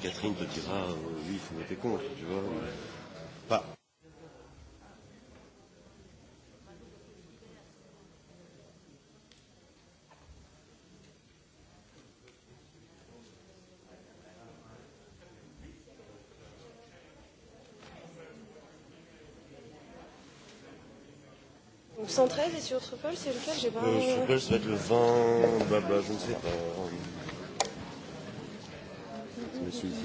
Catherine te dira, oui, il faut voter contre, tu vois. Pas. Donc 113 et sur Truffle, c'est lequel J'ai pas. Euh, Truffle, ça va être le 20, bah, bah, je ne sais pas süß,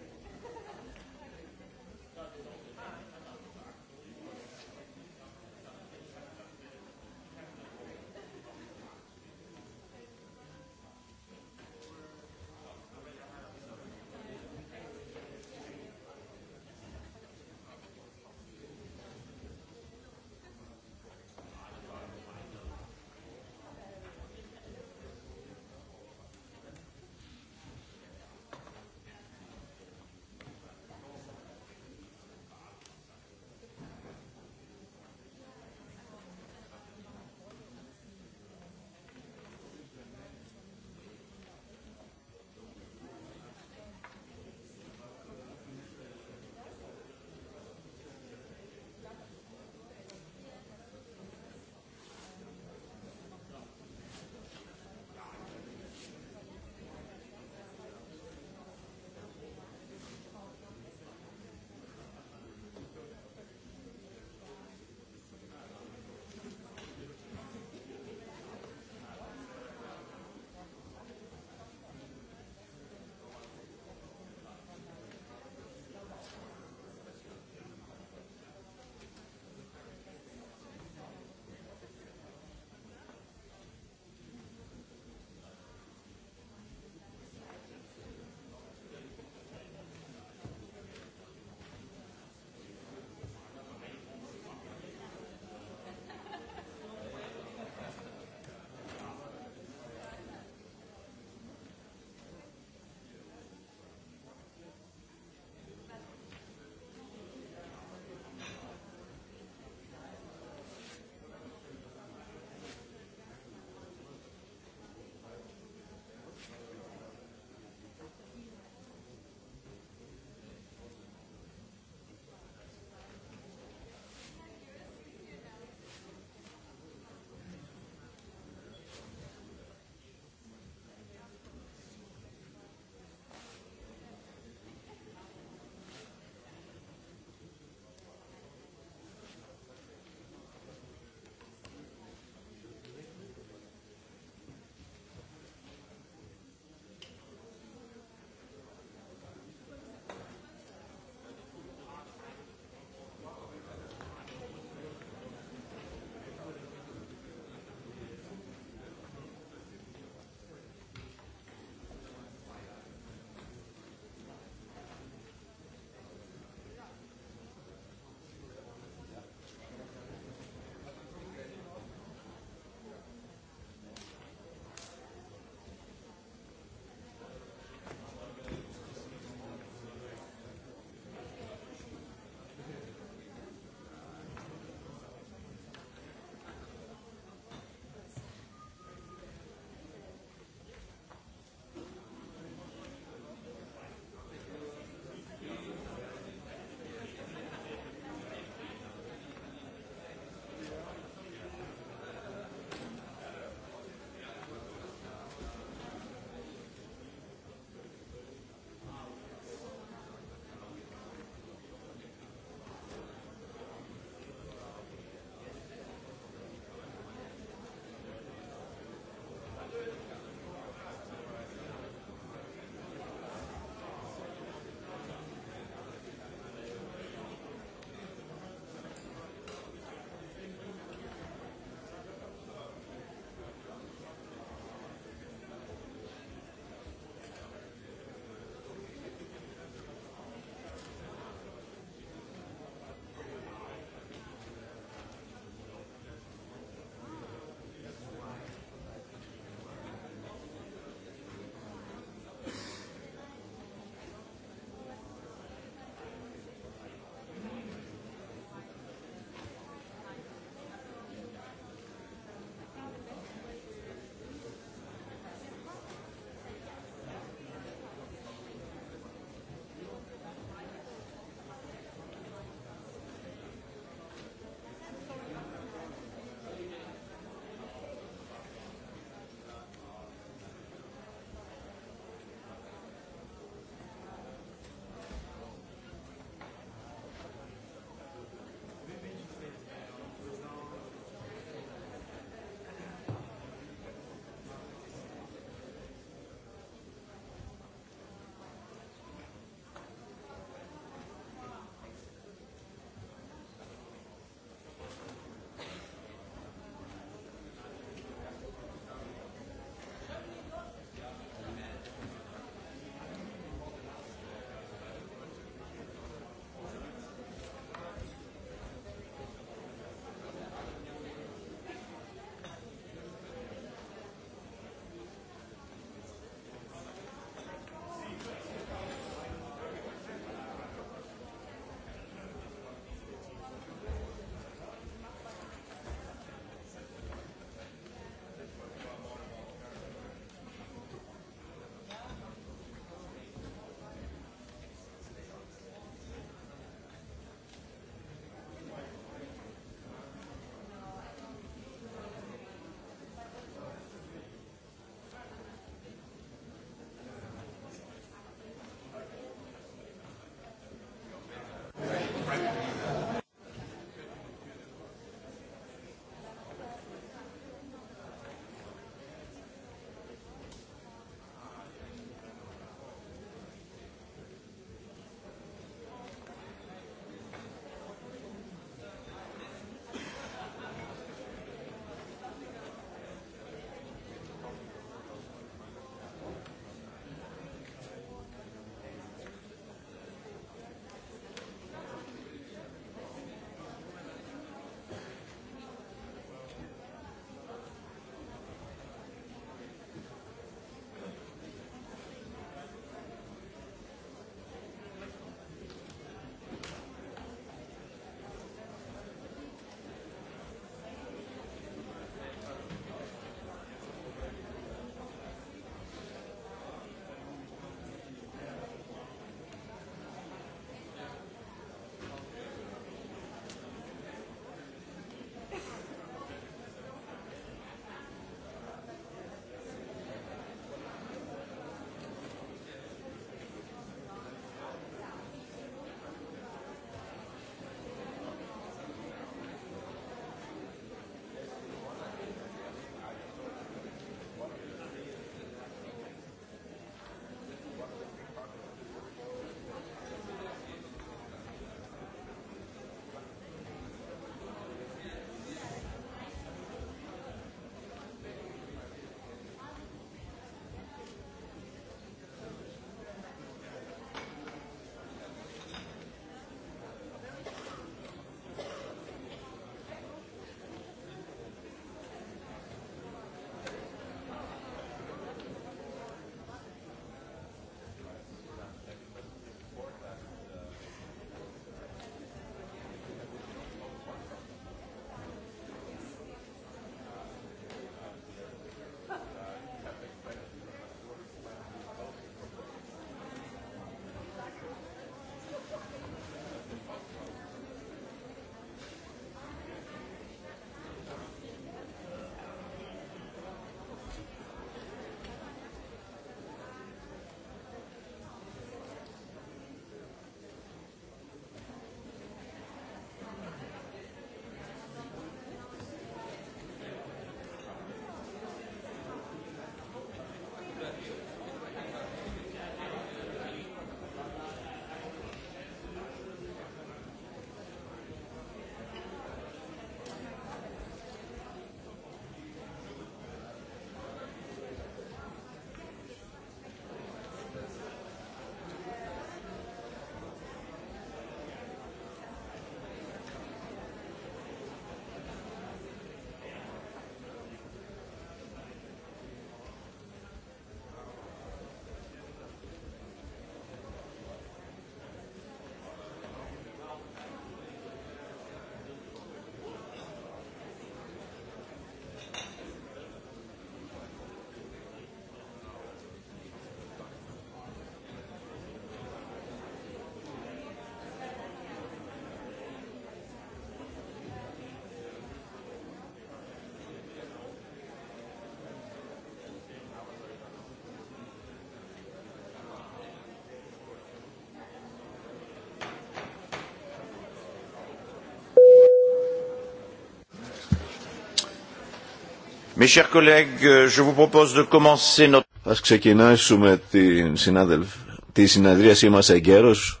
Mes chers collègues, euh, je vous propose de commencer notre... Ας ξεκινήσουμε τη, συνάδελφ, τη συναδρίασή μας εγκαίρως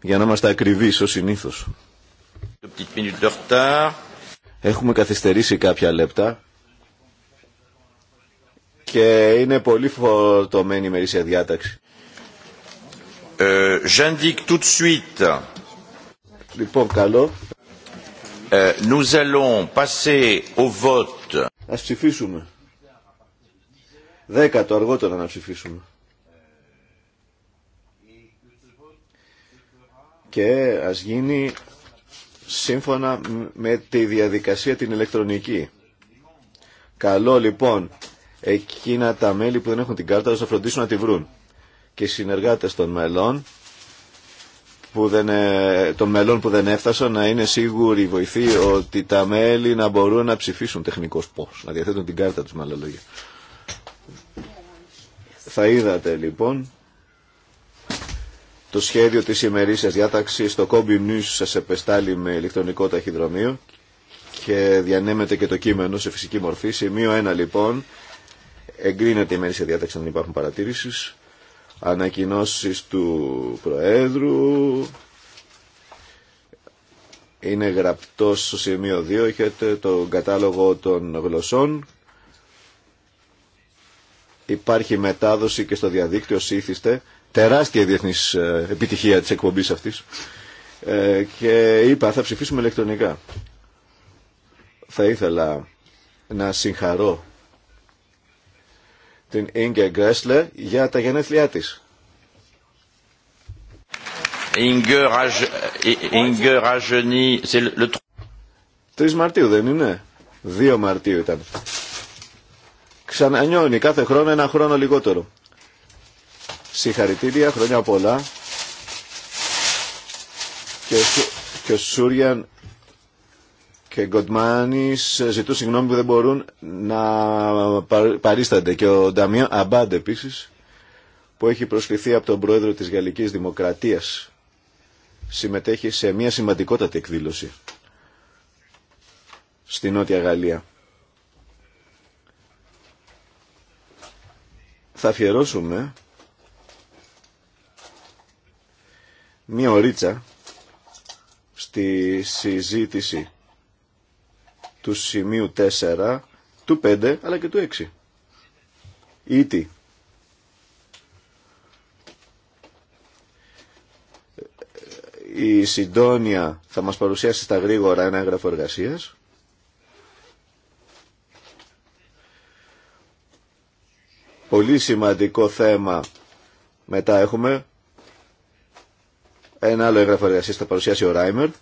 για να είμαστε ακριβείς ως συνήθως. Έχουμε καθυστερήσει κάποια λεπτά και είναι πολύ φορτωμένη η μερίσια διάταξη. Ε, tout de suite. Λοιπόν, καλό. Euh, nous allons passer au vote Ας ψηφίσουμε. Δέκα το αργότερο να ψηφίσουμε. Και ας γίνει σύμφωνα με τη διαδικασία την ηλεκτρονική. Καλό λοιπόν εκείνα τα μέλη που δεν έχουν την κάρτα να φροντίσουν να τη βρουν. Και οι συνεργάτες των μελών που δεν, ε, των μελών που δεν έφτασαν να είναι σίγουροι οι βοηθοί ότι τα μέλη να μπορούν να ψηφίσουν τεχνικό πώ, να διαθέτουν την κάρτα τους με άλλα λόγια. Θα είδατε λοιπόν το σχέδιο της ημερήσιας διάταξης στο κόμπι νους σας επεστάλλει με ηλεκτρονικό ταχυδρομείο και διανέμεται και το κείμενο σε φυσική μορφή. Σημείο 1 λοιπόν εγκρίνεται η ημερήσια διάταξη αν υπάρχουν παρατήρησεις ανακοινώσεις του Προέδρου. Είναι γραπτό στο σημείο 2, έχετε τον κατάλογο των γλωσσών. Υπάρχει μετάδοση και στο διαδίκτυο, σύθιστε. Τεράστια διεθνής ε, επιτυχία της εκπομπής αυτής. Ε, και είπα, θα ψηφίσουμε ηλεκτρονικά. Θα ήθελα να συγχαρώ την Ίγκε Γκρέσλε για τα γενέθλιά της. Inge 3 Μαρτίου δεν είναι. 2 Μαρτίου ήταν. Ξανανιώνει κάθε χρόνο ένα χρόνο λιγότερο. Συγχαρητήρια, χρόνια πολλά. και ο Σούριαν και Γκοντμάνης ε, ζητούν συγγνώμη που δεν μπορούν να παρίστανται και ο Νταμία Αμπάντ επίσης που έχει προσκληθεί από τον πρόεδρο της Γαλλικής Δημοκρατίας συμμετέχει σε μια σημαντικότατη εκδήλωση στη Νότια Γαλλία. Θα αφιερώσουμε μία ωρίτσα στη συζήτηση του σημείου 4, του 5 αλλά και του 6. Ήτι. Η Συντόνια θα μας παρουσιάσει στα γρήγορα ένα έγγραφο εργασίας. Πολύ σημαντικό θέμα μετά έχουμε ένα άλλο έγγραφο εργασίας θα παρουσιάσει ο Ράιμερτ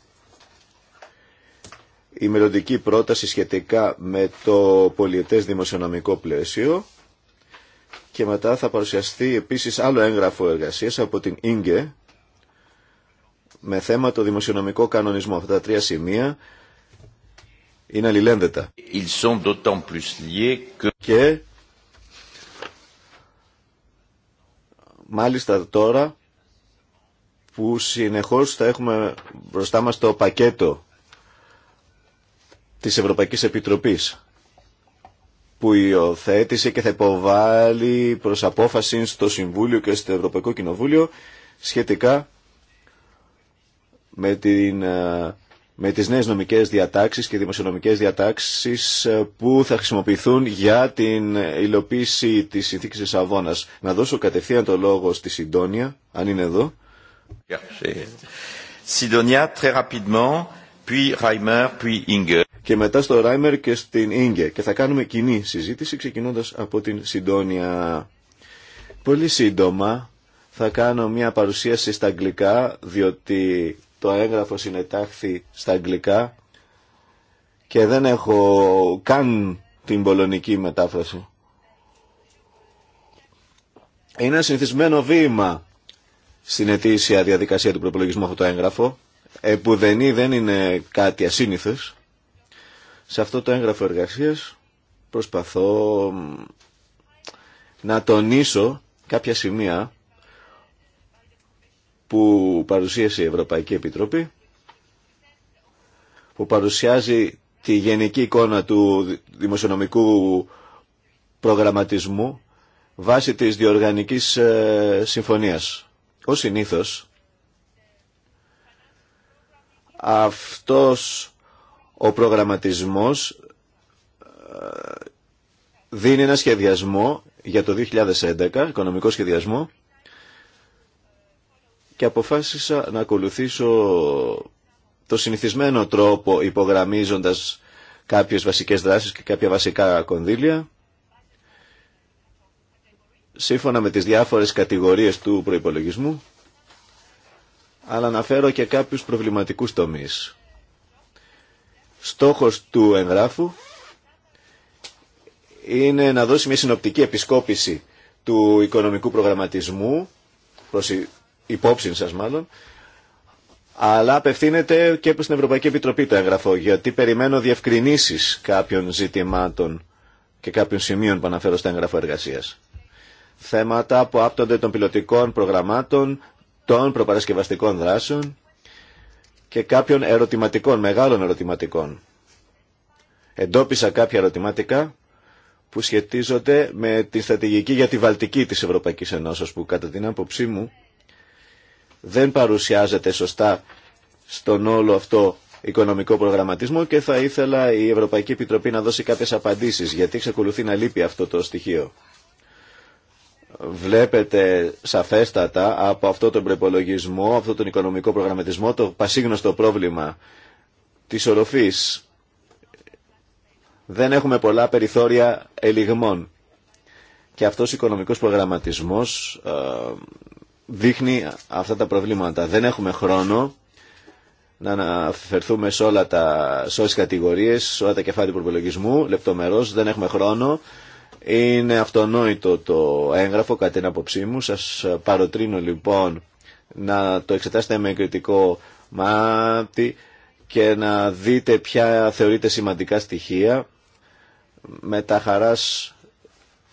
η μελλοντική πρόταση σχετικά με το πολιετές δημοσιονομικό πλαίσιο και μετά θα παρουσιαστεί επίσης άλλο έγγραφο εργασίας από την ΙΝΚΕ με θέμα το δημοσιονομικό κανονισμό. Αυτά τα τρία σημεία είναι αλληλένδετα. Και μάλιστα τώρα που συνεχώς θα έχουμε μπροστά μας το πακέτο της Ευρωπαϊκής Επιτροπής που υιοθέτησε και θα υποβάλει προς απόφαση στο Συμβούλιο και στο Ευρωπαϊκό Κοινοβούλιο σχετικά με, την, ε, με τις νέες νομικές διατάξεις και δημοσιονομικές διατάξεις ε, που θα χρησιμοποιηθούν για την υλοποίηση της συνθήκης της Να δώσω κατευθείαν το λόγο στη Συντόνια, αν είναι εδώ. Συντόνια, très puis Reimer, puis Inge. Και μετά στο Ράιμερ και στην Ίνγκε Και θα κάνουμε κοινή συζήτηση ξεκινώντας από την Συντόνια. Πολύ σύντομα θα κάνω μια παρουσίαση στα αγγλικά, διότι το έγγραφο συνετάχθη στα αγγλικά και δεν έχω καν την πολωνική μετάφραση. Είναι ένα συνηθισμένο βήμα στην ετήσια διαδικασία του προπολογισμού αυτό το έγγραφο που δεν είναι κάτι ασύνηθες. Σε αυτό το έγγραφο εργασίας προσπαθώ να τονίσω κάποια σημεία που παρουσίασε η Ευρωπαϊκή Επιτροπή, που παρουσιάζει τη γενική εικόνα του δημοσιονομικού προγραμματισμού βάσει της διοργανικής ε, συμφωνίας. Ως συνήθως, αυτός ο προγραμματισμός ε, δίνει ένα σχεδιασμό για το 2011, οικονομικό σχεδιασμό και αποφάσισα να ακολουθήσω το συνηθισμένο τρόπο υπογραμμίζοντας κάποιες βασικές δράσεις και κάποια βασικά κονδύλια σύμφωνα με τις διάφορες κατηγορίες του προϋπολογισμού αλλά αναφέρω και κάποιους προβληματικούς τομείς. Στόχος του εγγράφου είναι να δώσει μια συνοπτική επισκόπηση του οικονομικού προγραμματισμού, προς υπόψη σας μάλλον, αλλά απευθύνεται και προς την Ευρωπαϊκή Επιτροπή το έγγραφο, γιατί περιμένω διευκρινήσεις κάποιων ζητημάτων και κάποιων σημείων που αναφέρω στα εγγραφό εργασίας θέματα που άπτονται των πιλωτικών προγραμμάτων, των προπαρασκευαστικών δράσεων και κάποιων ερωτηματικών, μεγάλων ερωτηματικών. Εντόπισα κάποια ερωτηματικά που σχετίζονται με τη στρατηγική για τη Βαλτική της Ευρωπαϊκής Ενώσεως που κατά την άποψή μου δεν παρουσιάζεται σωστά στον όλο αυτό οικονομικό προγραμματισμό και θα ήθελα η Ευρωπαϊκή Επιτροπή να δώσει κάποιες απαντήσεις γιατί εξακολουθεί να λείπει αυτό το στοιχείο βλέπετε σαφέστατα από αυτό τον προπολογισμό, αυτό τον οικονομικό προγραμματισμό, το πασίγνωστο πρόβλημα της οροφής. Δεν έχουμε πολλά περιθώρια ελιγμών. Και αυτός ο οικονομικός προγραμματισμός ε, δείχνει αυτά τα προβλήματα. Δεν έχουμε χρόνο να αναφερθούμε σε όλα τα, σώσεις κατηγορίες, σε όλα τα κεφάλαια του προπολογισμού, λεπτομερώς, δεν έχουμε χρόνο είναι αυτονόητο το έγγραφο κατά την άποψή μου. Σας παροτρύνω λοιπόν να το εξετάσετε με κριτικό μάτι και να δείτε ποια θεωρείτε σημαντικά στοιχεία. Με τα χαράς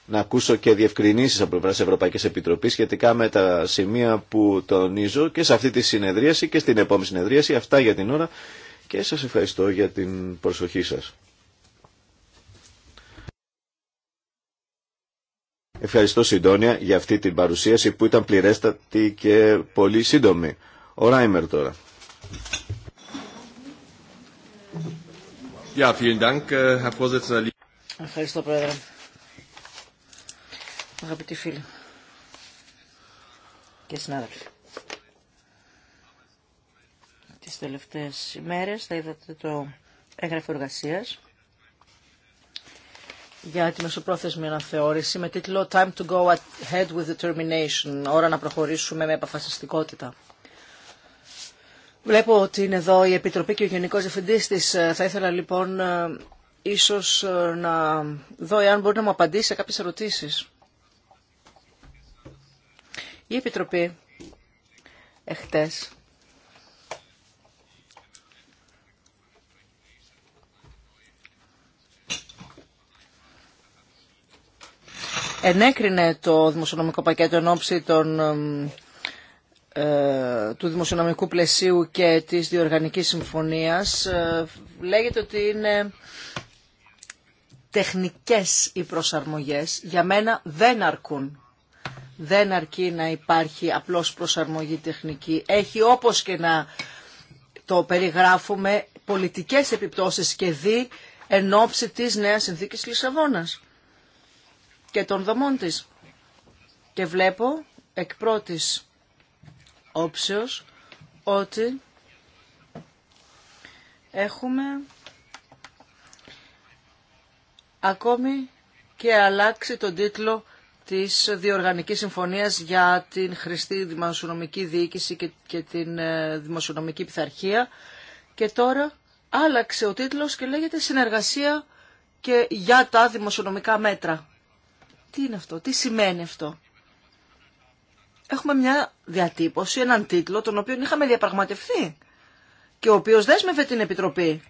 να ακούσω και διευκρινήσεις από πλευράς Ευρωπαϊκή Επιτροπή σχετικά με τα σημεία που τονίζω και σε αυτή τη συνεδρίαση και στην επόμενη συνεδρίαση. Αυτά για την ώρα και σας ευχαριστώ για την προσοχή σας. Ευχαριστώ Συντόνια για αυτή την παρουσίαση που ήταν πληρέστατη και πολύ σύντομη. Ο Ράιμερ τώρα. Äh, Ευχαριστώ Πρόεδρε. Αγαπητοί φίλοι και συνάδελφοι. Τις τελευταίες ημέρες θα είδατε το έγγραφο εργασίας για τη μεσοπρόθεσμη αναθεώρηση με τίτλο Time to go ahead with determination, ώρα να προχωρήσουμε με επαφασιστικότητα. Βλέπω ότι είναι εδώ η Επιτροπή και ο Γενικό Διευθυντή τη, Θα ήθελα λοιπόν ίσως ε, να δω εάν μπορεί να μου απαντήσει σε κάποιες ερωτήσεις. Η Επιτροπή εχθές ενέκρινε το δημοσιονομικό πακέτο εν ώψη ε, του δημοσιονομικού πλαισίου και της διοργανικής συμφωνίας. Ε, λέγεται ότι είναι τεχνικές οι προσαρμογές. Για μένα δεν αρκούν. Δεν αρκεί να υπάρχει απλώς προσαρμογή τεχνική. Έχει όπως και να το περιγράφουμε πολιτικές επιπτώσεις και δι εν ώψη της νέας συνθήκης Λισαβόνας και των δομών της. Και βλέπω εκ πρώτης όψεως ότι έχουμε ακόμη και αλλάξει τον τίτλο της Διοργανικής Συμφωνίας για την χρηστή δημοσιονομική διοίκηση και την ε, δημοσιονομική πειθαρχία και τώρα άλλαξε ο τίτλος και λέγεται «Συνεργασία και για τα δημοσιονομικά μέτρα». Τι είναι αυτό, τι σημαίνει αυτό. Έχουμε μια διατύπωση, έναν τίτλο, τον οποίο είχαμε διαπραγματευτεί και ο οποίος δέσμευε την Επιτροπή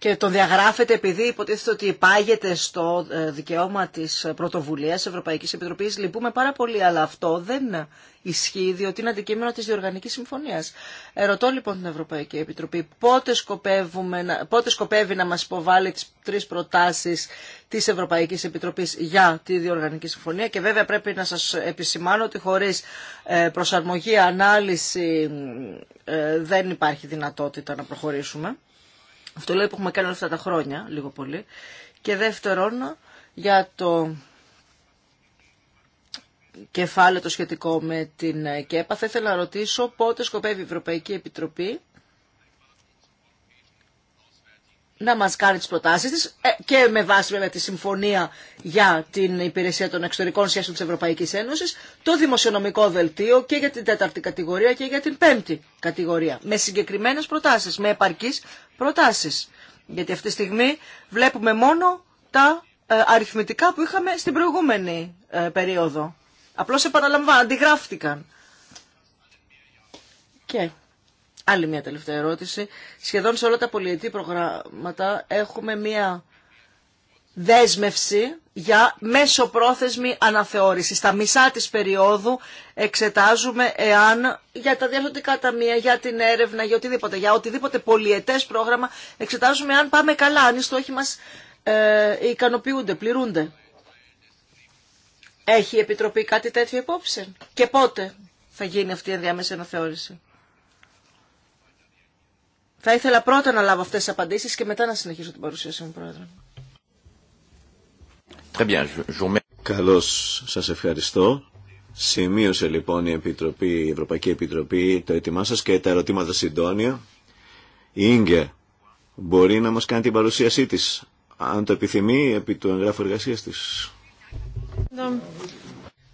και τον διαγράφεται επειδή υποτίθεται ότι υπάγεται στο ε, δικαίωμα της πρωτοβουλίας Ευρωπαϊκής Επιτροπής. Λυπούμε πάρα πολύ, αλλά αυτό δεν ισχύει, διότι είναι αντικείμενο της Διοργανικής Συμφωνίας. Ερωτώ λοιπόν την Ευρωπαϊκή Επιτροπή πότε, σκοπεύουμε, πότε σκοπεύει να μας υποβάλει τις τρεις προτάσεις της Ευρωπαϊκής Επιτροπής για τη Διοργανική Συμφωνία και βέβαια πρέπει να σας επισημάνω ότι χωρίς ε, προσαρμογή, ανάλυση ε, δεν υπάρχει δυνατότητα να προχωρήσουμε. Αυτό λέει που έχουμε κάνει όλα αυτά τα χρόνια, λίγο πολύ. Και δεύτερον, για το κεφάλαιο το σχετικό με την ΚΕΠΑ, θα ήθελα να ρωτήσω πότε σκοπεύει η Ευρωπαϊκή Επιτροπή να μας κάνει τις προτάσεις της ε, και με βάση βέβαια τη συμφωνία για την υπηρεσία των εξωτερικών σχέσεων της Ευρωπαϊκής Ένωσης, το δημοσιονομικό δελτίο και για την τέταρτη κατηγορία και για την πέμπτη κατηγορία. Με συγκεκριμένες προτάσεις, με επαρκείς προτάσεις. Γιατί αυτή τη στιγμή βλέπουμε μόνο τα ε, αριθμητικά που είχαμε στην προηγούμενη ε, περίοδο. Απλώς επαναλαμβάνω, αντιγράφτηκαν. Και Άλλη μια τελευταία ερώτηση. Σχεδόν σε όλα τα πολιετή προγράμματα έχουμε μια δέσμευση για μέσοπρόθεσμη αναθεώρηση. Στα μισά της περίοδου εξετάζουμε εάν για τα τα ταμεία, για την έρευνα, για οτιδήποτε, για οτιδήποτε πολιετές πρόγραμμα, εξετάζουμε εάν πάμε καλά, αν οι στόχοι μας ε, ικανοποιούνται, πληρούνται. Έχει η Επιτροπή κάτι τέτοιο υπόψη και πότε θα γίνει αυτή η ενδιάμεση αναθεώρηση. Θα ήθελα πρώτα να λάβω αυτές τις απαντήσεις και μετά να συνεχίσω την παρουσίαση μου, Πρόεδρε. Καλώς σας ευχαριστώ. Σημείωσε λοιπόν η, Επιτροπή, η Ευρωπαϊκή Επιτροπή το έτοιμά σας και τα ερωτήματα συντόνια. Η Ίγκε μπορεί να μας κάνει την παρουσίασή της, αν το επιθυμεί, επί του εγγράφου εργασία της.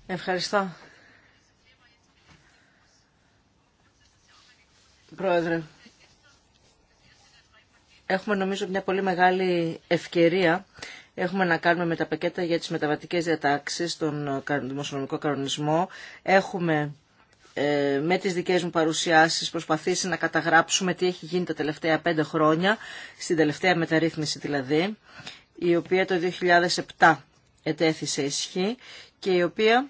Ευχαριστώ. Πρόεδρε, έχουμε νομίζω μια πολύ μεγάλη ευκαιρία Έχουμε να κάνουμε με τα πακέτα για τις μεταβατικές διατάξεις στον ε, δημοσιονομικό κανονισμό. Έχουμε ε, με τις δικές μου παρουσιάσεις προσπαθήσει να καταγράψουμε τι έχει γίνει τα τελευταία πέντε χρόνια, στην τελευταία μεταρρύθμιση δηλαδή, η οποία το 2007 ετέθησε ισχύ και η οποία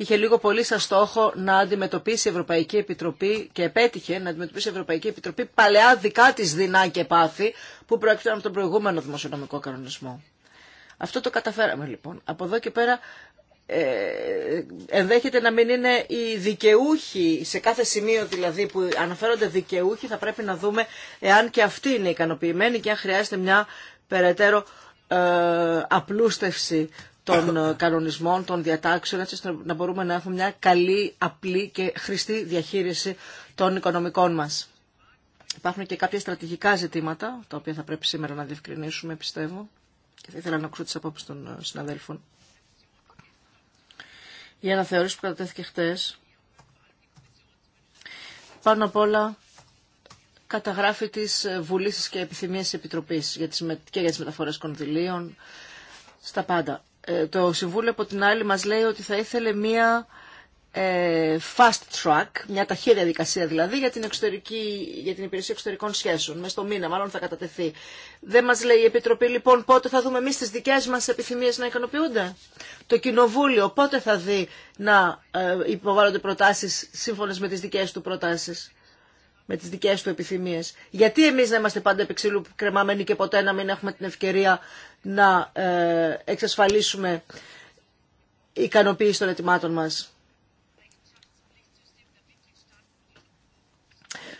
είχε λίγο πολύ σαν στόχο να αντιμετωπίσει η Ευρωπαϊκή Επιτροπή και επέτυχε να αντιμετωπίσει η Ευρωπαϊκή Επιτροπή παλαιά δικά της δεινά και πάθη που προέκυψαν από τον προηγούμενο δημοσιονομικό κανονισμό. Αυτό το καταφέραμε λοιπόν. Από εδώ και πέρα ε, ενδέχεται να μην είναι οι δικαιούχοι, σε κάθε σημείο δηλαδή που αναφέρονται δικαιούχοι θα πρέπει να δούμε εάν και αυτοί είναι ικανοποιημένοι και αν χρειάζεται μια περαιτέρω ε, απλούστευση των ε, κανονισμών, των διατάξεων, έτσι ώστε να μπορούμε να έχουμε μια καλή, απλή και χρηστή διαχείριση των οικονομικών μας. Υπάρχουν και κάποια στρατηγικά ζητήματα, τα οποία θα πρέπει σήμερα να διευκρινίσουμε, πιστεύω, και θα ήθελα να ακούσω τις απόψεις των ε, συναδέλφων. Η αναθεώρηση που κατατέθηκε χτες, πάνω απ' όλα καταγράφει τις ε, βουλήσεις και επιθυμίες της Επιτροπής και για τις μεταφορές κονδυλίων, στα πάντα. Ε, το Συμβούλιο από την άλλη μας λέει ότι θα ήθελε μία ε, fast track, μια ταχεία διαδικασία δηλαδή για την, εξωτερική, για την υπηρεσία εξωτερικών σχέσεων. Μες στο μήνα μάλλον θα κατατεθεί. Δεν μας λέει η Επιτροπή λοιπόν πότε θα δούμε εμείς τις δικές μας επιθυμίες να ικανοποιούνται. Το Κοινοβούλιο πότε θα δει να ε, υποβάλλονται προτάσεις σύμφωνα με τις δικές του προτάσεις με τις δικές του επιθυμίες. Γιατί εμείς να είμαστε πάντα επεξήλου κρεμαμένοι και ποτέ να μην έχουμε την ευκαιρία να ε, εξασφαλίσουμε ικανοποίηση των ετοιμάτων μας.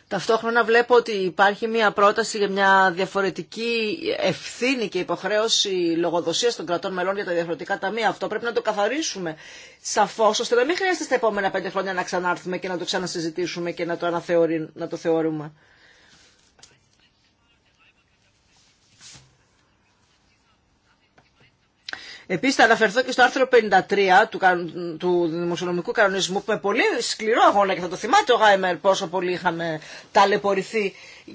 Ταυτόχρονα βλέπω ότι υπάρχει μια πρόταση για μια διαφορετική ευθύνη και υποχρέωση λογοδοσίας των κρατών μελών για τα διαφορετικά ταμεία. Αυτό πρέπει να το καθαρίσουμε σαφώς, ώστε να μην χρειάζεται στα επόμενα πέντε χρόνια να ξανάρθουμε και να το ξανασυζητήσουμε και να το, να το θεωρούμε. Επίση, θα αναφερθώ και στο άρθρο 53 του, του δημοσιονομικού κανονισμού που με πολύ σκληρό αγώνα και θα το θυμάται ο Γάιμερ πόσο πολύ είχαμε ταλαιπωρηθεί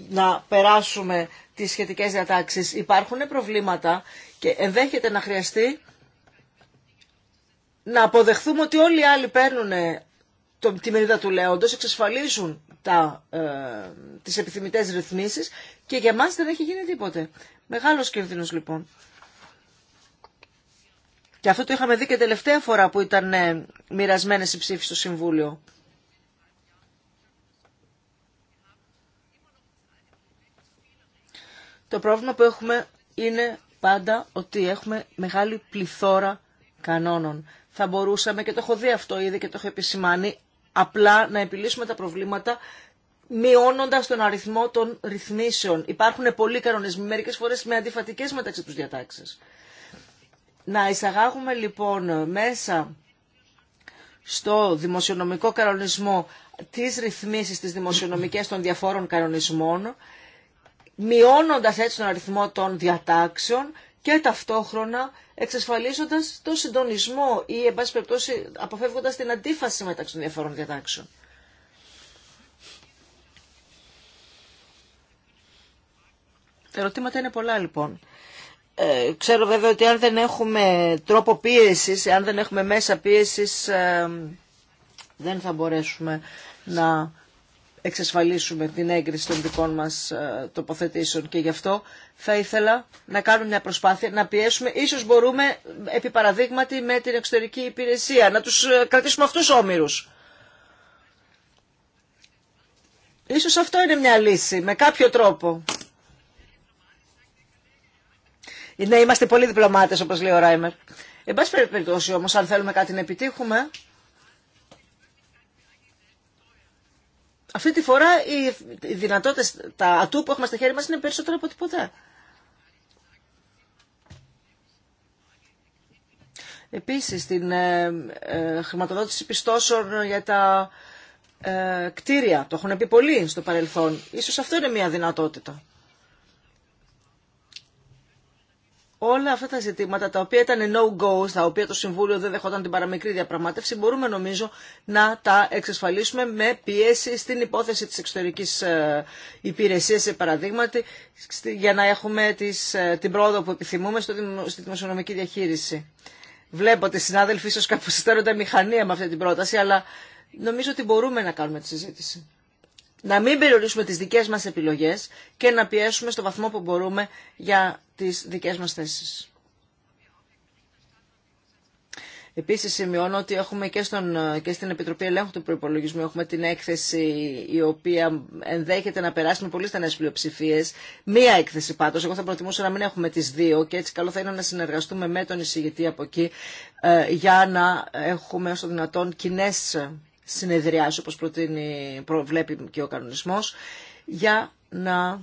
να περάσουμε τις σχετικές διατάξεις. Υπάρχουν προβλήματα και ενδέχεται να χρειαστεί να αποδεχθούμε ότι όλοι οι άλλοι παίρνουν ε, το, τη μερίδα του λέοντος, εξασφαλίζουν τα, ε, τις επιθυμητές ρυθμίσεις και για δεν έχει γίνει τίποτε. Μεγάλος κίνδυνος λοιπόν. Και αυτό το είχαμε δει και τελευταία φορά που ήταν ε, μοιρασμένε οι ψήφοι στο Συμβούλιο. Το πρόβλημα που έχουμε είναι πάντα ότι έχουμε μεγάλη πληθώρα κανόνων. Θα μπορούσαμε, και το έχω δει αυτό ήδη και το έχω επισημάνει, απλά να επιλύσουμε τα προβλήματα μειώνοντα τον αριθμό των ρυθμίσεων. Υπάρχουν πολλοί κανονισμοί, μερικέ φορέ με αντιφατικέ μεταξύ του διατάξει. Να εισαγάγουμε λοιπόν μέσα στο δημοσιονομικό κανονισμό τις ρυθμίσεις τις δημοσιονομικές των διαφόρων κανονισμών, μειώνοντας έτσι τον αριθμό των διατάξεων και ταυτόχρονα εξασφαλίζοντας το συντονισμό ή, εν πάση περιπτώσει, αποφεύγοντας την αντίφαση μεταξύ των διαφόρων διατάξεων. Τα ερωτήματα είναι πολλά λοιπόν. Ε, ξέρω βέβαια ότι αν δεν έχουμε τρόπο πίεσης, αν δεν έχουμε μέσα πίεσης, ε, δεν θα μπορέσουμε να εξασφαλίσουμε την έγκριση των δικών μας ε, τοποθετήσεων και γι' αυτό θα ήθελα να κάνουμε μια προσπάθεια να πιέσουμε. Ίσως μπορούμε, επί παραδείγματι, με την εξωτερική υπηρεσία, να τους ε, κρατήσουμε αυτούς όμοιρους. Ίσως αυτό είναι μια λύση, με κάποιο τρόπο. Ε, ναι, είμαστε πολύ διπλωμάτες όπως λέει ο Ράιμερ. Εν πάση περιπτώσει όμως αν θέλουμε κάτι να επιτύχουμε αυτή τη φορά οι δυνατότητες, τα ατού που έχουμε στα χέρια μας είναι περισσότερα από τίποτα. Επίσης, την ε, ε, χρηματοδότηση πιστώσεων για τα κτίρια. Το έχουν πει πολλοί στο παρελθόν. Ίσως αυτό είναι μια δυνατότητα. όλα αυτά τα ζητήματα τα οποία ήταν no-go, τα οποία το Συμβούλιο δεν δεχόταν την παραμικρή διαπραγμάτευση, μπορούμε νομίζω να τα εξασφαλίσουμε με πίεση στην υπόθεση της εξωτερικής ε, υπηρεσίας, σε παραδείγματι, για να έχουμε τις, ε, την πρόοδο που επιθυμούμε στο, στη δημοσιονομική διαχείριση. Βλέπω ότι οι συνάδελφοι ίσως κάπως μηχανία με αυτή την πρόταση, αλλά νομίζω ότι μπορούμε να κάνουμε τη συζήτηση να μην περιορίσουμε τις δικές μας επιλογές και να πιέσουμε στο βαθμό που μπορούμε για τις δικές μας θέσεις. Επίσης σημειώνω ότι έχουμε και, στον, και στην Επιτροπή Ελέγχου του Προϋπολογισμού έχουμε την έκθεση η οποία ενδέχεται να περάσει με πολύ στενές πλειοψηφίε. Μία έκθεση πάντως, εγώ θα προτιμούσα να μην έχουμε τις δύο και έτσι καλό θα είναι να συνεργαστούμε με τον εισηγητή από εκεί ε, για να έχουμε όσο δυνατόν κοινέ συνεδριάσει όπως προτείνει, προβλέπει και ο κανονισμός για να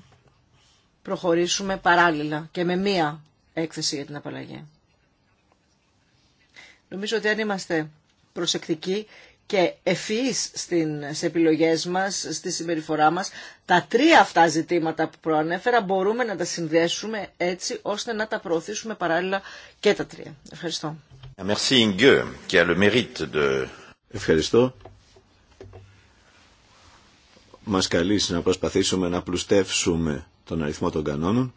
προχωρήσουμε παράλληλα και με μία έκθεση για την απαλλαγή. Νομίζω ότι αν είμαστε προσεκτικοί και ευφυείς στην, επιλογές μας, στη συμπεριφορά μας, τα τρία αυτά ζητήματα που προανέφερα μπορούμε να τα συνδέσουμε έτσι ώστε να τα προωθήσουμε παράλληλα και τα τρία. Ευχαριστώ. Ευχαριστώ μας καλείς να προσπαθήσουμε να πλουστεύσουμε τον αριθμό των κανόνων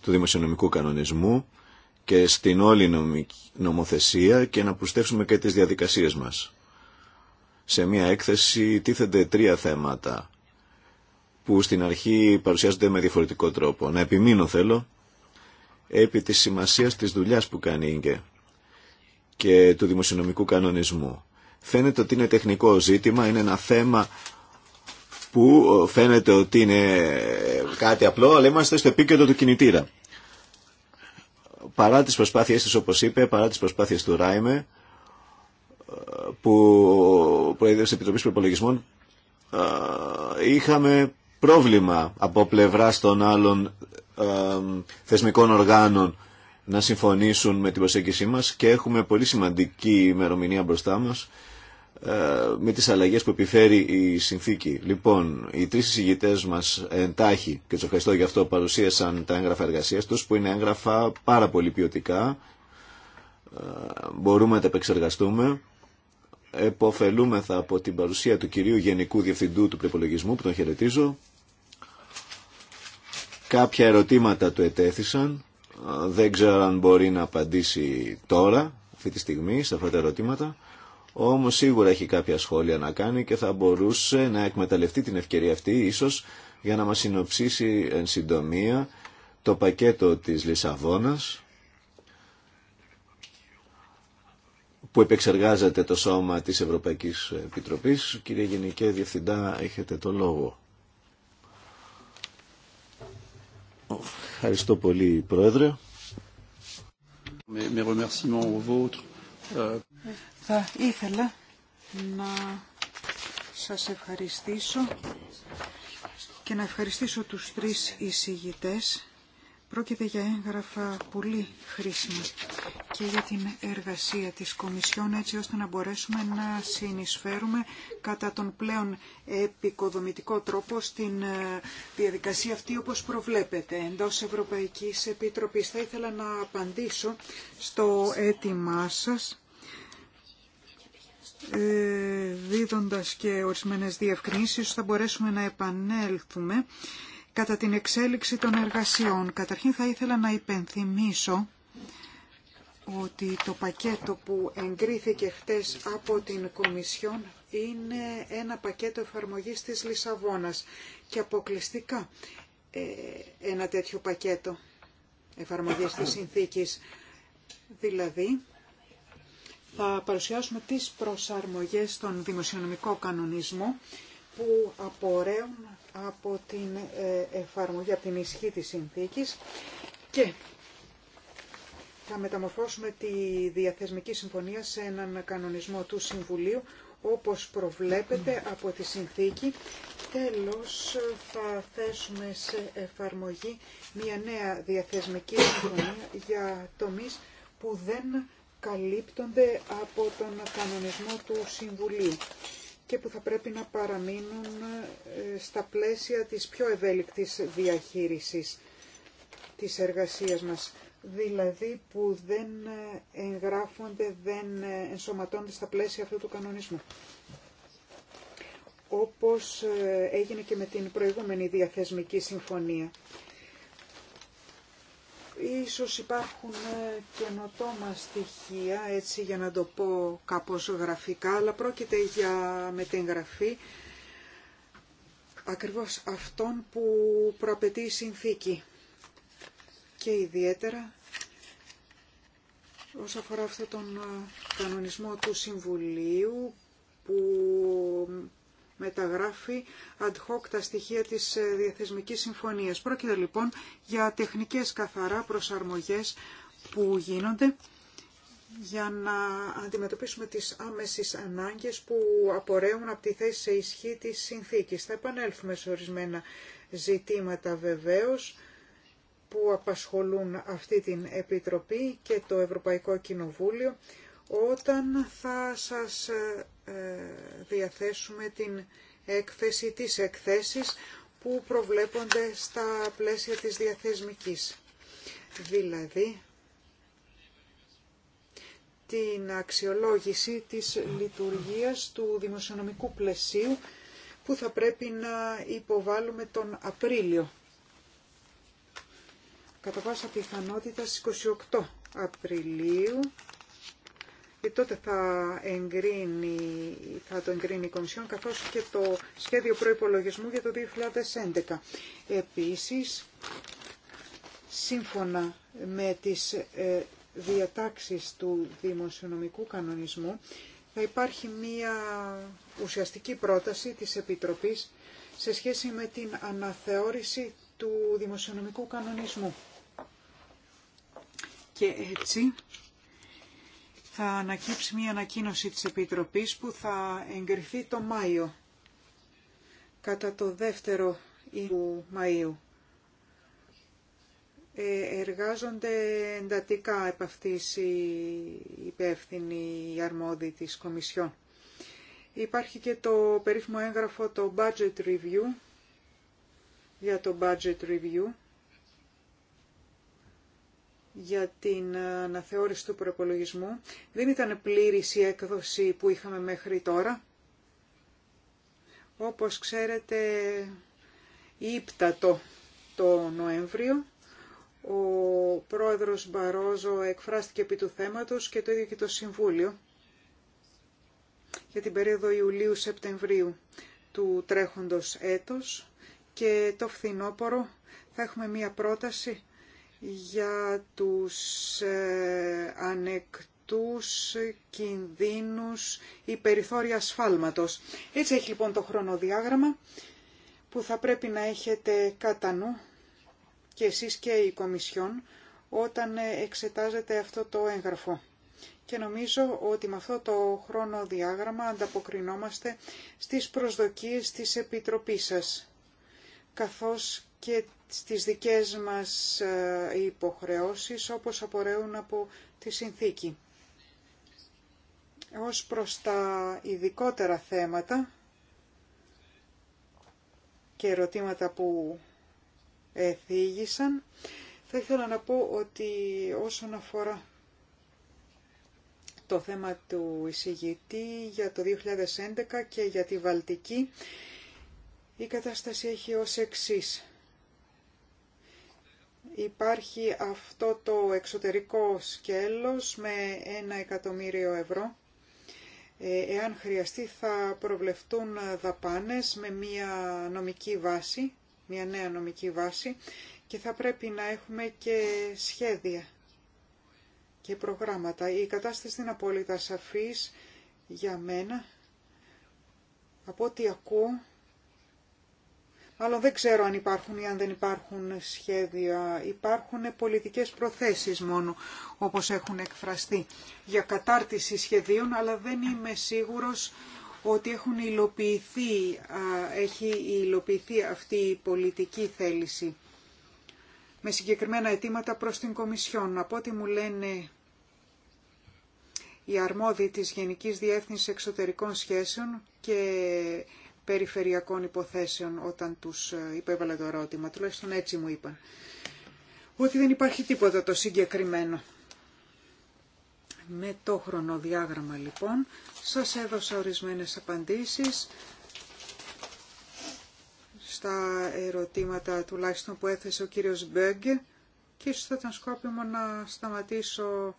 του δημοσιονομικού κανονισμού και στην όλη νομοθεσία και να πλουστεύσουμε και τις διαδικασίες μας. Σε μια έκθεση τίθενται τρία θέματα που στην αρχή παρουσιάζονται με διαφορετικό τρόπο. Να επιμείνω θέλω επί της σημασίας της δουλειάς που κάνει η και του δημοσιονομικού κανονισμού. Φαίνεται ότι είναι τεχνικό ζήτημα, είναι ένα θέμα που ε, φαίνεται ότι είναι κάτι απλό, αλλά είμαστε στο επίκεντρο του κινητήρα. Παρά τις προσπάθειές της, όπως είπε, παρά τις προσπάθειες του Ράιμε, ε, που προέδρευσε της Επιτροπής Προπολογισμών, ε, είχαμε πρόβλημα από πλευρά των άλλων θεσμικών οργάνων να συμφωνήσουν με την προσέγγιση μας και έχουμε πολύ σημαντική ημερομηνία μπροστά μας ε, με τις αλλαγές που επιφέρει η συνθήκη. Λοιπόν, οι τρεις συζητητές μας εντάχει και τους ευχαριστώ για αυτό παρουσίασαν τα έγγραφα εργασίας τους που είναι έγγραφα πάρα πολύ ποιοτικά ε, μπορούμε να τα επεξεργαστούμε εποφελούμεθα από την παρουσία του κυρίου Γενικού Διευθυντού του Προπολογισμού που τον χαιρετίζω κάποια ερωτήματα του ετέθησαν ε, δεν ξέρω αν μπορεί να απαντήσει τώρα αυτή τη στιγμή σε αυτά τα ερωτήματα όμως σίγουρα έχει κάποια σχόλια να κάνει και θα μπορούσε να εκμεταλλευτεί την ευκαιρία αυτή ίσως για να μας συνοψίσει εν συντομία το πακέτο της Λισαβόνας που επεξεργάζεται το σώμα της Ευρωπαϊκής Επιτροπής. Κύριε Γενικέ Διευθυντά, έχετε το λόγο. Ευχαριστώ πολύ, Πρόεδρε. Θα ήθελα να σας ευχαριστήσω και να ευχαριστήσω τους τρεις εισηγητές. Πρόκειται για έγγραφα πολύ χρήσιμα και για την εργασία της Κομισιόν έτσι ώστε να μπορέσουμε να συνεισφέρουμε κατά τον πλέον επικοδομητικό τρόπο στην ε, διαδικασία αυτή όπως προβλέπεται εντός Ευρωπαϊκής Επιτροπής. Θα ήθελα να απαντήσω στο αίτημά σας ε, δίδοντας και ορισμένες διευκρινήσεις θα μπορέσουμε να επανέλθουμε κατά την εξέλιξη των εργασιών. Καταρχήν θα ήθελα να υπενθυμίσω ότι το πακέτο που εγκρίθηκε χτες από την Κομισιόν είναι ένα πακέτο εφαρμογής της Λισαβόνας και αποκλειστικά ε, ένα τέτοιο πακέτο εφαρμογής της συνθήκης. Δηλαδή, θα παρουσιάσουμε τις προσαρμογές στον δημοσιονομικό κανονισμό που απορρέουν από την ε, εφαρμογή, από την ισχύ της συνθήκης και θα μεταμορφώσουμε τη διαθεσμική συμφωνία σε έναν κανονισμό του Συμβουλίου όπως προβλέπεται από τη συνθήκη. Τέλος, θα θέσουμε σε εφαρμογή μια νέα διαθεσμική συμφωνία για τομείς που δεν καλύπτονται από τον κανονισμό του Συμβουλίου και που θα πρέπει να παραμείνουν ε, στα πλαίσια της πιο ευέλικτης διαχείρισης της εργασίας μας. Δηλαδή που δεν ε, εγγράφονται, δεν ε, ενσωματώνται στα πλαίσια αυτού του κανονισμού. Όπως έγινε και με την προηγούμενη διαθεσμική συμφωνία. Ίσως υπάρχουν ε, καινοτόμα στοιχεία, έτσι για να το πω κάπως γραφικά, αλλά πρόκειται για μετεγγραφή ακριβώς αυτών που προαπαιτεί η συνθήκη. Και ιδιαίτερα όσον αφορά αυτόν τον ε, κανονισμό του Συμβουλίου που μεταγράφει ad hoc τα στοιχεία της ε, διαθεσμικής συμφωνίας. Πρόκειται λοιπόν για τεχνικές καθαρά προσαρμογές που γίνονται για να αντιμετωπίσουμε τις άμεσες ανάγκες που απορρέουν από τη θέση σε ισχύ της συνθήκης. Θα επανέλθουμε σε ορισμένα ζητήματα βεβαίως που απασχολούν αυτή την Επιτροπή και το Ευρωπαϊκό Κοινοβούλιο όταν θα σας ε, ε, διαθέσουμε την έκθεση της εκθέσεις που προβλέπονται στα πλαίσια της διαθεσμικής. Δηλαδή, την αξιολόγηση της λειτουργίας του δημοσιονομικού πλαισίου που θα πρέπει να υποβάλουμε τον Απρίλιο. Κατά πάσα πιθανότητα στις 28 Απριλίου και ε, τότε θα, εγκρίνει, θα το εγκρίνει η Κομισιόν καθώς και το σχέδιο προϋπολογισμού για το 2011. Επίσης, σύμφωνα με τις ε, διατάξεις του δημοσιονομικού κανονισμού, θα υπάρχει μία ουσιαστική πρόταση της Επιτροπής σε σχέση με την αναθεώρηση του δημοσιονομικού κανονισμού. Και έτσι θα ανακύψει μια ανακοίνωση της Επιτροπής που θα εγκριθεί το Μάιο, κατά το δεύτερο του Μαΐου. Ε, εργάζονται εντατικά επ' αυτής οι υπεύθυνη οι της Κομισιόν. Υπάρχει και το περίφημο έγγραφο το Budget Review, για το Budget Review, για την αναθεώρηση του προπολογισμού. Δεν ήταν πλήρης η έκδοση που είχαμε μέχρι τώρα. Όπως ξέρετε, ύπτατο το Νοέμβριο, ο πρόεδρος Μπαρόζο εκφράστηκε επί του θέματος και το ίδιο και το Συμβούλιο για την περίοδο Ιουλίου-Σεπτεμβρίου του τρέχοντος έτος και το φθινόπωρο θα έχουμε μία πρόταση για τους ε, ανεκτούς κινδύνους περιθώρια φάλματος. Έτσι έχει λοιπόν το χρονοδιάγραμμα που θα πρέπει να έχετε κατά νου και εσείς και η Κομισιόν όταν εξετάζετε αυτό το έγγραφο. Και νομίζω ότι με αυτό το χρονοδιάγραμμα ανταποκρινόμαστε στις προσδοκίες της Επιτροπής σας καθώς και στις δικές μας ε, υποχρεώσεις όπως απορρέουν από τη συνθήκη. Ως προς τα ειδικότερα θέματα και ερωτήματα που εθίγησαν, θα ήθελα να πω ότι όσον αφορά το θέμα του εισηγητή για το 2011 και για τη Βαλτική, η κατάσταση έχει ως εξής. Υπάρχει αυτό το εξωτερικό σκέλος με ένα εκατομμύριο ευρώ. Ε, εάν χρειαστεί θα προβλεφτούν δαπάνες με μια νομική βάση, μια νέα νομική βάση και θα πρέπει να έχουμε και σχέδια και προγράμματα. Η κατάσταση είναι απόλυτα σαφής για μένα. Από ό,τι ακούω αλλά δεν ξέρω αν υπάρχουν ή αν δεν υπάρχουν σχέδια. Υπάρχουν πολιτικές προθέσεις μόνο, όπως έχουν εκφραστεί, για κατάρτιση σχεδίων, αλλά δεν είμαι σίγουρος ότι έχουν υλοποιηθεί, έχει υλοποιηθεί αυτή η πολιτική θέληση με συγκεκριμένα αιτήματα προς την Κομισιόν. Από ό,τι μου λένε οι αρμόδιοι της Γενικής Διεύθυνσης Εξωτερικών Σχέσεων και περιφερειακών υποθέσεων όταν τους ε, υπέβαλα το ερώτημα. Τουλάχιστον έτσι μου είπαν. Ότι δεν υπάρχει τίποτα το συγκεκριμένο. Με το χρονοδιάγραμμα λοιπόν σας έδωσα ορισμένες απαντήσεις στα ερωτήματα τουλάχιστον που έθεσε ο κύριος Μπέγκε και ίσως θα ήταν σκόπιμο να σταματήσω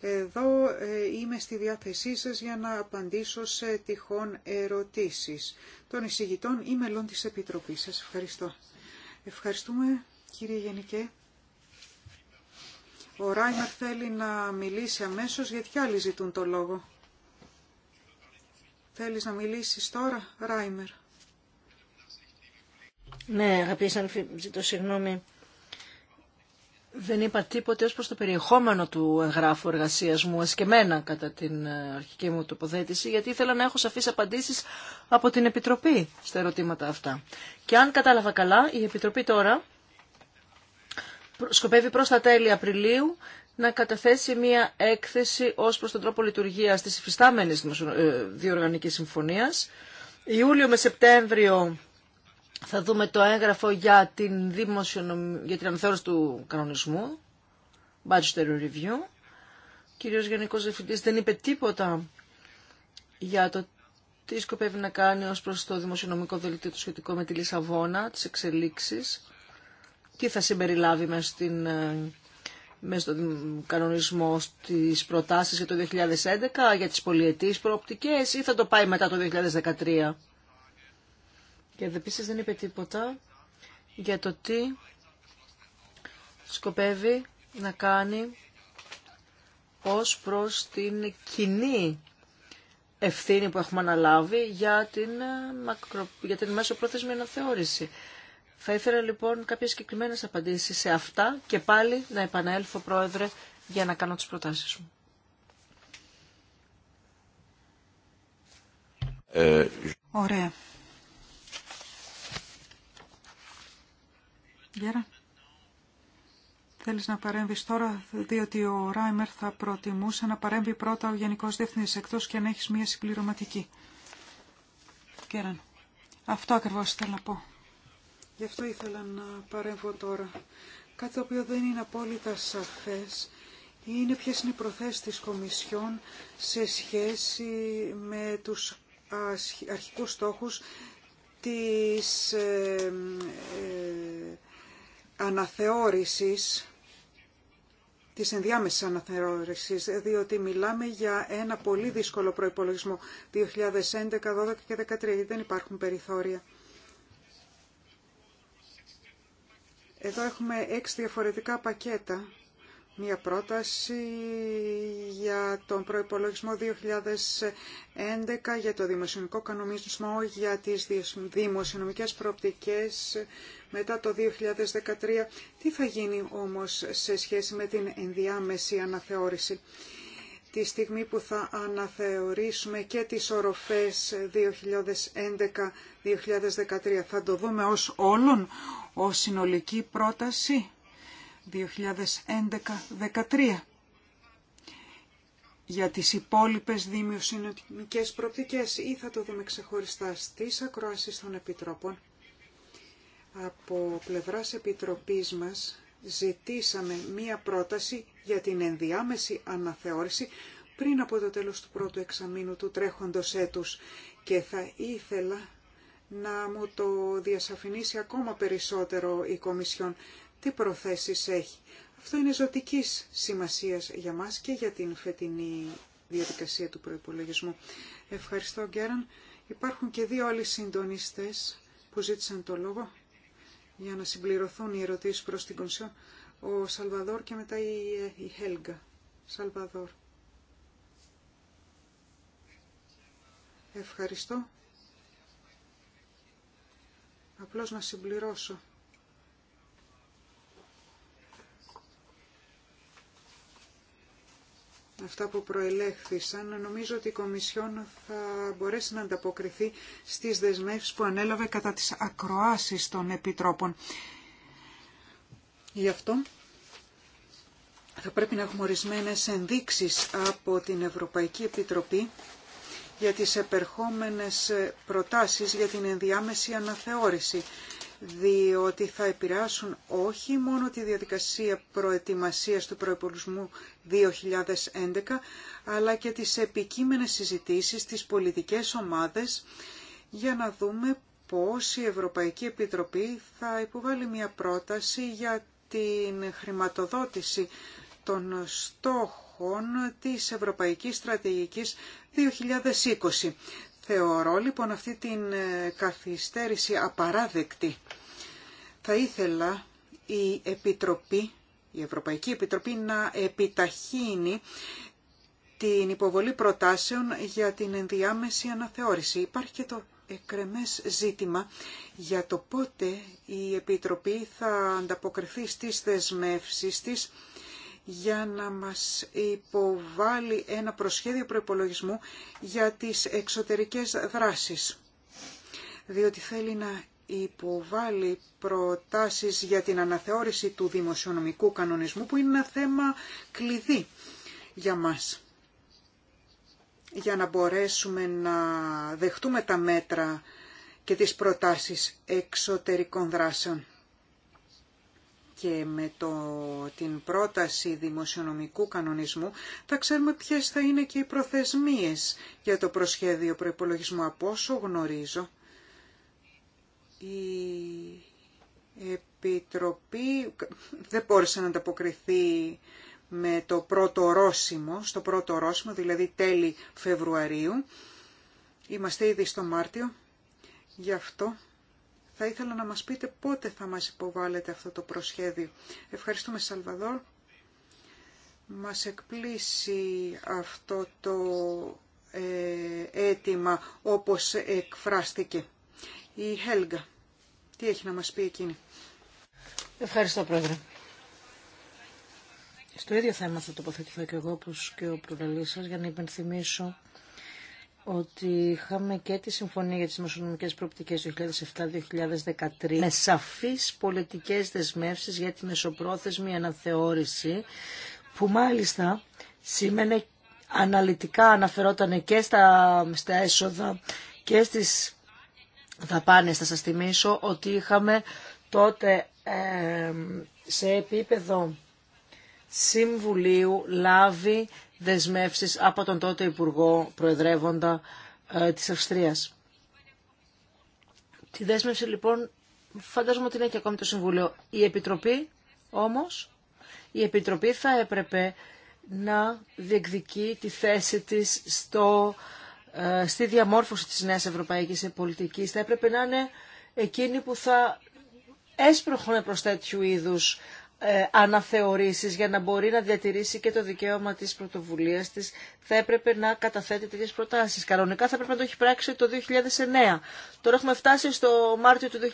εδώ ε, είμαι στη διάθεσή σας για να απαντήσω σε τυχόν ερωτήσεις των εισηγητών ή μελών της Επιτροπής. Σας ευχαριστώ. Ευχαριστούμε κύριε Γενικέ. Ο Ράιμερ θέλει να μιλήσει αμέσως γιατί άλλοι ζητούν το λόγο. Θέλεις να μιλήσεις τώρα, Ράιμερ. Ναι, αγαπητοί ζητώ συγγνώμη δεν είπα τίποτε ως προς το περιεχόμενο του εγγράφου εργασίας μου, εσκεμένα κατά την ε, αρχική μου τοποθέτηση, γιατί ήθελα να έχω σαφείς απαντήσεις από την Επιτροπή στα ερωτήματα αυτά. Και αν κατάλαβα καλά, η Επιτροπή τώρα σκοπεύει προς τα τέλη Απριλίου να καταθέσει μια έκθεση ως προς τον τρόπο λειτουργίας της υφιστάμενης ε, διοργανικής συμφωνίας. Ιούλιο με Σεπτέμβριο θα δούμε το έγγραφο για την, δημοσιονομ... για την αναθεώρηση του κανονισμού, Bachelor review. Ο κύριος Γενικός Διευθυντής δεν είπε τίποτα για το τι σκοπεύει να κάνει ως προς το δημοσιονομικό δελτίο του σχετικό με τη Λισαβόνα, τις εξελίξεις, τι θα συμπεριλάβει μέσα, στην, ε, μέσα στον κανονισμό στις προτάσεις για το 2011, για τις πολυετείς προοπτικές ή θα το πάει μετά το 2013. Και επίση δεν είπε τίποτα για το τι σκοπεύει να κάνει ως προς την κοινή ευθύνη που έχουμε αναλάβει για την, μακρο... για την μέσο πρόθεσμη αναθεώρηση. Θα ήθελα λοιπόν κάποιες συγκεκριμένες απαντήσεις σε αυτά και πάλι να επανέλθω πρόεδρε για να κάνω τις προτάσεις μου. Ε, Ωραία. Γέρα, θέλεις να παρέμβεις τώρα, διότι ο Ράιμερ θα προτιμούσε να παρέμβει πρώτα ο Γενικός Διευθυντής, εκτός και αν έχεις μία συμπληρωματική. Γέραν, αυτό ακριβώς θέλω να πω. Γι' αυτό ήθελα να παρέμβω τώρα. Κάτι το οποίο δεν είναι απόλυτα σαφές είναι ποιες είναι οι προθέσεις της Κομισιόν σε σχέση με τους αρχικούς στόχους της ε, ε, αναθεώρησης, της ενδιάμεσης αναθεώρησης, διότι μιλάμε για ένα πολύ δύσκολο προϋπολογισμό 2011, 2012 και 2013, δεν υπάρχουν περιθώρια. Εδώ έχουμε έξι διαφορετικά πακέτα μία πρόταση για τον προϋπολογισμό 2011 για το δημοσιονομικό κανονισμό για τις δημοσιονομικές προοπτικές μετά το 2013. Τι θα γίνει όμως σε σχέση με την ενδιάμεση αναθεώρηση τη στιγμή που θα αναθεωρήσουμε και τις οροφές 2011-2013. Θα το δούμε ως όλον, ως συνολική πρόταση 2011-2013 για τις υπόλοιπες δημιουσυνοτικές προοπτικές ή θα το δούμε ξεχωριστά στις ακροάσεις των Επιτρόπων. Από πλευράς Επιτροπής μας ζητήσαμε μία πρόταση για την ενδιάμεση αναθεώρηση πριν από το τέλος του πρώτου εξαμήνου του τρέχοντος έτους και θα ήθελα να μου το διασαφηνίσει ακόμα περισσότερο η Κομισιόν τι προθέσεις έχει. Αυτό είναι ζωτικής σημασίας για μας και για την φετινή διαδικασία του προϋπολογισμού. Ευχαριστώ, Γκέραν. Υπάρχουν και δύο άλλοι συντονίστες που ζήτησαν το λόγο για να συμπληρωθούν οι ερωτήσεις προς την Κονσιόν. Ο Σαλβαδόρ και μετά η, η Χέλγκα. Σαλβαδόρ. Ευχαριστώ. Απλώς να συμπληρώσω αυτά που προελέχθησαν, νομίζω ότι η Κομισιόν θα μπορέσει να ανταποκριθεί στις δεσμεύσεις που ανέλαβε κατά τις ακροάσεις των επιτρόπων. Γι' αυτό θα πρέπει να έχουμε ορισμένε ενδείξεις από την Ευρωπαϊκή Επιτροπή για τις επερχόμενες προτάσεις για την ενδιάμεση αναθεώρηση διότι θα επηρεάσουν όχι μόνο τη διαδικασία προετοιμασίας του προϋπολισμού 2011, αλλά και τις επικείμενες συζητήσεις στις πολιτικές ομάδες για να δούμε πώς η Ευρωπαϊκή Επιτροπή θα υποβάλει μια πρόταση για την χρηματοδότηση των στόχων της Ευρωπαϊκής Στρατηγικής 2020. Θεωρώ λοιπόν αυτή την ε, καθυστέρηση απαράδεκτη. Θα ήθελα η Επιτροπή, η Ευρωπαϊκή Επιτροπή να επιταχύνει την υποβολή προτάσεων για την ενδιάμεση αναθεώρηση. Υπάρχει και το εκρεμές ζήτημα για το πότε η Επιτροπή θα ανταποκριθεί στις δεσμεύσεις της για να μας υποβάλει ένα προσχέδιο προϋπολογισμού για τις εξωτερικές δράσεις. Διότι θέλει να υποβάλει προτάσεις για την αναθεώρηση του δημοσιονομικού κανονισμού που είναι ένα θέμα κλειδί για μας για να μπορέσουμε να δεχτούμε τα μέτρα και τις προτάσεις εξωτερικών δράσεων και με το, την πρόταση δημοσιονομικού κανονισμού θα ξέρουμε ποιες θα είναι και οι προθεσμίες για το προσχέδιο προϋπολογισμού. Από όσο γνωρίζω, η Επιτροπή δεν μπόρεσε να ανταποκριθεί με το πρώτο στο πρώτο ορόσημο, δηλαδή τέλη Φεβρουαρίου. Είμαστε ήδη στο Μάρτιο, γι' αυτό θα ήθελα να μας πείτε πότε θα μας υποβάλλετε αυτό το προσχέδιο. Ευχαριστούμε Σαλβαδόρ. Μας εκπλήσει αυτό το ε, αίτημα όπως εκφράστηκε. Η Χέλγα, τι έχει να μας πει εκείνη. Ευχαριστώ Πρόεδρε. Στο ίδιο θέμα θα τοποθετηθώ και εγώ όπως και ο προλαλής σας για να υπενθυμίσω ότι είχαμε και τη Συμφωνία για τις μεσονομικές προοπτικες Προοπτικές 2007-2013 ναι. με σαφείς πολιτικές δεσμεύσεις για τη μεσοπρόθεσμη αναθεώρηση που μάλιστα σήμαινε αναλυτικά αναφερόταν και στα, στα έσοδα και στις δαπάνες. Θα σας θυμίσω ότι είχαμε τότε σε επίπεδο Συμβουλίου λάβει δεσμεύσεις από τον τότε Υπουργό Προεδρεύοντα ε, της Αυστρίας. Τη δέσμευση λοιπόν φαντάζομαι ότι είναι και ακόμη το Συμβούλιο. Η Επιτροπή όμως, η Επιτροπή θα έπρεπε να διεκδικεί τη θέση της στο, ε, στη διαμόρφωση της νέας ευρωπαϊκής πολιτικής. Θα έπρεπε να είναι εκείνη που θα έσπροχνε προς τέτοιου είδους ε, αναθεωρήσεις για να μπορεί να διατηρήσει και το δικαίωμα της πρωτοβουλίας της θα έπρεπε να καταθέτει τέτοιες προτάσεις. Κανονικά θα έπρεπε να το έχει πράξει το 2009. Τώρα έχουμε φτάσει στο Μάρτιο του 2010,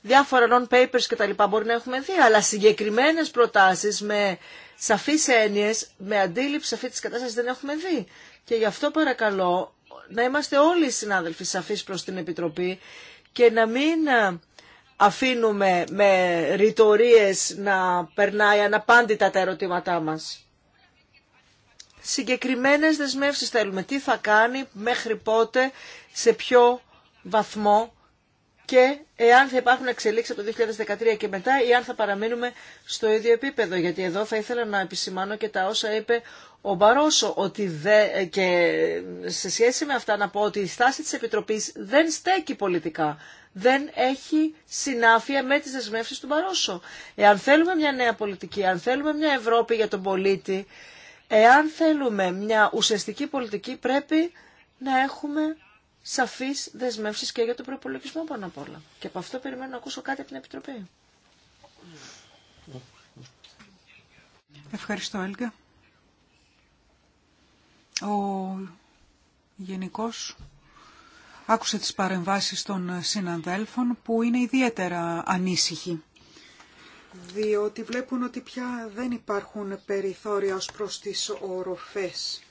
διάφορα non-papers λοιπά μπορεί να έχουμε δει, αλλά συγκεκριμένες προτάσεις με σαφείς έννοιες, με αντίληψη αυτή της κατάστασης δεν έχουμε δει. Και γι' αυτό παρακαλώ να είμαστε όλοι οι συνάδελφοι σαφείς προς την Επιτροπή και να μην ε, αφήνουμε με ρητορίες να περνάει αναπάντητα τα ερωτήματά μας. Συγκεκριμένες δεσμεύσεις θέλουμε. Τι θα κάνει, μέχρι πότε, σε ποιο βαθμό και εάν θα υπάρχουν εξελίξει από το 2013 και μετά ή αν θα παραμείνουμε στο ίδιο επίπεδο. Γιατί εδώ θα ήθελα να επισημάνω και τα όσα είπε ο Μπαρόσο ότι δε, και σε σχέση με αυτά να πω ότι η στάση της Επιτροπής δεν στέκει πολιτικά δεν έχει συνάφεια με τις δεσμεύσεις του Μπαρόσο. Εάν θέλουμε μια νέα πολιτική, εάν θέλουμε μια Ευρώπη για τον πολίτη, εάν θέλουμε μια ουσιαστική πολιτική πρέπει να έχουμε σαφείς δεσμεύσεις και για τον προπολογισμό πάνω απ' όλα. Και από αυτό περιμένω να ακούσω κάτι από την Επιτροπή. Ευχαριστώ, Έλγα. Ο Γενικός Άκουσα τις παρεμβάσεις των ε, συναδέλφων που είναι ιδιαίτερα ανήσυχοι. Διότι βλέπουν ότι πια δεν υπάρχουν περιθώρια ως προς τις οροφές.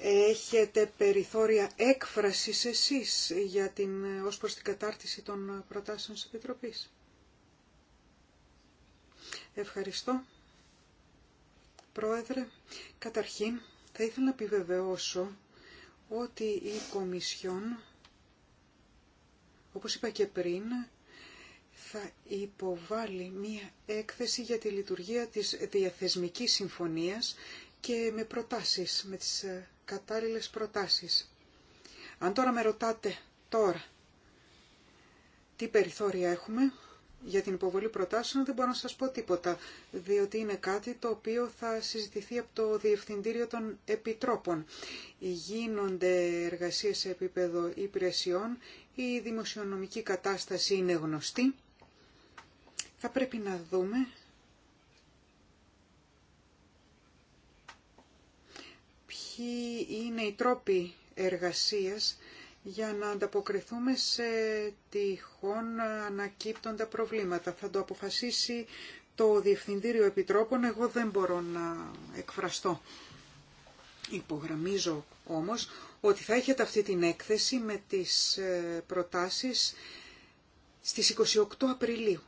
Έχετε περιθώρια έκφρασης εσείς για την, ε, ως προς την κατάρτιση των ε, προτάσεων της Επιτροπής. Ευχαριστώ. Πρόεδρε, καταρχήν θα ήθελα να επιβεβαιώσω ότι η Κομισιόν, όπως είπα και πριν, θα υποβάλει μία έκθεση για τη λειτουργία της διαθεσμικής συμφωνίας και με προτάσεις, με τις ε, κατάλληλες προτάσεις. Αν τώρα με ρωτάτε τώρα τι περιθώρια έχουμε, για την υποβολή προτάσεων δεν μπορώ να σας πω τίποτα, διότι είναι κάτι το οποίο θα συζητηθεί από το Διευθυντήριο των Επιτρόπων. Γίνονται εργασίες σε επίπεδο υπηρεσιών, η δημοσιονομική κατάσταση είναι γνωστή. Θα πρέπει να δούμε ποιοι είναι οι τρόποι εργασίας για να ανταποκριθούμε σε τυχόν ανακύπτοντα προβλήματα. Θα το αποφασίσει το Διευθυντήριο Επιτρόπων, εγώ δεν μπορώ να εκφραστώ. Υπογραμμίζω όμως ότι θα έχετε αυτή την έκθεση με τις ε, προτάσεις στις 28 Απριλίου,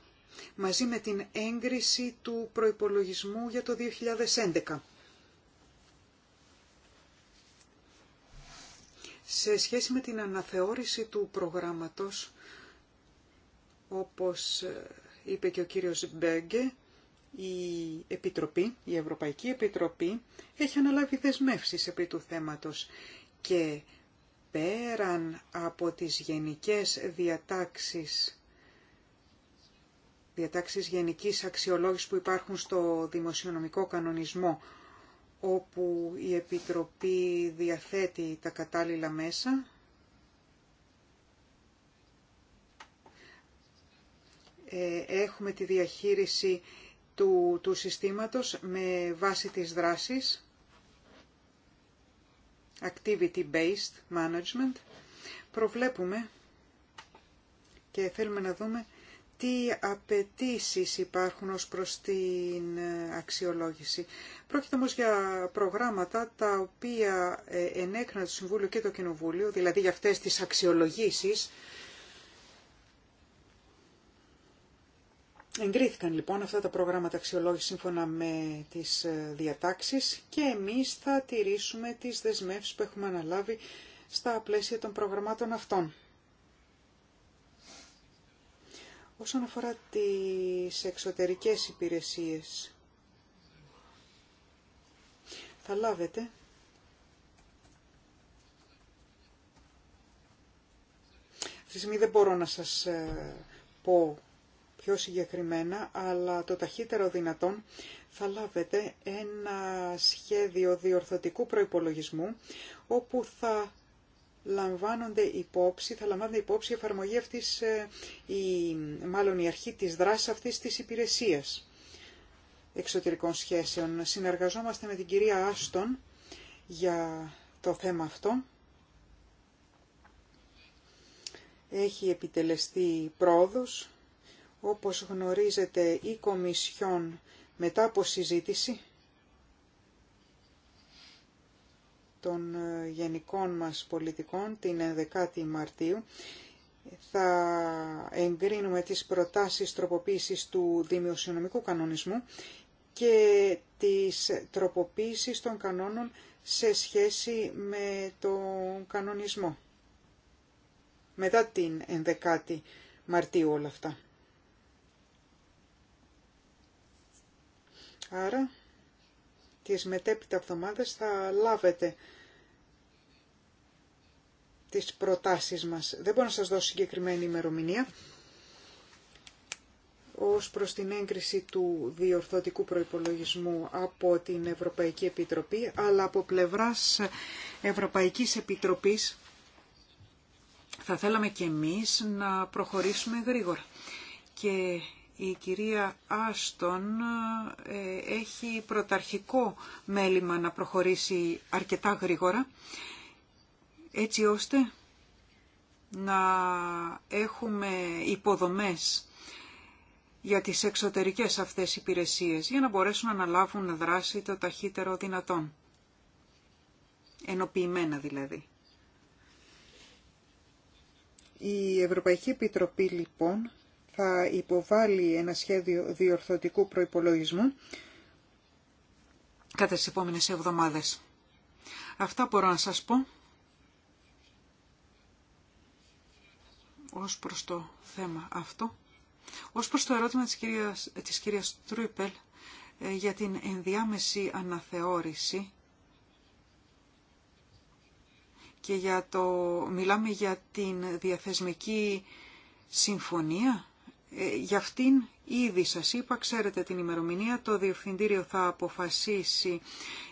μαζί με την έγκριση του προϋπολογισμού για το 2011. σε σχέση με την αναθεώρηση του προγράμματος, όπως ε, είπε και ο κύριος Μπέγκε, η Επιτροπή, η Ευρωπαϊκή Επιτροπή, έχει αναλάβει δεσμεύσεις επί του θέματος και πέραν από τις γενικές διατάξεις, διατάξεις γενικής αξιολόγησης που υπάρχουν στο δημοσιονομικό κανονισμό, όπου η Επιτροπή διαθέτει τα κατάλληλα μέσα. Ε, έχουμε τη διαχείριση του, του συστήματος με βάση τις δράσεις, activity-based management. Προβλέπουμε και θέλουμε να δούμε τι απαιτήσει υπάρχουν ως προς την αξιολόγηση. Πρόκειται όμως για προγράμματα τα οποία ε, ενέκρινε το Συμβούλιο και το Κοινοβούλιο, δηλαδή για αυτές τις αξιολογήσεις. Εγκρίθηκαν λοιπόν αυτά τα προγράμματα αξιολόγηση σύμφωνα με τις ε, διατάξεις και εμείς θα τηρήσουμε τις δεσμεύσεις που έχουμε αναλάβει στα πλαίσια των προγραμμάτων αυτών. Όσον αφορά τις εξωτερικές υπηρεσίες, θα λάβετε Αυτή τη στιγμή δεν μπορώ να σας ε, πω πιο συγκεκριμένα, αλλά το ταχύτερο δυνατόν θα λάβετε ένα σχέδιο διορθωτικού προϋπολογισμού, όπου θα λαμβάνονται υπόψη, θα λαμβάνονται υπόψη η εφαρμογή αυτής, ε, η, μάλλον η αρχή της δράσης αυτής της υπηρεσίας εξωτερικών σχέσεων. Συνεργαζόμαστε με την κυρία Άστον για το θέμα αυτό. Έχει επιτελεστεί πρόοδος. Όπως γνωρίζετε, η Κομισιόν μετά από συζήτηση των ε, γενικών μας πολιτικών την 11η Μαρτίου θα εγκρίνουμε τις προτάσεις τροποποίησης του δημοσιονομικού κανονισμού και τις τροποποίησεις των κανόνων σε σχέση με τον κανονισμό. Μετά την 11η Μαρτίου όλα αυτά. Άρα τις μετέπειτα εβδομάδες θα λάβετε τις προτάσεις μας. Δεν μπορώ να σας δώσω συγκεκριμένη ημερομηνία ως προς την έγκριση του διορθωτικού προϋπολογισμού από την Ευρωπαϊκή Επιτροπή, αλλά από πλευράς Ευρωπαϊκής Επιτροπής θα θέλαμε και εμείς να προχωρήσουμε γρήγορα. Και η κυρία Άστον ε, έχει πρωταρχικό μέλημα να προχωρήσει αρκετά γρήγορα, έτσι ώστε να έχουμε υποδομές για τις εξωτερικές αυτές υπηρεσίες, για να μπορέσουν να αναλάβουν δράση το ταχύτερο δυνατόν. Ενοποιημένα δηλαδή. Η Ευρωπαϊκή Επιτροπή λοιπόν θα υποβάλει ένα σχέδιο διορθωτικού προϋπολογισμού κατά τις επόμενες εβδομάδες. Αυτά μπορώ να σας πω ως προς το θέμα αυτό. Ως προς το ερώτημα της κυρίας, της κυρίας ε, για την ενδιάμεση αναθεώρηση και για το, μιλάμε για την διαθεσμική συμφωνία ε, για αυτήν ήδη σας είπα, ξέρετε την ημερομηνία, το Διευθυντήριο θα αποφασίσει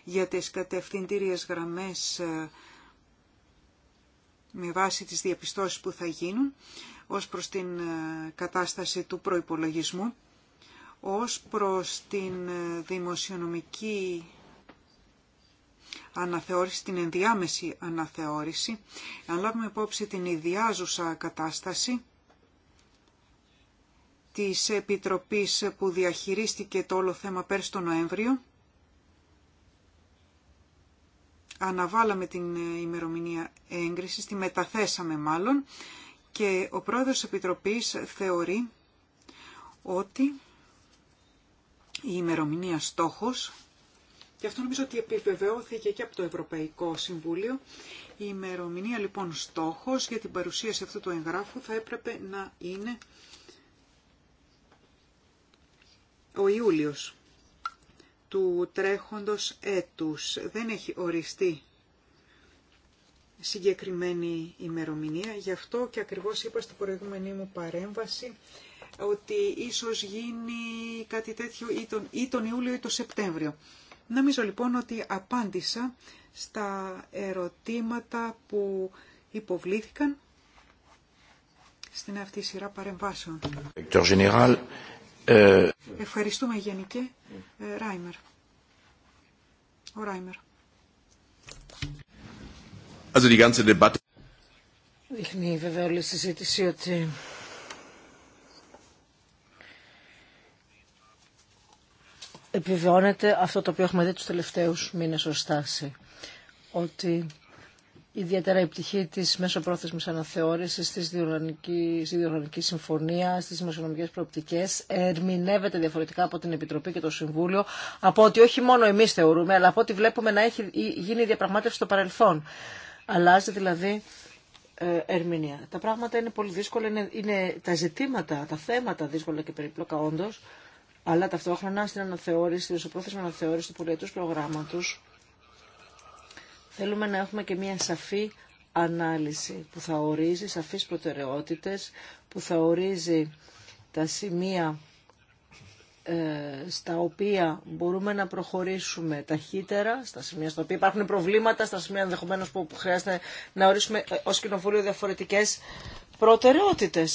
για τις κατευθυντήριες γραμμές ε, με βάση τις διαπιστώσεις που θα γίνουν ως προς την ε, κατάσταση του προϋπολογισμού, ως προς την δημοσιονομική αναθεώρηση, την ενδιάμεση αναθεώρηση, αν λάβουμε υπόψη την ιδιάζουσα κατάσταση, της Επιτροπής που διαχειρίστηκε το όλο θέμα πέρσι τον Νοέμβριο. Αναβάλαμε την ημερομηνία έγκρισης, τη μεταθέσαμε μάλλον και ο πρόεδρος Επιτροπής θεωρεί ότι η ημερομηνία στόχος και αυτό νομίζω ότι επιβεβαιώθηκε και από το Ευρωπαϊκό Συμβούλιο. Η ημερομηνία λοιπόν στόχος για την παρουσίαση αυτού του εγγράφου θα έπρεπε να είναι ο Ιούλιος του τρέχοντος έτους. Δεν έχει οριστεί συγκεκριμένη ημερομηνία. Γι' αυτό και ακριβώς είπα στην προηγούμενη μου παρέμβαση ότι ίσως γίνει κάτι τέτοιο ή τον, ή τον Ιούλιο ή τον Σεπτέμβριο. Νομίζω λοιπόν ότι απάντησα στα ερωτήματα που υποβλήθηκαν στην αυτή σειρά παρεμβάσεων. Ε, Ευχαριστούμε, Γενική. Ε, Ράιμερ. Ο Ράιμερ. Δείχνει βέβαια όλη η συζήτηση ότι επιβεβαιώνεται αυτό το οποίο έχουμε δει τους τελευταίους μήνες ως στάση. Ότι ιδιαίτερα η πτυχή της μεσοπρόθεσμης αναθεώρησης στη διοργανική συμφωνία, συμφωνία, στις δημοσιονομικές προοπτικές, ερμηνεύεται διαφορετικά από την Επιτροπή και το Συμβούλιο, από ότι όχι μόνο εμείς θεωρούμε, αλλά από ότι βλέπουμε να έχει γίνει η διαπραγμάτευση στο παρελθόν. Αλλάζει δηλαδή ε, ερμηνεία. Τα πράγματα είναι πολύ δύσκολα, είναι, είναι τα ζητήματα, τα θέματα δύσκολα και περίπλοκα όντω. αλλά ταυτόχρονα στην αναθεώρηση, στην αναθεώρηση του πολιτικού προγράμματο. Θέλουμε να έχουμε και μια σαφή ανάλυση που θα ορίζει σαφείς προτεραιότητες, που θα ορίζει τα σημεία ε, στα οποία μπορούμε να προχωρήσουμε ταχύτερα, στα σημεία στα οποία υπάρχουν προβλήματα, στα σημεία ενδεχομένω που χρειάζεται να ορίσουμε ε, ω κοινοβούλιο διαφορετικέ προτεραιότητε.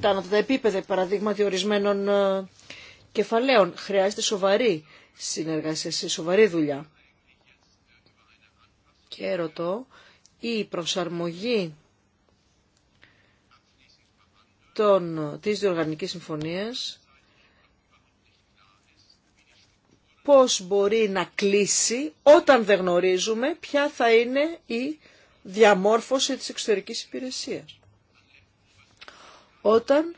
Τα ανώτατα επίπεδα, παραδείγματι, ορισμένων ε, κεφαλαίων. Χρειάζεται σοβαρή συνεργασία, σοβαρή δουλειά και ρωτώ η προσαρμογή των, της διοργανικής συμφωνίας πώς μπορεί να κλείσει όταν δεν γνωρίζουμε ποια θα είναι η διαμόρφωση της εξωτερικής υπηρεσίας. Όταν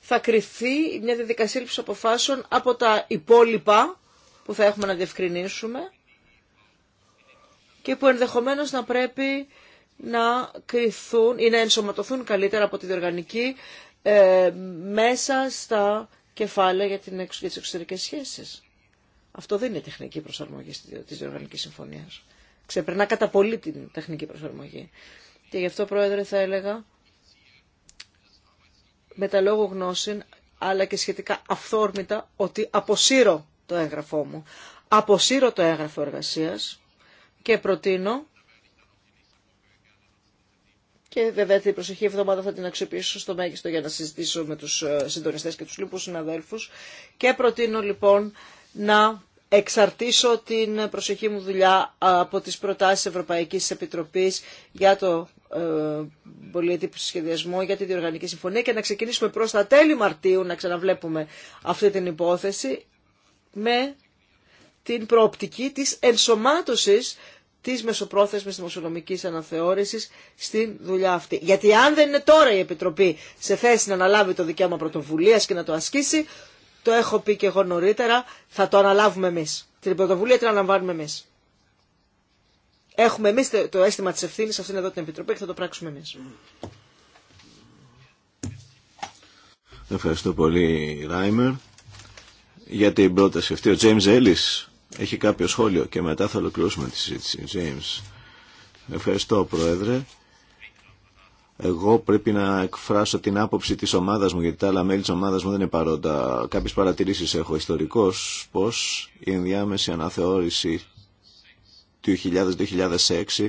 θα κρυθεί μια διαδικασία λήψης αποφάσεων από τα υπόλοιπα που θα έχουμε να διευκρινίσουμε και που ενδεχομένως να πρέπει να κρυθούν ή να ενσωματωθούν καλύτερα από τη διοργανική ε, μέσα στα κεφάλαια για, την, για τις εξωτερικές σχέσεις. Αυτό δεν είναι τεχνική προσαρμογή της διοργανικής συμφωνίας. Ξεπερνά κατά πολύ την τεχνική προσαρμογή. Και γι' αυτό, Πρόεδρε, θα έλεγα, με τα λόγω γνώση, αλλά και σχετικά αυθόρμητα, ότι αποσύρω το έγγραφό μου. Αποσύρω το έγγραφο εργασίας και προτείνω και βέβαια την προσεχή εβδομάδα θα την αξιοποιήσω στο μέγιστο για να συζητήσω με τους ε, συντονιστές και τους λοιπούς συναδέλφους. Και προτείνω λοιπόν να εξαρτήσω την προσεχή μου δουλειά ε, από τις προτάσεις Ευρωπαϊκής Επιτροπής για το ε, πολιτικό σχεδιασμό, για τη διοργανική συμφωνία και να ξεκινήσουμε προς τα τέλη Μαρτίου να ξαναβλέπουμε αυτή την υπόθεση με την προοπτική της ενσωμάτωσης της μεσοπρόθεσμης δημοσιονομικής αναθεώρησης στην δουλειά αυτή. Γιατί αν δεν είναι τώρα η Επιτροπή σε θέση να αναλάβει το δικαίωμα πρωτοβουλίας και να το ασκήσει, το έχω πει και εγώ νωρίτερα, θα το αναλάβουμε εμείς. Την πρωτοβουλία την αναλαμβάνουμε εμείς. Έχουμε εμείς το αίσθημα της ευθύνης αυτήν εδώ την Επιτροπή και θα το πράξουμε εμείς. Ευχαριστώ πολύ Ράιμερ για την πρόταση αυτή. Ο James Έλλης, έχει κάποιο σχόλιο και μετά θα ολοκληρώσουμε τη συζήτηση. James. Ευχαριστώ Πρόεδρε. Εγώ πρέπει να εκφράσω την άποψη της ομάδας μου, γιατί τα άλλα μέλη της ομάδας μου δεν είναι παρόντα. Κάποιες παρατηρήσεις έχω ιστορικώς πως η ενδιάμεση αναθεώρηση του 2000-2006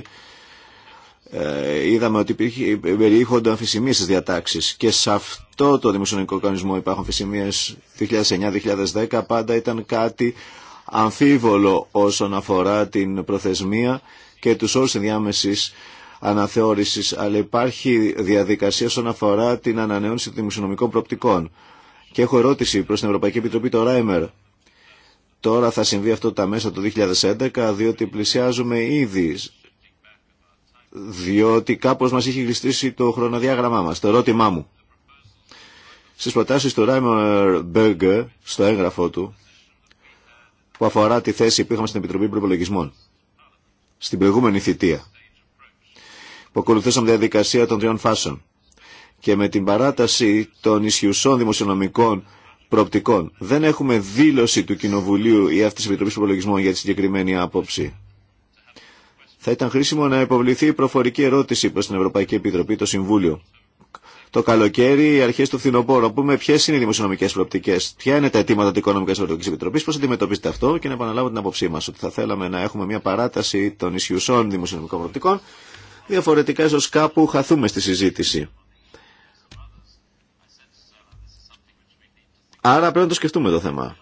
ε, είδαμε ότι περιείχονται αμφισημίες στις διατάξεις και σε αυτό το δημοσιονομικό κανονισμό υπάρχουν αμφισημίες 2009-2010 πάντα ήταν κάτι αμφίβολο όσον αφορά την προθεσμία και τους όρους διάμεσης αναθεώρησης, αλλά υπάρχει διαδικασία όσον αφορά την ανανέωση των δημοσιονομικών προοπτικών. Και έχω ερώτηση προς την Ευρωπαϊκή Επιτροπή, το Ράιμερ. Τώρα θα συμβεί αυτό τα μέσα του 2011, διότι πλησιάζουμε ήδη διότι κάπως μας έχει γλιστήσει το χρονοδιάγραμμά μας. Το ερώτημά μου. Στις προτάσεις του Ράιμερ Μπέργκερ, στο έγγραφό του, που αφορά τη θέση που είχαμε στην Επιτροπή Προπολογισμών στην προηγούμενη θητεία που ακολουθούσαμε διαδικασία των τριών φάσεων και με την παράταση των ισχυουσών δημοσιονομικών προοπτικών δεν έχουμε δήλωση του Κοινοβουλίου ή αυτής της Επιτροπής Προπολογισμών για τη συγκεκριμένη άποψη. Θα ήταν χρήσιμο να υποβληθεί η προφορική ερώτηση προς την Ευρωπαϊκή Επιτροπή, το Συμβούλιο, το καλοκαίρι, οι αρχέ του φθινοπόρου. Πούμε ποιε είναι οι δημοσιονομικέ προοπτικέ, ποια είναι τα αιτήματα τη Οικονομική Ευρωπαϊκή Επιτροπή, πώ αντιμετωπίζετε αυτό και να επαναλάβω την άποψή μα ότι θα θέλαμε να έχουμε μια παράταση των ισχυουσών δημοσιονομικών προοπτικών. Διαφορετικά, ίσω κάπου χαθούμε στη συζήτηση. Άρα πρέπει να το σκεφτούμε το θέμα.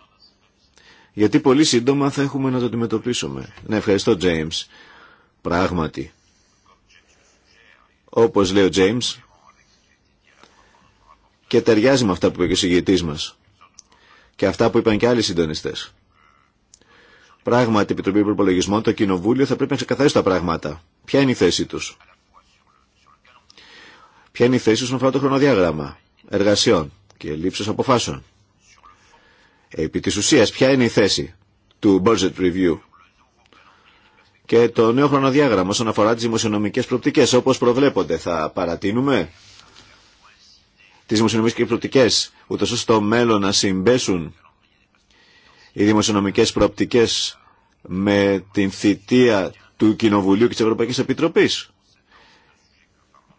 Γιατί πολύ σύντομα θα έχουμε να το αντιμετωπίσουμε. Ναι, ευχαριστώ, James. Πράγματι. Όπως λέει ο James, και ταιριάζει με αυτά που είπε και ο συγγητή μα. και αυτά που είπαν και άλλοι συντονιστέ. Πράγματι, η Επιτροπή Προπολογισμών, το Κοινοβούλιο θα πρέπει να ξεκαθαρίσει τα πράγματα. Ποια είναι η θέση του. Ποια είναι η θέση όσον αφορά το χρονοδιάγραμμα εργασιών και λήψη αποφάσεων. Επί τη ουσία, ποια είναι η θέση του Budget Review και το νέο χρονοδιάγραμμα όσον αφορά τι δημοσιονομικέ προοπτικέ, όπω προβλέπονται. Θα παρατείνουμε τις δημοσιονομικές προοπτικές, ούτως ώστε στο μέλλον να συμπέσουν οι δημοσιονομικές προοπτικές με την θητεία του Κοινοβουλίου και της Ευρωπαϊκής Επιτροπής.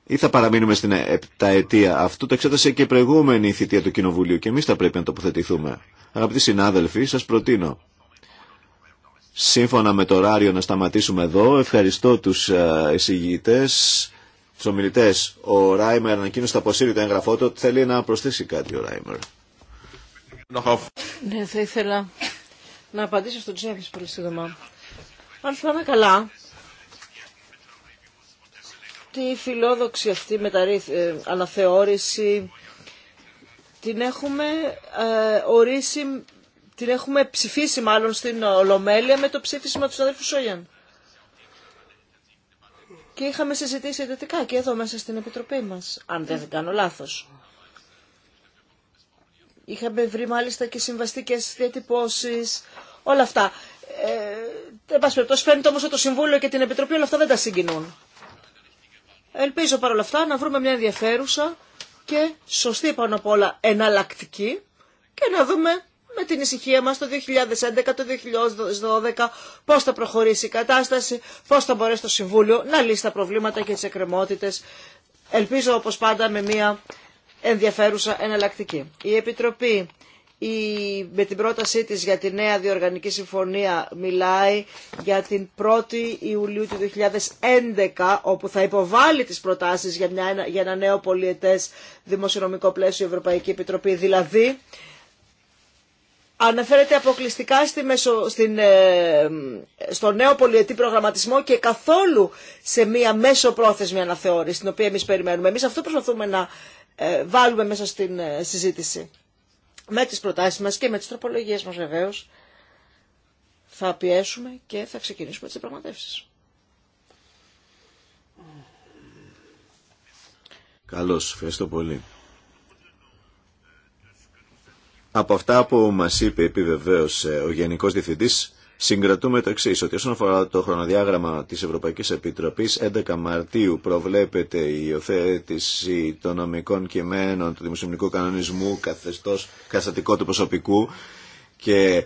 Ή θα παραμείνουμε στην επταετία αυτού, το εξέτασε και η προηγούμενη θητεία του Κοινοβουλίου και εμείς θα πρέπει να τοποθετηθούμε. Αγαπητοί συνάδελφοι, σας προτείνω. Σύμφωνα με το ωράριο να σταματήσουμε εδώ. Ευχαριστώ τους ε, εισηγητές στους ομιλητές. Ο Ράιμερ ανακοίνωσε το αποσύρει το έγγραφό του ότι θέλει να προσθέσει κάτι ο Ράιμερ. Ναι, θα ήθελα να απαντήσω στον τζέμι πολύ σύντομα. Αν θυμάμαι καλά, τη φιλόδοξη αυτή μεταρρύθ, ε, αναθεώρηση την έχουμε ε, ορίσει, την έχουμε ψηφίσει μάλλον στην Ολομέλεια με το ψήφισμα του συναδέλφου Σόγιαν και είχαμε συζητήσει εντατικά και εδώ μέσα στην Επιτροπή μας, αν δεν ναι. κάνω λάθος. Είχαμε βρει μάλιστα και συμβαστικές διατυπώσεις, όλα αυτά. Ε, εν πάση φαίνεται όμως ότι το Συμβούλιο και την Επιτροπή όλα αυτά δεν τα συγκινούν. Ελπίζω παρόλα αυτά να βρούμε μια ενδιαφέρουσα και σωστή πάνω απ' όλα εναλλακτική και να δούμε με την ησυχία μας το 2011, το 2012, πώς θα προχωρήσει η κατάσταση, πώς θα μπορέσει το Συμβούλιο να λύσει τα προβλήματα και τις εκκρεμότητες. Ελπίζω όπως πάντα με μια ενδιαφέρουσα εναλλακτική. Η Επιτροπή η, με την πρότασή της για τη νέα διοργανική συμφωνία μιλάει για την 1η Ιουλίου του 2011 όπου θα υποβάλει τις προτάσεις για, για ένα νέο πολιετές δημοσιονομικό πλαίσιο η Ευρωπαϊκή Επιτροπή δηλαδή αναφέρεται αποκλειστικά στη μεσο, στην, ε, στο νέο πολιετή προγραμματισμό και καθόλου σε μία μέσο πρόθεσμη αναθεώρηση, την οποία εμείς περιμένουμε. Εμείς αυτό προσπαθούμε να ε, βάλουμε μέσα στην ε, συζήτηση. Με τις προτάσεις μας και με τις τροπολογίες μας βεβαίως θα πιέσουμε και θα ξεκινήσουμε τις πραγματεύσεις. Καλώς, ευχαριστώ πολύ. Από αυτά που μα είπε επιβεβαίωσε ο Γενικός Διευθυντής, συγκρατούμε το εξή ότι όσον αφορά το χρονοδιάγραμμα της Ευρωπαϊκής Επιτροπής, 11 Μαρτίου προβλέπεται η υιοθέτηση των νομικών κειμένων του Δημοσιονομικού Κανονισμού καθεστώς καταστατικό του προσωπικού και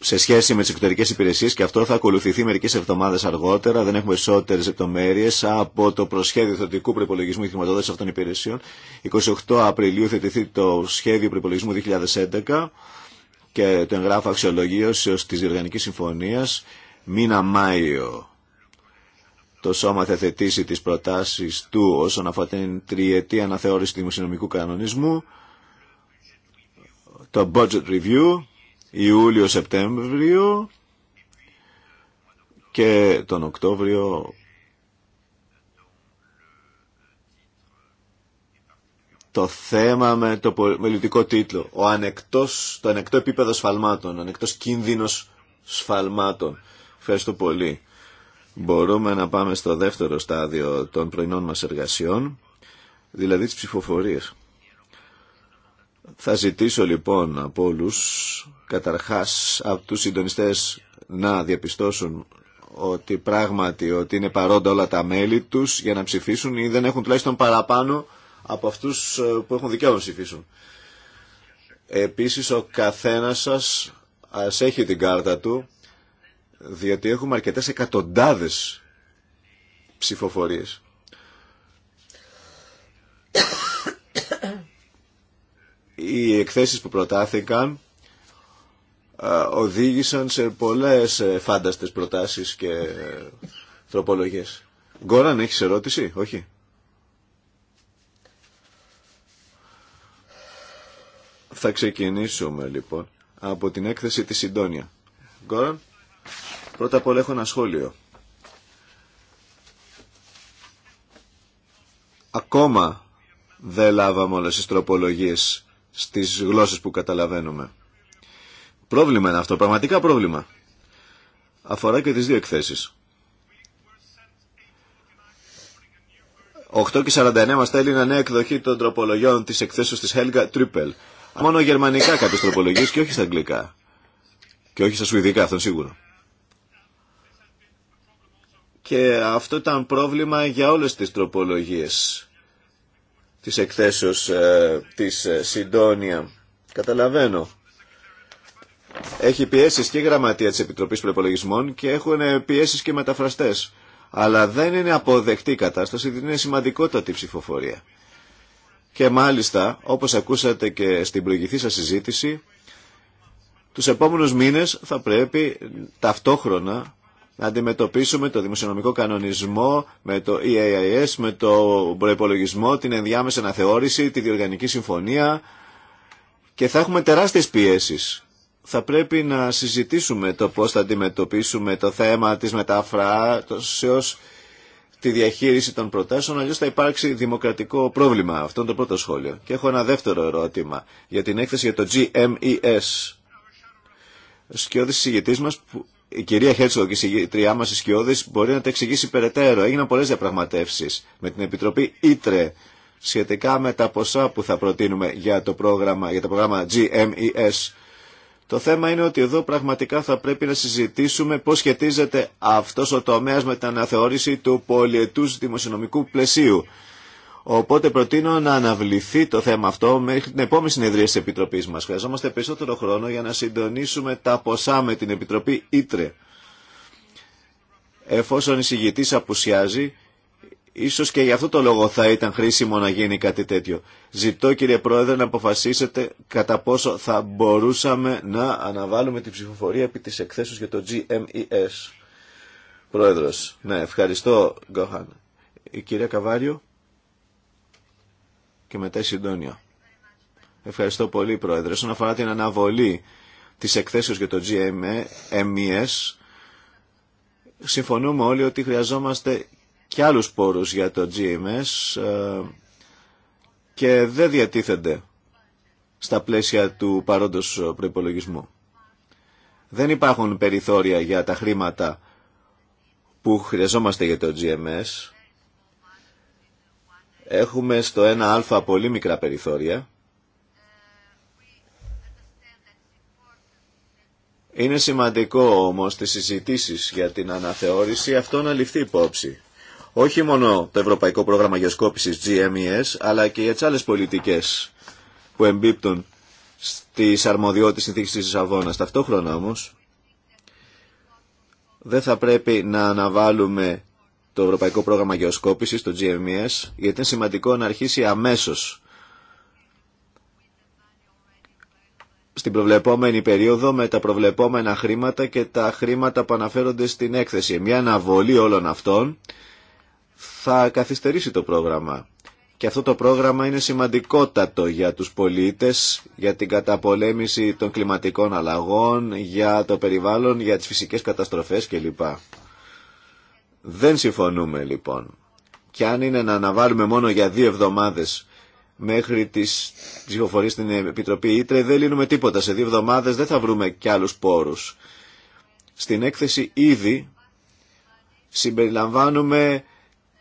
σε σχέση με τις εξωτερικές υπηρεσίες και αυτό θα ακολουθηθεί μερικές εβδομάδες αργότερα. Δεν έχουμε ισότερε λεπτομέρειε από το προσχέδιο θετικού προπολογισμού και χρηματοδότηση αυτών των υπηρεσιών. 28 Απριλίου θετηθεί το σχέδιο προπολογισμού 2011 και το εγγράφο ως της Διοργανικής Συμφωνίας μήνα Μάιο. Το Σώμα θα θετήσει τις προτάσεις του όσον αφορά την τριετή αναθεώρηση του δημοσιονομικού κανονισμού, το budget review Ιούλιο-Σεπτέμβριο και τον Οκτώβριο το θέμα με το πολιτικό τίτλο ο ανεκτός, το ανεκτό επίπεδο σφαλμάτων, ο ανεκτός κίνδυνος σφαλμάτων. Ευχαριστώ πολύ. Μπορούμε να πάμε στο δεύτερο στάδιο των πρωινών μας εργασιών, δηλαδή τις ψηφοφορίες. Θα ζητήσω λοιπόν από όλους, καταρχάς από τους συντονιστές να διαπιστώσουν ότι πράγματι ότι είναι παρόντα όλα τα μέλη τους για να ψηφίσουν ή δεν έχουν τουλάχιστον παραπάνω από αυτούς ε, που έχουν δικαίωμα να ψηφίσουν. Επίσης ο καθένας σας ας έχει την κάρτα του διότι έχουμε αρκετές εκατοντάδες ψηφοφορίες. οι εκθέσεις που προτάθηκαν ε, οδήγησαν σε πολλές ε, φάνταστες προτάσεις και ε, τροπολογίες. Γκόραν, έχεις ερώτηση, όχι. Θα ξεκινήσουμε λοιπόν από την έκθεση της Συντόνια. Γκόραν, πρώτα απ' όλα έχω ένα σχόλιο. Ακόμα δεν λάβαμε όλες τις τροπολογίες στις γλώσσες που καταλαβαίνουμε. Πρόβλημα είναι αυτό, πραγματικά πρόβλημα. Αφορά και τις δύο εκθέσεις. 8 και 49 μας θέλει να νέα εκδοχή των τροπολογιών της εκθέσεως της Helga Triple. Μόνο γερμανικά κάποιες τροπολογίες και όχι στα αγγλικά. Και όχι στα σουηδικά, αυτό σίγουρο. Και αυτό ήταν πρόβλημα για όλες τις τροπολογίες της εκθέσεως ε, της ε, Συντόνια. Καταλαβαίνω. Έχει πιέσει και η γραμματεία της Επιτροπής Προπολογισμών και έχουν ε, πιέσει και μεταφραστές. Αλλά δεν είναι αποδεκτή η κατάσταση, είναι σημαντικότατη η ψηφοφορία. Και μάλιστα, όπως ακούσατε και στην προηγηθή σας συζήτηση, τους επόμενους μήνες θα πρέπει ταυτόχρονα να αντιμετωπίσουμε το δημοσιονομικό κανονισμό με το EAIS, με το προπολογισμό, την ενδιάμεση αναθεώρηση, τη διοργανική συμφωνία και θα έχουμε τεράστιες πιέσεις. Θα πρέπει να συζητήσουμε το πώς θα αντιμετωπίσουμε το θέμα της μεταφράσεως, τη διαχείριση των προτάσεων, αλλιώ θα υπάρξει δημοκρατικό πρόβλημα. Αυτό είναι το πρώτο σχόλιο. Και έχω ένα δεύτερο ερώτημα για την έκθεση για το GMES. σκιώδη συγητής μα η κυρία και η συγγήτριά μα, η Σκιώδη, μπορεί να τα εξηγήσει περαιτέρω. Έγιναν πολλέ διαπραγματεύσει με την Επιτροπή Ήτρε σχετικά με τα ποσά που θα προτείνουμε για, το πρόγραμμα, για το πρόγραμμα GMES. Το θέμα είναι ότι εδώ πραγματικά θα πρέπει να συζητήσουμε πώς σχετίζεται αυτός ο τομέας με την αναθεώρηση του πολιετούς δημοσιονομικού πλαισίου. Οπότε προτείνω να αναβληθεί το θέμα αυτό μέχρι την επόμενη συνεδρία τη Επιτροπή μα. Χρειαζόμαστε περισσότερο χρόνο για να συντονίσουμε τα ποσά με την Επιτροπή Ήτρε. Εφόσον η συγητή απουσιάζει, ίσω και γι' αυτό το λόγο θα ήταν χρήσιμο να γίνει κάτι τέτοιο. Ζητώ κύριε Πρόεδρε να αποφασίσετε κατά πόσο θα μπορούσαμε να αναβάλουμε την ψηφοφορία επί τη εκθέσεω για το GMES. Πρόεδρο. ναι, ευχαριστώ Γκόχαν. Η κυρία Καβάριο και μετά η συντόνια. Ευχαριστώ πολύ, Πρόεδρε. Στον αφορά την αναβολή της εκθέσεως για το GMES, συμφωνούμε όλοι ότι χρειαζόμαστε και άλλους πόρους για το GMS e ε, και δεν διατίθενται στα πλαίσια του παρόντος προϋπολογισμού. Δεν υπάρχουν περιθώρια για τα χρήματα που χρειαζόμαστε για το GMS e Έχουμε στο 1α πολύ μικρά περιθώρια. Είναι σημαντικό όμως τις συζητήσεις για την αναθεώρηση αυτό να ληφθεί υπόψη. Όχι μόνο το Ευρωπαϊκό Πρόγραμμα Γεωσκόπησης GMES, αλλά και για άλλες πολιτικές που εμπίπτουν στις αρμοδιότητες συνθήκης της Λισαβόνας. Ταυτόχρονα όμως δεν θα πρέπει να αναβάλουμε το Ευρωπαϊκό Πρόγραμμα Γεωσκόπησης, το GMES, γιατί είναι σημαντικό να αρχίσει αμέσως στην προβλεπόμενη περίοδο με τα προβλεπόμενα χρήματα και τα χρήματα που αναφέρονται στην έκθεση. Μια αναβολή όλων αυτών θα καθυστερήσει το πρόγραμμα. Και αυτό το πρόγραμμα είναι σημαντικότατο για τους πολίτες, για την καταπολέμηση των κλιματικών αλλαγών, για το περιβάλλον, για τις φυσικές καταστροφές κλπ. Δεν συμφωνούμε λοιπόν. Και αν είναι να αναβάλουμε μόνο για δύο εβδομάδες μέχρι τις ψηφοφορίες στην Επιτροπή Ήτρε δεν λύνουμε τίποτα. Σε δύο εβδομάδες δεν θα βρούμε κι άλλους πόρους. Στην έκθεση ήδη συμπεριλαμβάνουμε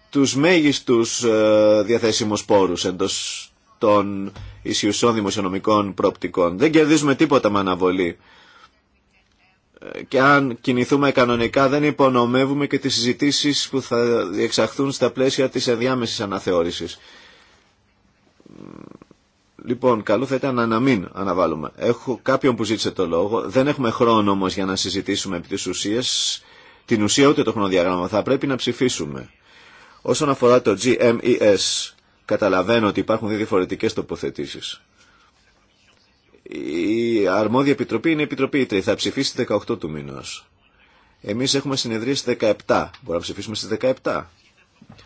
τους μέγιστους ε, διαθέσιμους πόρους εντός των ισιουσών δημοσιονομικών προοπτικών. Δεν κερδίζουμε τίποτα με αναβολή και αν κινηθούμε κανονικά δεν υπονομεύουμε και τις συζητήσεις που θα διεξαχθούν στα πλαίσια της ενδιάμεσης αναθεώρησης. Λοιπόν, καλό θα ήταν να μην αναβάλουμε. Έχω κάποιον που ζήτησε το λόγο. Δεν έχουμε χρόνο όμως για να συζητήσουμε επί της ουσίας. Την ουσία ούτε το χρονοδιάγραμμα. Θα πρέπει να ψηφίσουμε. Όσον αφορά το GMES, καταλαβαίνω ότι υπάρχουν δύο διαφορετικές τοποθετήσεις. Η αρμόδια επιτροπή είναι η επιτροπή Ήτρε. Θα ψηφίσει 18 του μηνό. Εμείς έχουμε συνεδρίες 17. Μπορούμε να ψηφίσουμε στι 17.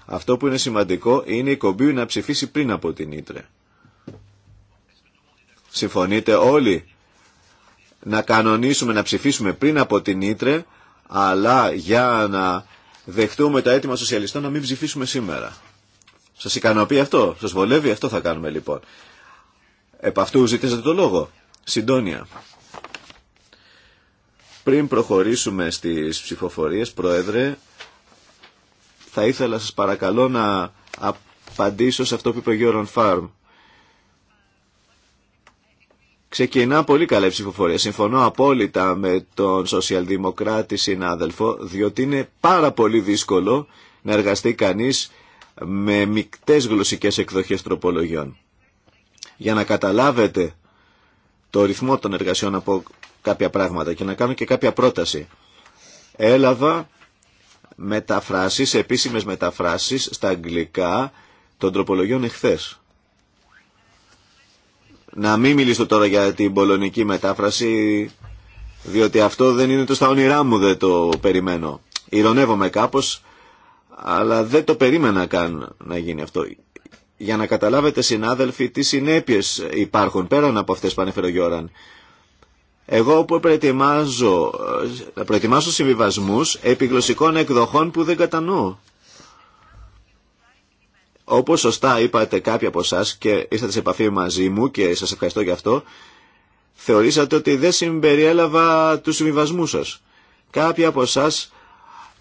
Αυτό που είναι σημαντικό είναι η Κομπίου να ψηφίσει πριν από την Ήτρε. Συμφωνείτε όλοι να κανονίσουμε να ψηφίσουμε πριν από την Ήτρε, αλλά για να δεχτούμε τα αίτημα σοσιαλιστών να μην ψηφίσουμε σήμερα. Σας ικανοποιεί αυτό, σας βολεύει, αυτό θα κάνουμε λοιπόν. Επ' αυτού ζητήσατε το λόγο. Συντόνια. Πριν προχωρήσουμε στις ψηφοφορίες, Πρόεδρε, θα ήθελα σας παρακαλώ να απαντήσω σε αυτό που είπε ο Γιώργος Φάρμ. Ξεκινά πολύ καλά η ψηφοφορία. Συμφωνώ απόλυτα με τον σοσιαλδημοκράτη συνάδελφο, διότι είναι πάρα πολύ δύσκολο να εργαστεί κανείς με μικτές γλωσσικές εκδοχές τροπολογιών για να καταλάβετε το ρυθμό των εργασιών από κάποια πράγματα και να κάνω και κάποια πρόταση. Έλαβα μεταφράσεις, επίσημες μεταφράσεις στα αγγλικά των τροπολογιών εχθές. Να μην μιλήσω τώρα για την πολωνική μετάφραση, διότι αυτό δεν είναι το στα όνειρά μου, δεν το περιμένω. Ηρωνεύομαι κάπως, αλλά δεν το περίμενα καν να γίνει αυτό για να καταλάβετε συνάδελφοι τι συνέπειες υπάρχουν πέραν από αυτές που ανέφερε ο Γιώραν. Εγώ που προετοιμάζω, ε, προετοιμάζω συμβιβασμούς επιγλωσσικών εκδοχών που δεν κατανοώ. Όπως σωστά είπατε κάποιοι από εσά και ήσατε σε επαφή μαζί μου και σας ευχαριστώ για αυτό, θεωρήσατε ότι δεν συμπεριέλαβα τους συμβιβασμούς σας. Κάποιοι από εσά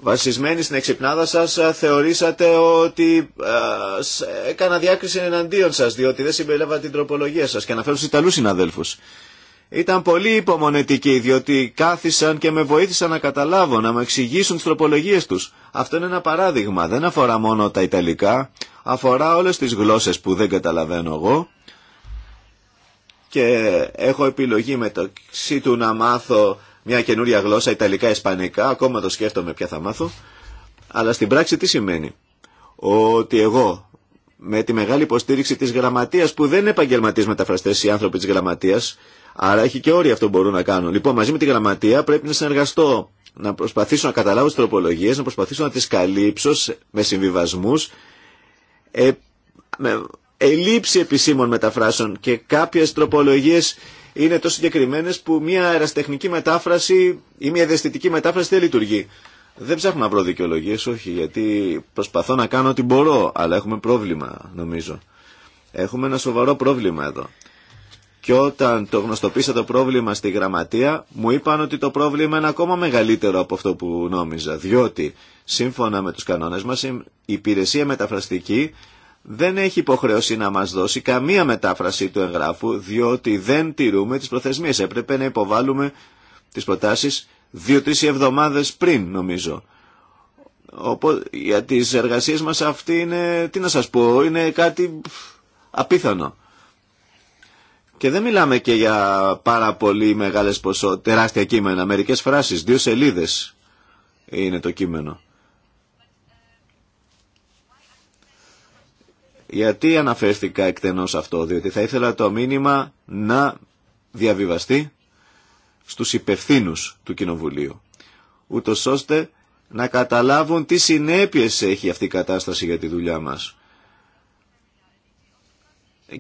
βασισμένοι στην εξυπνάδα σας ε, θεωρήσατε ότι ε, έκανα διάκριση εναντίον σας διότι δεν συμπελεύα την τροπολογία σας και αναφέρω στους Ιταλούς συναδέλφους. Ήταν πολύ υπομονετικοί διότι κάθισαν και με βοήθησαν να καταλάβω, να μου εξηγήσουν τις τροπολογίες τους. Αυτό είναι ένα παράδειγμα. Δεν αφορά μόνο τα Ιταλικά, αφορά όλες τις γλώσσες που δεν καταλαβαίνω εγώ και έχω επιλογή μεταξύ του να μάθω μια καινούρια γλώσσα, Ιταλικά, Ισπανικά, ακόμα το σκέφτομαι ποια θα μάθω. Αλλά στην πράξη τι σημαίνει. Ότι εγώ με τη μεγάλη υποστήριξη της γραμματείας που δεν είναι επαγγελματίες μεταφραστές οι άνθρωποι της γραμματείας άρα έχει και όρια αυτό που μπορούν να κάνουν. Λοιπόν μαζί με τη γραμματεία πρέπει να συνεργαστώ να προσπαθήσω να καταλάβω τις τροπολογίες να προσπαθήσω να τις καλύψω με συμβιβασμούς ε, με, ελήψη επισήμων μεταφράσεων και κάποιες τροπολογίε είναι τόσο συγκεκριμένε που μια αεραστεχνική μετάφραση ή μια διαστητική μετάφραση δεν λειτουργεί. Δεν ψάχνω να βρω δικαιολογίε, όχι, γιατί προσπαθώ να κάνω ό,τι μπορώ, αλλά έχουμε πρόβλημα, νομίζω. Έχουμε ένα σοβαρό πρόβλημα εδώ. Και όταν το γνωστοποίησα το πρόβλημα στη γραμματεία, μου είπαν ότι το πρόβλημα είναι ακόμα μεγαλύτερο από αυτό που νόμιζα. Διότι, σύμφωνα με του κανόνε μα, η υπηρεσία μεταφραστική δεν έχει υποχρέωση να μας δώσει καμία μετάφραση του εγγράφου διότι δεν τηρούμε τις προθεσμίες. Έπρεπε να υποβάλουμε τις προτάσεις δύο-τρεις εβδομάδες πριν νομίζω. Οπότε, για τις εργασίες μας αυτή είναι, τι να σας πω, είναι κάτι απίθανο. Και δεν μιλάμε και για πάρα πολύ μεγάλες ποσότητες, τεράστια κείμενα, μερικές φράσεις, δύο σελίδες είναι το κείμενο. Γιατί αναφέρθηκα εκτενώς αυτό, διότι θα ήθελα το μήνυμα να διαβιβαστεί στους υπευθύνου του Κοινοβουλίου, ούτω ώστε να καταλάβουν τι συνέπειες έχει αυτή η κατάσταση για τη δουλειά μας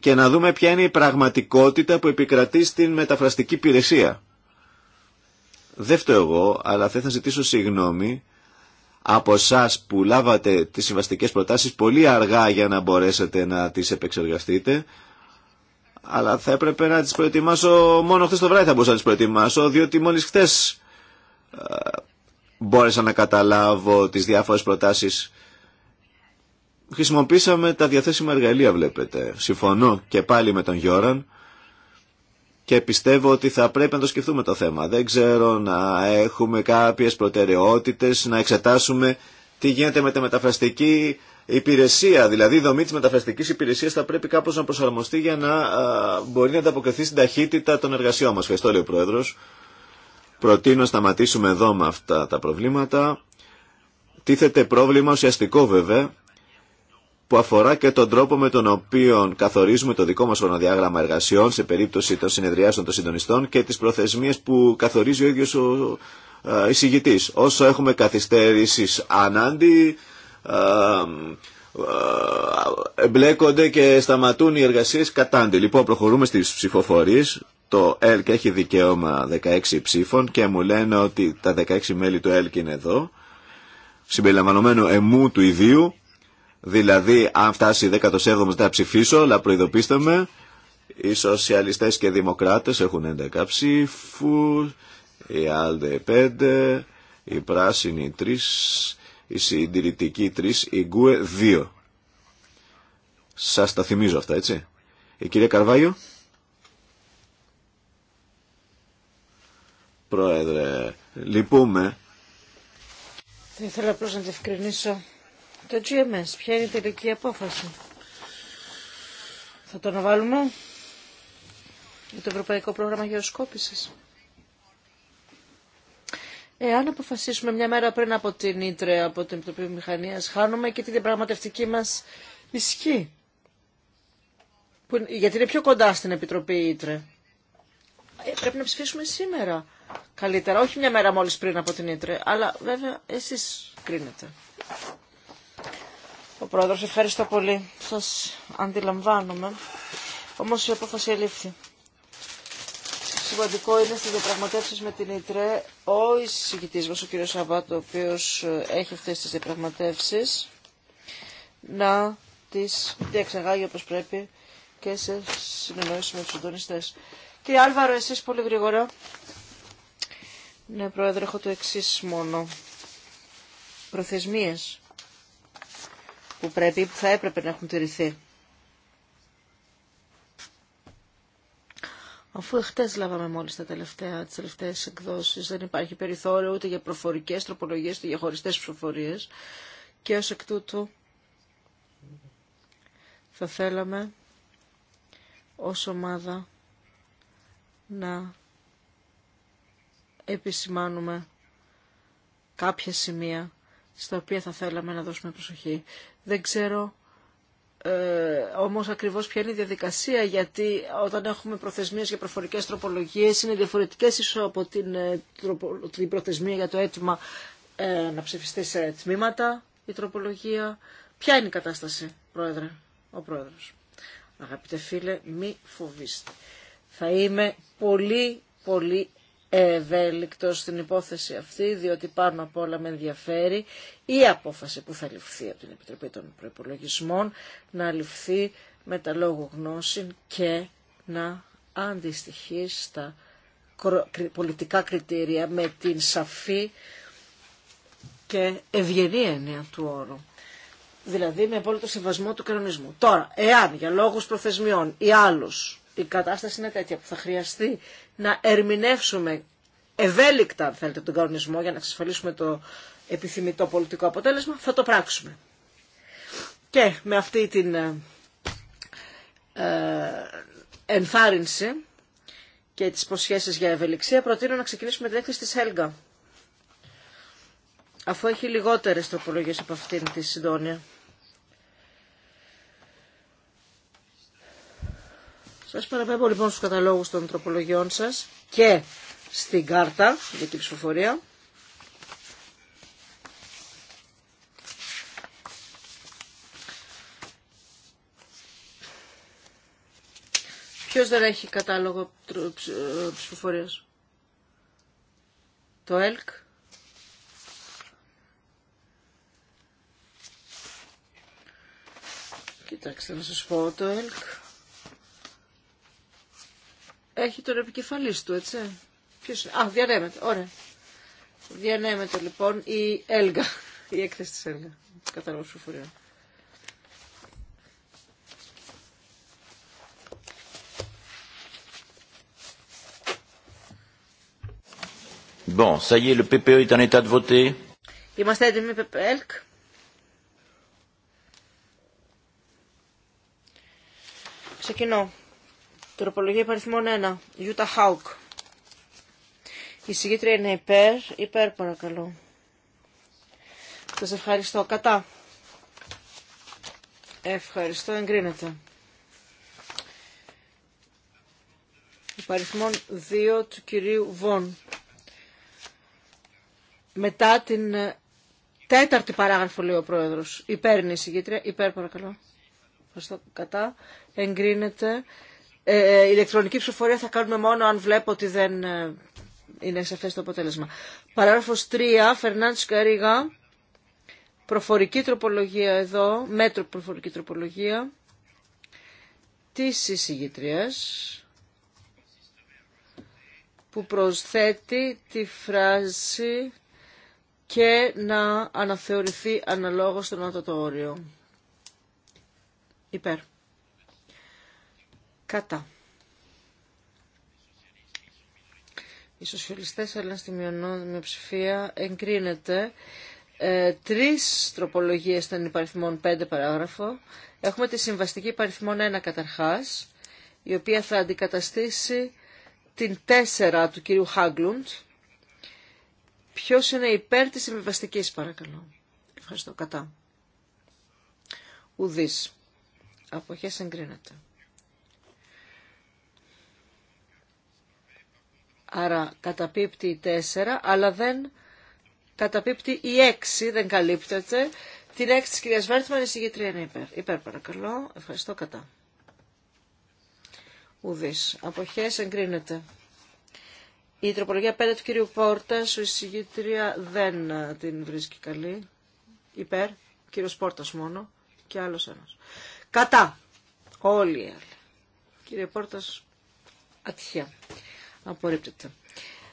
και να δούμε ποια είναι η πραγματικότητα που επικρατεί στην μεταφραστική υπηρεσία. Δεν φταίω εγώ, αλλά θα ήθελα να ζητήσω συγγνώμη από εσά που λάβατε τις συμβαστικές προτάσεις πολύ αργά για να μπορέσετε να τις επεξεργαστείτε αλλά θα έπρεπε να τις προετοιμάσω μόνο χθες το βράδυ θα μπορούσα να τις προετοιμάσω διότι μόλις χθες ε, μπόρεσα να καταλάβω τις διάφορες προτάσεις χρησιμοποίησαμε τα διαθέσιμα εργαλεία βλέπετε συμφωνώ και πάλι με τον Γιώραν και πιστεύω ότι θα πρέπει να το σκεφτούμε το θέμα. Δεν ξέρω να έχουμε κάποιες προτεραιότητες, να εξετάσουμε τι γίνεται με τη μεταφραστική υπηρεσία. Δηλαδή η δομή της μεταφραστικής υπηρεσίας θα πρέπει κάπως να προσαρμοστεί για να μπορεί να ανταποκριθεί στην ταχύτητα των εργασιών μας. Ευχαριστώ λέει ο Πρόεδρος. Προτείνω να σταματήσουμε εδώ με αυτά τα προβλήματα. Τίθεται πρόβλημα ουσιαστικό βέβαια που αφορά και τον τρόπο με τον οποίο καθορίζουμε το δικό μας χρονοδιάγραμμα εργασιών σε περίπτωση των συνεδριάσεων των συντονιστών και τις προθεσμίες που καθορίζει ο ίδιος ο εισηγητής. Όσο έχουμε καθυστέρησης ανάντι, εμπλέκονται και σταματούν οι εργασίες κατάντι. Λοιπόν, προχωρούμε στις ψηφοφορίες. Το ΕΛΚ έχει δικαίωμα 16 ψήφων και μου λένε ότι τα 16 μέλη του ΕΛΚ είναι εδώ συμπεριλαμβανομένου εμού του ιδίου Δηλαδή, αν φτάσει η η θα ψηφίσω, αλλά προειδοποιήστε με. Οι σοσιαλιστές και οι δημοκράτες έχουν 11 ψήφου, οι άλλοι 5, οι πράσινοι 3, οι συντηρητικοί 3, η Γκουε 2. Σας τα θυμίζω αυτά, έτσι. Η κυρία Καρβάγιο. Πρόεδρε, λυπούμε. Θα ήθελα απλώ να διευκρινίσω το GMS, ποια είναι η τελική απόφαση. Θα το αναβάλουμε για το Ευρωπαϊκό Πρόγραμμα Γεωσκόπησης. Εάν αποφασίσουμε μια μέρα πριν από την Ήτρε, από την Επιτροπή Μηχανίας, χάνουμε και τη διαπραγματευτική μας ισχύ. γιατί είναι πιο κοντά στην Επιτροπή Ήτρε. Ε, πρέπει να ψηφίσουμε σήμερα. Καλύτερα, όχι μια μέρα μόλις πριν από την Ήτρε, αλλά βέβαια εσείς κρίνετε. Ο πρόεδρος, ευχαριστώ πολύ. Σας αντιλαμβάνομαι. Όμως η απόφαση ελήφθη. Σημαντικό είναι στις διαπραγματεύσεις με την ΙΤΡΕ ο εισηγητής μας, ο κ. Σαββάτ, ο οποίος ε, έχει αυτές τις διαπραγματεύσεις, να τις διεξαγάγει όπως πρέπει και σε συνεννόηση με τους συντονιστές. Κύριε Άλβαρο, εσείς πολύ γρήγορα. Ναι, Πρόεδρε, έχω το εξή μόνο. Προθεσμίες που πρέπει, που θα έπρεπε να έχουν τηρηθεί. Αφού χτε λάβαμε μόλι τα τελευταία, τις τελευταίες εκδόσεις, δεν υπάρχει περιθώριο ούτε για προφορικές τροπολογίες, ούτε για χωριστέ ψηφοφορίες. Και ω εκ τούτου θα θέλαμε ω ομάδα να επισημάνουμε κάποια σημεία στα οποία θα θέλαμε να δώσουμε προσοχή. Δεν ξέρω ε, όμως ακριβώς ποια είναι η διαδικασία, γιατί όταν έχουμε προθεσμίες για προφορικές τροπολογίες είναι διαφορετικές ίσως από την, ε, την προθεσμία για το αίτημα ε, να ψηφιστεί σε τμήματα η τροπολογία. Ποια είναι η κατάσταση, Πρόεδρε, ο Πρόεδρος. Αγαπητέ φίλε, μη φοβήστε. Θα είμαι πολύ πολύ ευέλικτος στην υπόθεση αυτή, διότι πάνω απ' όλα με ενδιαφέρει η απόφαση που θα ληφθεί από την Επιτροπή των Προπολογισμών να ληφθεί με τα λόγω γνώση και να αντιστοιχεί στα πολιτικά κριτήρια με την σαφή και ευγενή έννοια του όρου. Δηλαδή με απόλυτο σεβασμό του κανονισμού. Τώρα, εάν για λόγους προθεσμιών ή άλλους η κατάσταση είναι τέτοια που θα χρειαστεί να ερμηνεύσουμε ευέλικτα, αν θέλετε, τον κανονισμό για να εξασφαλίσουμε το επιθυμητό πολιτικό αποτέλεσμα, θα το πράξουμε. Και με αυτή την ε, ε, ενθάρρυνση και τις προσχέσεις για ευελιξία προτείνω να ξεκινήσουμε την έκθεση της Χέλγα αφού έχει λιγότερες τροπολογίες από αυτήν τη συντόνια. Σας παραπέμπω λοιπόν στους καταλόγους των τροπολογιών σας και στην κάρτα για την ψηφοφορία. Ποιος δεν έχει κατάλογο ε, ψηφοφορίας. Το ΕΛΚ. Κοιτάξτε να σας πω το ΕΛΚ έχει τον επικεφαλή του, έτσι. Ποιος είναι. Α, διανέμεται. Ωραία. Διανέμεται λοιπόν η Έλγα. Η έκθεση τη Έλγα. σου ψηφοφοριών. Bon, ça y est, le PPE est en état de voter. Είμαστε έτοιμοι, ΕΛΚ. E, Ξεκινώ. Τροπολογία υπαριθμών 1. Utah Χάουκ. Η συγκήτρια είναι υπέρ. Υπέρ παρακαλώ. Σας ευχαριστώ. Κατά. Ευχαριστώ. Εγκρίνεται. Υπαριθμών 2 του κυρίου Βον. Μετά την ε, τέταρτη παράγραφο λέει ο πρόεδρος. Υπέρ είναι η συγκήτρια. Υπέρ παρακαλώ. Ευχαριστώ. Κατά. Εγκρίνεται. Ε, ε, ηλεκτρονική ψηφοφορία θα κάνουμε μόνο αν βλέπω ότι δεν ε, είναι σαφές το αποτέλεσμα. Παράγραφο 3, Φερνάντς Καρίγα, προφορική τροπολογία εδώ, μέτρο προφορική τροπολογία, τη εισηγητρίας που προσθέτει τη φράση και να αναθεωρηθεί αναλόγως στον άτοτο όριο. Υπέρ. Κατά. Οι σοσιαλιστές αλλά στη ψηφία, εγκρίνεται ε, τρεις τροπολογίες των υπαριθμών 5 παράγραφο. Έχουμε τη συμβαστική υπαριθμών 1 καταρχάς, η οποία θα αντικαταστήσει την 4 του κυρίου Χάγκλουντ. Ποιος είναι υπέρ της συμβαστικής παρακαλώ. Ευχαριστώ. Κατά. Ουδής. Αποχές εγκρίνεται. Άρα καταπίπτει η 4, αλλά δεν καταπίπτει η 6, δεν καλύπτεται. Την 6 της κυρίας Βέρτμαν, η συγγετρία είναι υπέρ. Υπέρ παρακαλώ, ευχαριστώ κατά. Ουδής. Αποχές εγκρίνεται. Η τροπολογία 5 του κυρίου Πόρτας, η συγγετρία δεν την βρίσκει καλή. Υπέρ, κύριος Πόρτας μόνο και άλλος ένας. Κατά. Όλοι οι άλλοι. Κύριε Πόρτας, ατυχία. Απορρίπτεται.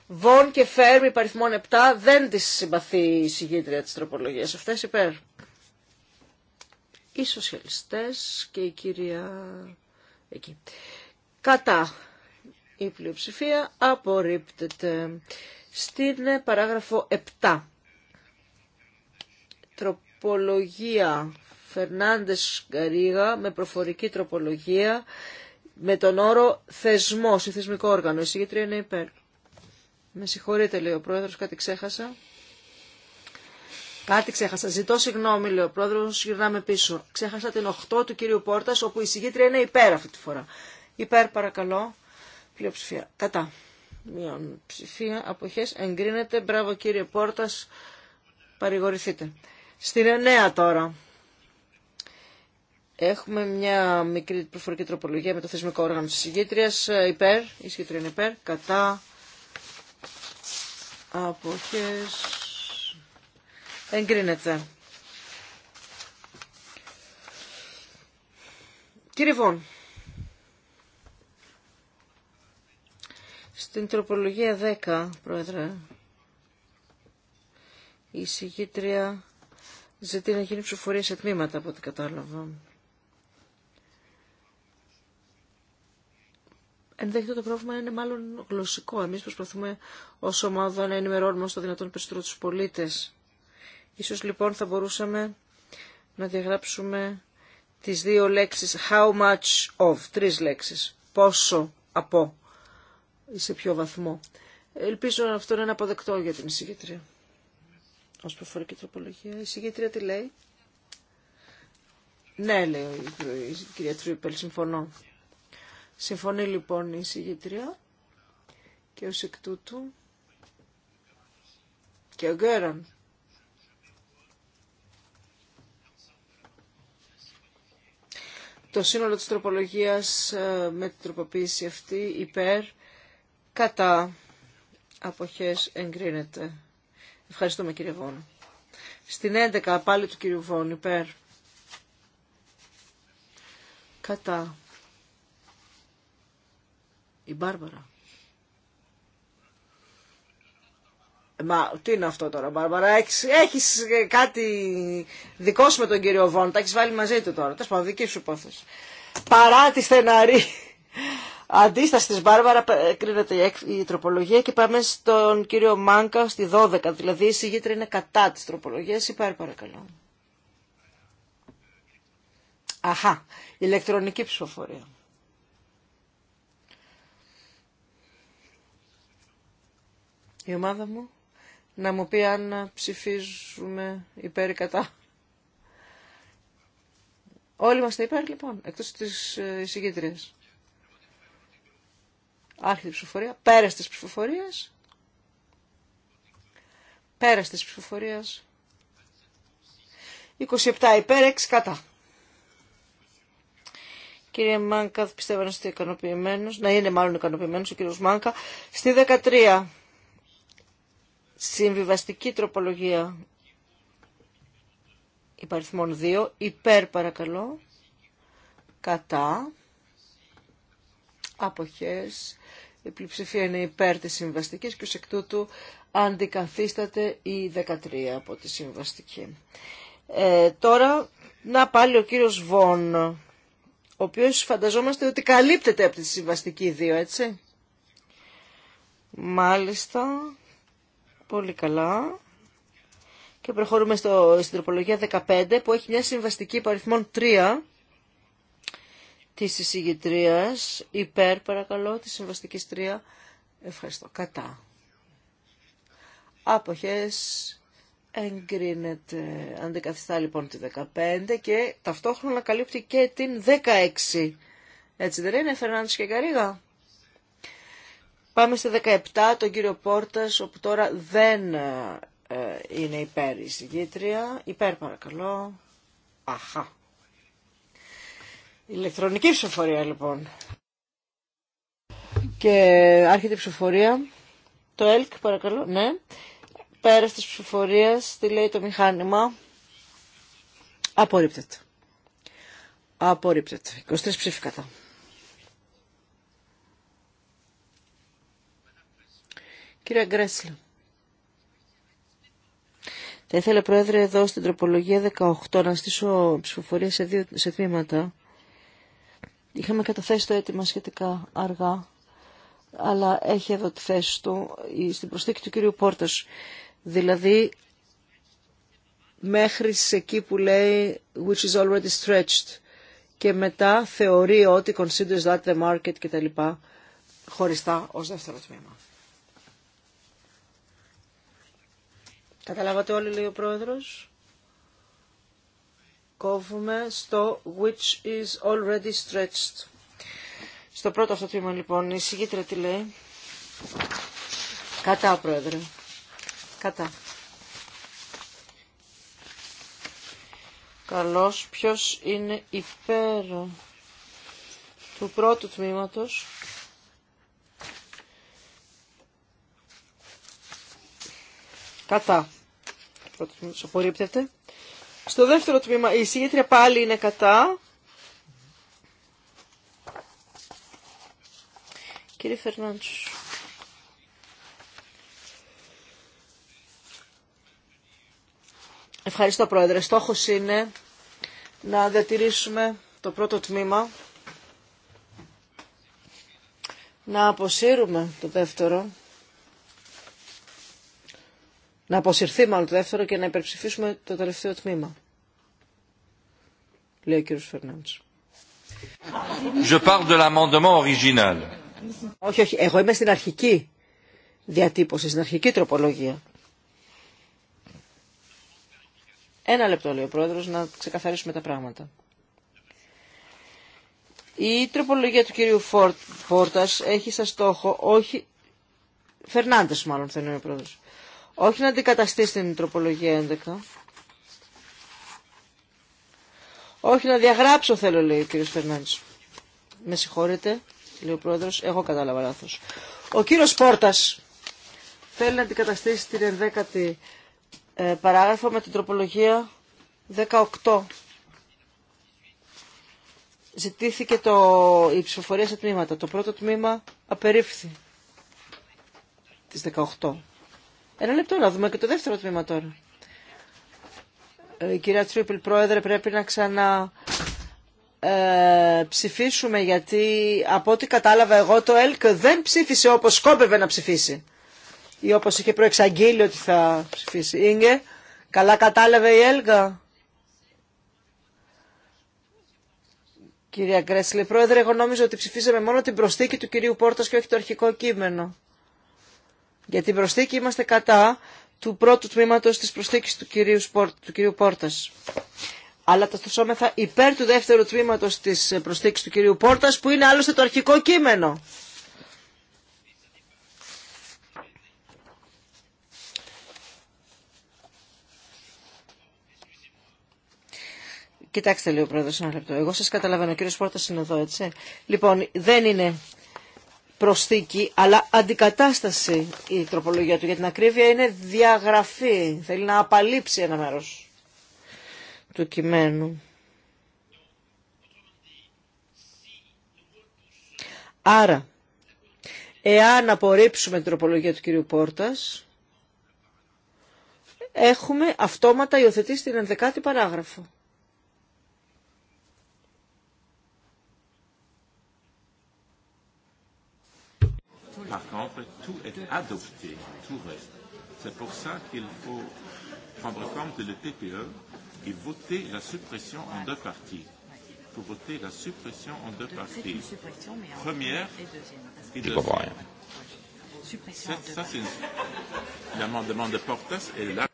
Βον και Φέρμ υπαριθμών 7 δεν τις συμπαθεί η συγκίτρια της τροπολογίας. Αυτές υπέρ. Οι σοσιαλιστές και η κυρία εκεί. Κατά η πλειοψηφία απορρίπτεται. Στην παράγραφο 7. Τροπολογία Φερνάντες Γκαρίγα με προφορική τροπολογία με τον όρο θεσμός θεσμό Η συγγετρία είναι υπέρ. Με συγχωρείτε, λέει ο πρόεδρο, κάτι ξέχασα. Κάτι ξέχασα. Ζητώ συγγνώμη, λέει ο πρόεδρο, γυρνάμε πίσω. Ξέχασα την 8 του κύριου Πόρτα, όπου η συγγήτρια είναι υπέρ αυτή τη φορά. Υπέρ, παρακαλώ. Πλειοψηφία. Κατά. Μια ψηφία Αποχέ. Εγκρίνεται. Μπράβο, κύριε Πόρτα. Παρηγορηθείτε. Στην 9 τώρα. Έχουμε μια μικρή προφορική τροπολογία με το θεσμικό όργανο της συγκήτριας. Ε, υπέρ, η συγκήτρια είναι υπέρ, κατά αποχές. Εγκρίνεται. Κύριε Βόν, στην τροπολογία 10, Πρόεδρε, η συγκήτρια ζητεί να γίνει ψηφορία σε τμήματα από ό,τι κατάλαβα. ενδέχεται το πρόβλημα είναι μάλλον γλωσσικό. Εμείς προσπαθούμε ως ομάδα να ενημερώνουμε όσο δυνατόν περισσότερο τους πολίτες. Ίσως λοιπόν θα μπορούσαμε να διαγράψουμε τις δύο λέξεις how much of, τρεις λέξεις, πόσο από ή σε ποιο βαθμό. Ελπίζω αυτό να είναι αποδεκτό για την εισηγήτρια. Ως προφορική τροπολογία. Η εισηγήτρια τι λέει. Ναι, λέει η κυρία Τρίπελ, συμφωνώ. Συμφωνεί λοιπόν η συγγήτρια και ο εκ τούτου και ο Γκέραν. Το σύνολο της τροπολογίας ε, με την τροποποίηση αυτή υπέρ κατά αποχές εγκρίνεται. Ευχαριστούμε κύριε Βόν. Στην 11 πάλι του κύριου Βόν, υπέρ κατά η Μπάρμπαρα. Μα τι είναι αυτό τώρα, Μπάρμπαρα, έχεις, ε, κάτι δικό σου με τον κύριο Βόν, τα έχεις βάλει μαζί του τώρα, τέλος πάντων δική σου υπόθεση. Παρά τη στεναρή αντίσταση της Μπάρμπαρα κρίνεται η τροπολογία και πάμε στον κύριο Μάνκα στη 12, δηλαδή η συγγήτρια είναι κατά της τροπολογίας, υπάρει παρακαλώ. Αχα, ηλεκτρονική ψηφοφορία. η ομάδα μου να μου πει αν ψηφίζουμε υπέρ ή κατά. Όλοι είμαστε υπέρ λοιπόν, εκτός της ε, εισηγήτριας. Άρχιτη ψηφοφορία, πέρας της ψηφοφορίας. Πέρας της ψηφοφορίας. 27 υπέρ, 6 κατά. Κύριε Μάνκα, πιστεύω να είστε ικανοποιημένο, να είναι μάλλον ικανοποιημένο ο κύριο Μάνκα. Στη 13 Συμβιβαστική τροπολογία υπαριθμών 2. Υπέρ παρακαλώ. Κατά. Αποχές. Η πλειοψηφία είναι υπέρ της συμβαστικής και ως εκ τούτου αντικαθίσταται η 13 από τη συμβαστική. Ε, τώρα, να πάλι ο κύριος Βον, ο οποίος φανταζόμαστε ότι καλύπτεται από τη συμβαστική 2, έτσι. Μάλιστα. Πολύ καλά. Και προχωρούμε στο, στην τροπολογία 15 που έχει μια συμβαστική υπαριθμών 3 της εισηγητρίας. Υπέρ παρακαλώ της συμβαστικής 3. Ευχαριστώ. Κατά. Άποχες εγκρίνεται, αντικαθιστά λοιπόν τη 15 και ταυτόχρονα καλύπτει και την 16. Έτσι δεν είναι, Φερνάντης και καρύγα. Πάμε στη 17, τον κύριο Πόρτας, όπου τώρα δεν ε, ε, είναι υπέρ η συγκήτρια. Υπέρ παρακαλώ. Αχα. Ηλεκτρονική ψηφοφορία λοιπόν. Και άρχεται η ψηφοφορία. Το ΕΛΚ παρακαλώ, ναι. Πέρας της ψηφοφορίας, τι λέει το μηχάνημα. Απορρίπτεται. Απορρίπτεται. 23 ψήφικα κατά. Κύριε Γκρέσλε. Θα ήθελα, Πρόεδρε, εδώ στην τροπολογία 18 να στήσω ψηφοφορία σε, δύο, σε τμήματα. Είχαμε καταθέσει το αίτημα σχετικά αργά, αλλά έχει εδώ τη θέση του στην προσθήκη του κύριου Πόρτας. Δηλαδή, μέχρι εκεί που λέει «which is already stretched» και μετά θεωρεί ότι «considers that the market» κτλ. χωριστά ως δεύτερο τμήμα. Καταλάβατε όλοι, λέει ο πρόεδρος. Κόβουμε στο which is already stretched. Στο πρώτο αυτό τμήμα λοιπόν, η συγκίτρια τι λέει. Κατά, πρόεδρε. Κατά. Καλώς, ποιος είναι υπέρ του πρώτου τμήματος. Κατά πρώτο Στο δεύτερο τμήμα η εισηγήτρια πάλι είναι κατά. Κύριε Φερνάντσου. Ευχαριστώ Πρόεδρε. Στόχος είναι να διατηρήσουμε το πρώτο τμήμα, να αποσύρουμε το δεύτερο να αποσυρθεί μάλλον το δεύτερο και να υπερψηφίσουμε το τελευταίο τμήμα. Λέει ο κύριο Φερνάντς. Je parle de l'amendement original. Όχι, όχι, εγώ είμαι στην αρχική διατύπωση, στην αρχική τροπολογία. Ένα λεπτό, λέει ο πρόεδρος, να ξεκαθαρίσουμε τα πράγματα. Η τροπολογία του κυρίου Φόρτας έχει σαν στόχο όχι... Φερνάντες μάλλον θέλει ο πρόεδρος όχι να αντικαταστήσει την τροπολογία 11. Όχι να διαγράψω θέλω λέει ο κύριος Φερνάντης. Με συγχωρείτε, λέει ο πρόεδρος, εγώ κατάλαβα λάθος. Ο κύριος Πόρτας θέλει να αντικαταστήσει την 11η ε, παράγραφο με την τροπολογία 18. Ζητήθηκε το, η ψηφοφορία σε τμήματα. Το πρώτο τμήμα απερίφθη της 18. Ένα λεπτό να δούμε και το δεύτερο τμήμα τώρα. Ε, κυρία Τρίπλ, πρόεδρε, πρέπει να ξαναψηφίσουμε ε, γιατί από ό,τι κατάλαβα εγώ το ΕΛΚ δεν ψήφισε όπως σκόπευε να ψηφίσει ή όπως είχε προεξαγγείλει ότι θα ψηφίσει. ειναι καλά κατάλαβε η ΕΛΚΑ. Κυρία Γκρέσλη, πρόεδρε, εγώ νόμιζα ότι ψηφίσαμε μόνο την προσθήκη του κυρίου Πόρτας και όχι το αρχικό κείμενο. Για την προσθήκη είμαστε κατά του πρώτου τμήματος της προσθήκης του κυρίου, του Πόρτας. Αλλά τα θεσόμεθα υπέρ του δεύτερου τμήματος της προσθήκης του κυρίου Πόρτας που είναι άλλωστε το αρχικό κείμενο. Κοιτάξτε, λίγο, ο ένα λεπτό. Εγώ σα καταλαβαίνω, ο κύριο Πόρτα είναι εδώ, έτσι. Λοιπόν, δεν είναι προσθήκη, αλλά αντικατάσταση η τροπολογία του. Για την ακρίβεια είναι διαγραφή. Θέλει να απαλείψει ένα μέρος του κειμένου. Άρα, εάν απορρίψουμε την τροπολογία του κυρίου Πόρτας, έχουμε αυτόματα υιοθετήσει την 11η παράγραφο. Par contre, tout est adopté, tout reste. C'est pour ça qu'il faut prendre compte de le TPE et voter la suppression en deux parties. Il faut voter la suppression en deux parties. Première et deuxième. ça c'est une... Suppression. L'amendement de Portas et là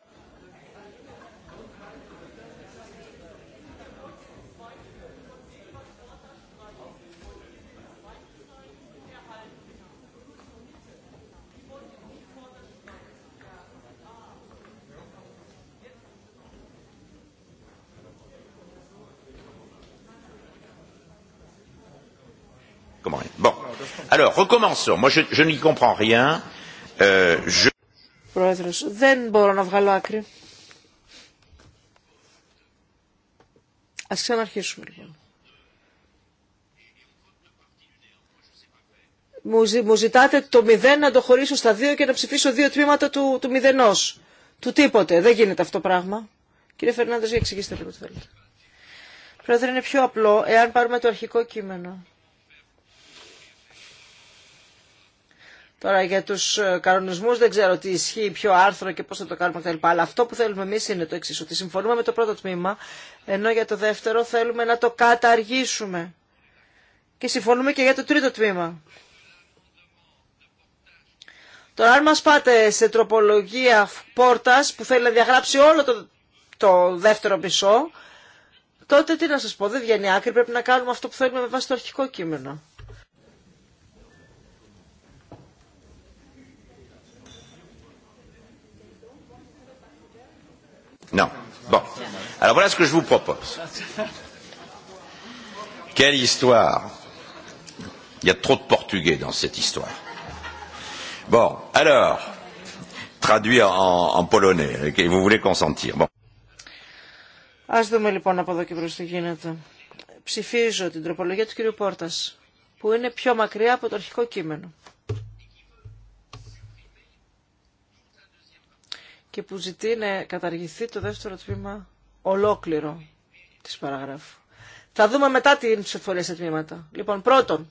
Alors, recommençons. Moi, je, je n'y comprends rien. Euh, je... δεν μπορώ να βγάλω άκρη. Ας ξαναρχίσουμε λοιπόν. Μου, ζητάτε το μηδέν να το χωρίσω στα δύο και να ψηφίσω δύο τμήματα του, του μηδενός. Του τίποτε. Δεν γίνεται αυτό το πράγμα. Κύριε Φερνάντος, για εξηγήστε λίγο τι θέλετε. Πρόεδρε, είναι πιο απλό εάν πάρουμε το αρχικό κείμενο Τώρα για του ε, κανονισμού, δεν ξέρω τι ισχύει, ποιο άρθρο και πώ θα το κάνουμε κτλ. Αλλά αυτό που θέλουμε εμεί είναι το εξή. ότι συμφωνούμε με το πρώτο τμήμα, ενώ για το δεύτερο θέλουμε να το καταργήσουμε. Και συμφωνούμε και για το τρίτο τμήμα. Τώρα αν μας πάτε σε τροπολογία πόρτας που θέλει να διαγράψει όλο το, δεύτερο μισό, τότε τι να σας πω, δεν βγαίνει άκρη, πρέπει να κάνουμε αυτό που θέλουμε με βάση το αρχικό κείμενο. Non. Bon. Alors voilà ce que je vous propose. Quelle histoire. Il y a trop de portugais dans cette histoire. Bon, alors, traduire en, en polonais, vous voulez consentir. Bon. Ας δούμε λοιπόν από εδώ και προς τι γίνεται. Ψηφίζω την τροπολογία του κ. Πόρτας, που είναι πιο μακριά από το αρχικό κείμενο. και που ζητεί να καταργηθεί το δεύτερο τμήμα ολόκληρο της παραγράφου. Θα δούμε μετά την ψηφορία σε τμήματα. Λοιπόν, πρώτον,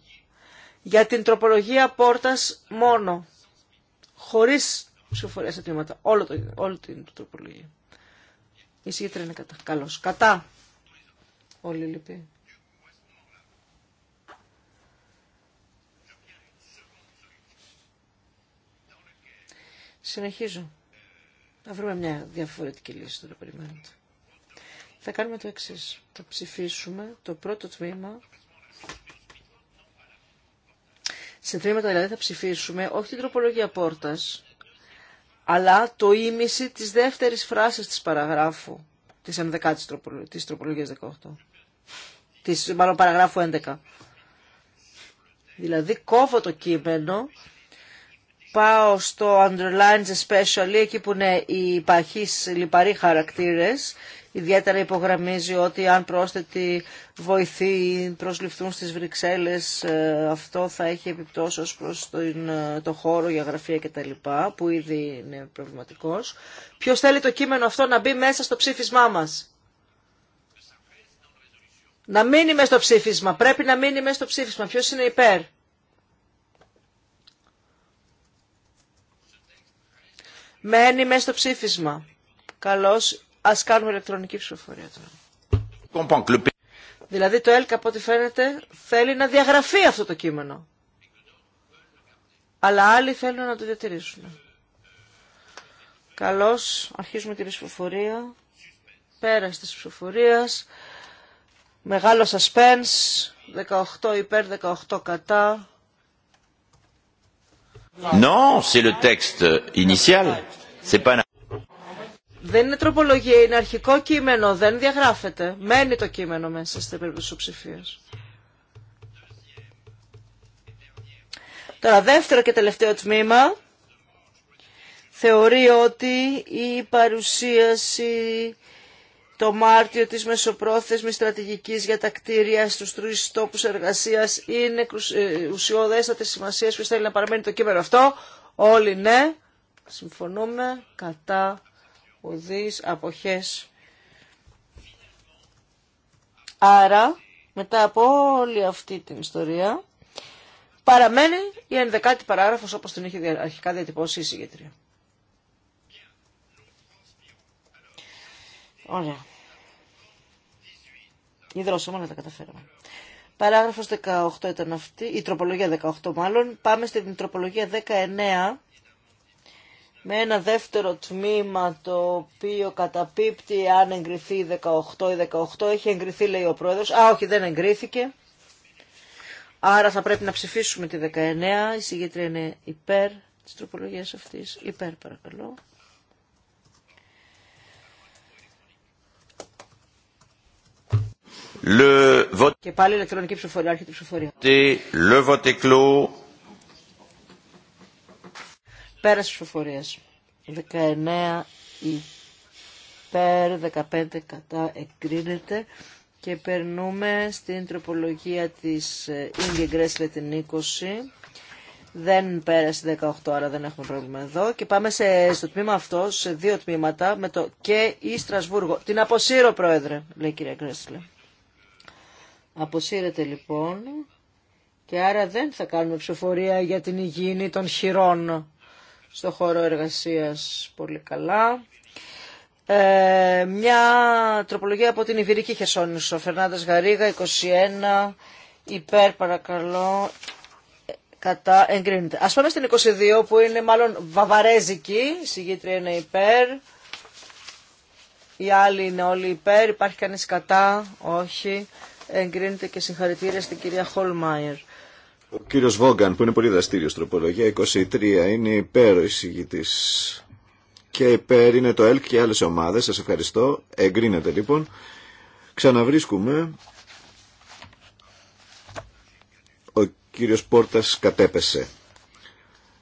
για την τροπολογία πόρτας μόνο, χωρίς ψηφορία σε τμήματα, όλο το, όλη την τροπολογία. Η συγκεκριμένη είναι κατά. Καλώς. Κατά. Όλοι λυπή. Συνεχίζω να βρούμε μια διαφορετική λύση τώρα περιμένετε. Θα κάνουμε το εξή. Θα ψηφίσουμε το πρώτο τμήμα. Σε τμήματα δηλαδή θα ψηφίσουμε όχι την τροπολογία πόρτας, αλλά το ίμιση της δεύτερης φράσης της παραγράφου, της 11 της τροπολογίας 18, της μάλλον παραγράφου 11. Δηλαδή κόβω το κείμενο πάω στο underlines especially, εκεί που είναι οι παχείς λιπαροί χαρακτήρες, ιδιαίτερα υπογραμμίζει ότι αν πρόσθετοι βοηθοί προσληφθούν στις Βρυξέλλες, ε, αυτό θα έχει επιπτώσεις προς τον, ε, το χώρο για γραφεία κτλ, που ήδη είναι προβληματικός. Ποιος θέλει το κείμενο αυτό να μπει μέσα στο ψήφισμά μας. Να μείνει μέσα στο ψήφισμα. Πρέπει να μείνει μέσα στο ψήφισμα. Ποιος είναι υπέρ. Μένει μέσα στο ψήφισμα. Καλώς, ας κάνουμε ηλεκτρονική ψηφοφορία τώρα. Δηλαδή το ΕΛΚ από ό,τι φαίνεται θέλει να διαγραφεί αυτό το κείμενο. Αλλά άλλοι θέλουν να το διατηρήσουν. Καλώς, αρχίζουμε την ψηφοφορία. Πέρα της ψηφοφορίας. Μεγάλο suspense. 18 υπέρ, 18 κατά. Δεν είναι τροπολογία, είναι αρχικό κείμενο, δεν διαγράφεται. Μένει το κείμενο μέσα στην περίπτωση ψηφία. Τώρα, δεύτερο και τελευταίο τμήμα θεωρεί ότι η παρουσίαση το Μάρτιο της μεσοπρόθεσμης στρατηγικής για τα κτίρια στους τρεις τόπους εργασίας είναι ε, ουσιώδεστατες σημασίες. που θέλει να παραμένει το κείμενο αυτό. Όλοι ναι. Συμφωνούμε. Κατά ουδείς αποχές. Άρα, μετά από όλη αυτή την ιστορία, παραμένει η ενδεκάτη παράγραφος όπως την είχε αρχικά διατυπώσει η συγκεκριά. Ωραία. Υδρώσαμε, όλα τα καταφέραμε. Παράγραφος 18 ήταν αυτή, η τροπολογία 18 μάλλον. Πάμε στην τροπολογία 19 με ένα δεύτερο τμήμα το οποίο καταπίπτει αν εγκριθεί 18. Η 18 έχει εγκριθεί λέει ο πρόεδρος. Α, όχι δεν εγκρίθηκε. Άρα θα πρέπει να ψηφίσουμε τη 19. Η συγγετρία είναι υπέρ της τροπολογίας αυτής. Υπέρ παρακαλώ. Le vote... Και πάλι ηλεκτρονική ψηφοφορία, άρχιτε η ψηφοφορία. Le vote est clos. Πέρασε 19 υπέρ, 15 κατά εκκρίνεται. Και περνούμε στην τροπολογία της Ίνγκε Γκρέσλε την 20. Δεν πέρασε 18, άρα δεν έχουμε πρόβλημα εδώ. Και πάμε σε, στο τμήμα αυτό, σε δύο τμήματα, με το και ή Στρασβούργο. Την αποσύρω, Πρόεδρε, λέει η κυρία Γκρέσλε. Αποσύρεται λοιπόν και άρα δεν θα κάνουμε ψηφορία για την υγιεινή των χειρών στο χώρο εργασίας πολύ καλά. Ε, μια τροπολογία από την Ιβυρική Χερσόνησο, Φερνάντας Γαρίγα, 21, υπέρ παρακαλώ, κατά εγκρίνεται. Ας πάμε στην 22 που είναι μάλλον βαβαρέζικη, η συγγήτρια είναι υπέρ, οι άλλοι είναι όλοι υπέρ, υπάρχει κανείς κατά, όχι εγκρίνεται και συγχαρητήρια στην κυρία Χολμαϊρ. Ο κύριο Βόγκαν που είναι πολύ δραστήριο τροπολογία 23 είναι υπέρ ο εισηγητή. και υπέρ είναι το ΕΛΚ και άλλε ομάδε. Σας ευχαριστώ. Εγκρίνεται λοιπόν. Ξαναβρίσκουμε. Ο κύριο Πόρτα κατέπεσε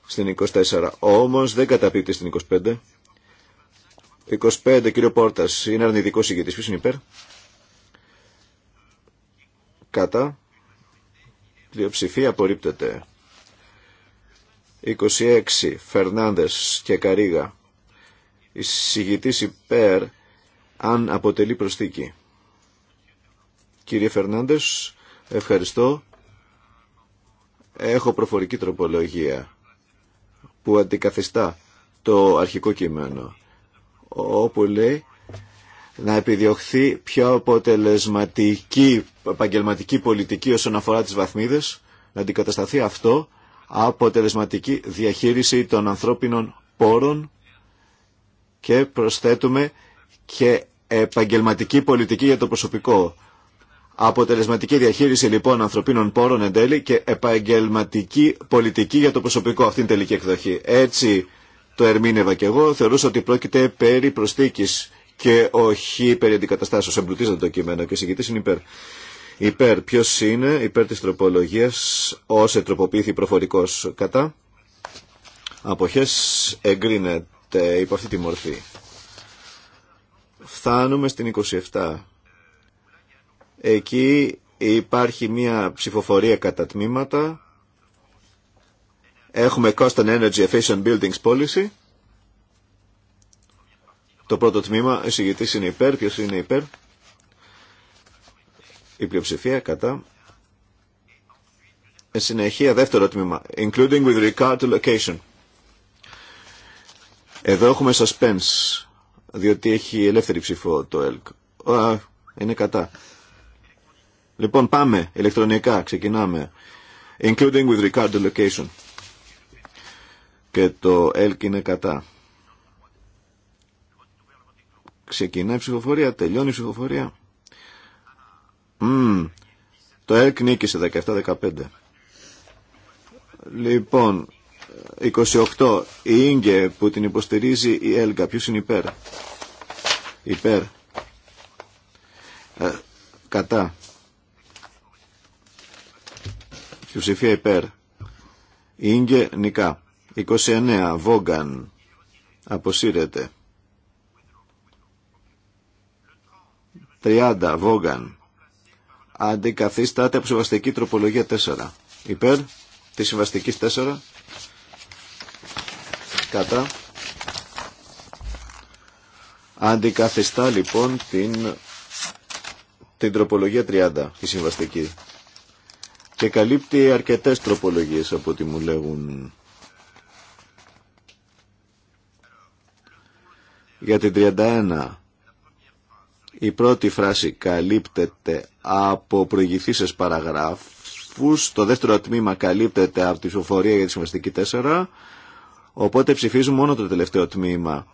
στην 24. Όμω δεν καταπίπτει στην 25. 25 κύριο Πόρτα, είναι αρνητικό ηγητή. Ποιο είναι υπέρ κατά πλειοψηφία απορρίπτεται 26 Φερνάνδες και Καρίγα εισηγητής υπέρ αν αποτελεί προσθήκη κύριε Φερνάνδες ευχαριστώ έχω προφορική τροπολογία που αντικαθιστά το αρχικό κείμενο όπου λέει να επιδιωχθεί πιο αποτελεσματική επαγγελματική πολιτική όσον αφορά τις βαθμίδες, να αντικατασταθεί αυτό αποτελεσματική διαχείριση των ανθρώπινων πόρων και προσθέτουμε και επαγγελματική πολιτική για το προσωπικό. Αποτελεσματική διαχείριση λοιπόν ανθρωπίνων πόρων εν τέλει και επαγγελματική πολιτική για το προσωπικό. αυτήν τελική εκδοχή. Έτσι το ερμήνευα και εγώ. Θεωρούσα ότι πρόκειται περί προσθήκης και όχι περί αντικαταστάσεως. Εμπλουτίζεται το κείμενο και συγκητής είναι υπέρ. Υπέρ ποιος είναι, υπέρ της τροπολογίας, όσο τροποποιήθη προφορικός κατά. Αποχές εγκρίνεται υπό αυτή τη μορφή. Φτάνουμε στην 27. Εκεί υπάρχει μια ψηφοφορία κατά τμήματα. Έχουμε Cost and Energy Efficient Buildings Policy. Το πρώτο τμήμα, εισηγητής είναι υπέρ. Ποιο είναι υπέρ. Η πλειοψηφία κατά. Εν συνεχεία, δεύτερο τμήμα. Including with regard to location. Εδώ έχουμε suspense, διότι έχει ελεύθερη ψηφό το ΕΛΚ. είναι κατά. Λοιπόν, πάμε ηλεκτρονικά, ξεκινάμε. Including with regard to location. Και το ΕΛΚ είναι κατά. Ξεκινάει η ψηφοφορία, τελειώνει η ψηφοφορία. Το ΕΛΚ νίκησε 17-15. Λοιπόν, 28. Η Ίγκε που την υποστηρίζει η ΕΛΚΑ. Ποιος είναι υπέρ. Υπέρ. Ε, κατά. Ψηφία υπέρ. Η Ίγκε νικά. 29. Βόγκαν. Αποσύρεται. 30. Βόγκαν. Αντικαθίσταται από συμβαστική τροπολογία 4. Υπέρ τη συμβαστική 4. Κατά. Αντικαθιστά λοιπόν την, την τροπολογία 30, τη συμβαστική. Και καλύπτει αρκετές τροπολογίες από ό,τι μου λέγουν. Για την 31 η πρώτη φράση καλύπτεται από προηγηθήσεις παραγράφους, το δεύτερο τμήμα καλύπτεται από τη ψηφοφορία για τη συμβαστική 4, οπότε ψηφίζουμε μόνο το τελευταίο τμήμα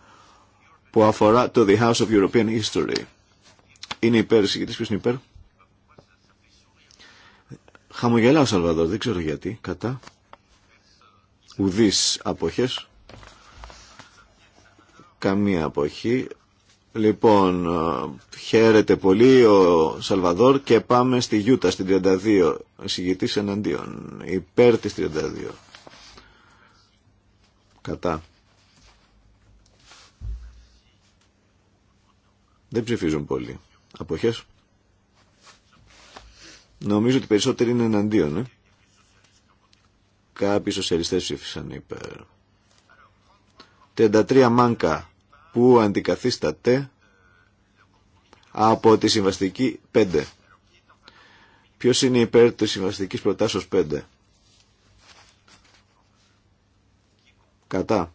που αφορά το The House of European History. Είναι υπέρ, συγκεκριτής ποιος είναι υπέρ. Χαμογελάω, Σαλβαδόρ, δεν ξέρω γιατί, κατά. Ουδείς αποχές. Καμία αποχή. Λοιπόν, ε, χαίρεται πολύ ο Σαλβαδόρ και πάμε στη Γιούτα, στην 32. Συγητής εναντίον, υπέρ της 32. Κατά. Δεν ψηφίζουν πολύ. Αποχές. Νομίζω ότι περισσότεροι είναι εναντίον, ε. Κάποιοι σοσιαλιστές ψήφισαν υπέρ. 33 μάνκα που αντικαθίσταται από τη συμβαστική 5. Ποιος είναι υπέρ της συμβαστικής προτάσεως 5. Κατά.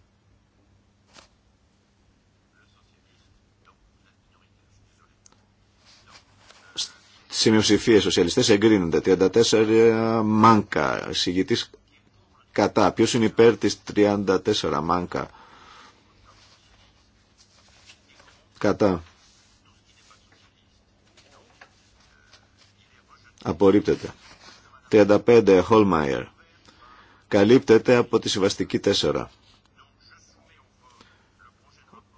Σημειοψηφίε σοσιαλιστές εγκρίνονται. 34 μάνκα. Συγητής κατά. Ποιος είναι υπέρ της 34 μάνκα. κατά απορρίπτεται 35 Χολμάιερ καλύπτεται από τη συμβαστική 4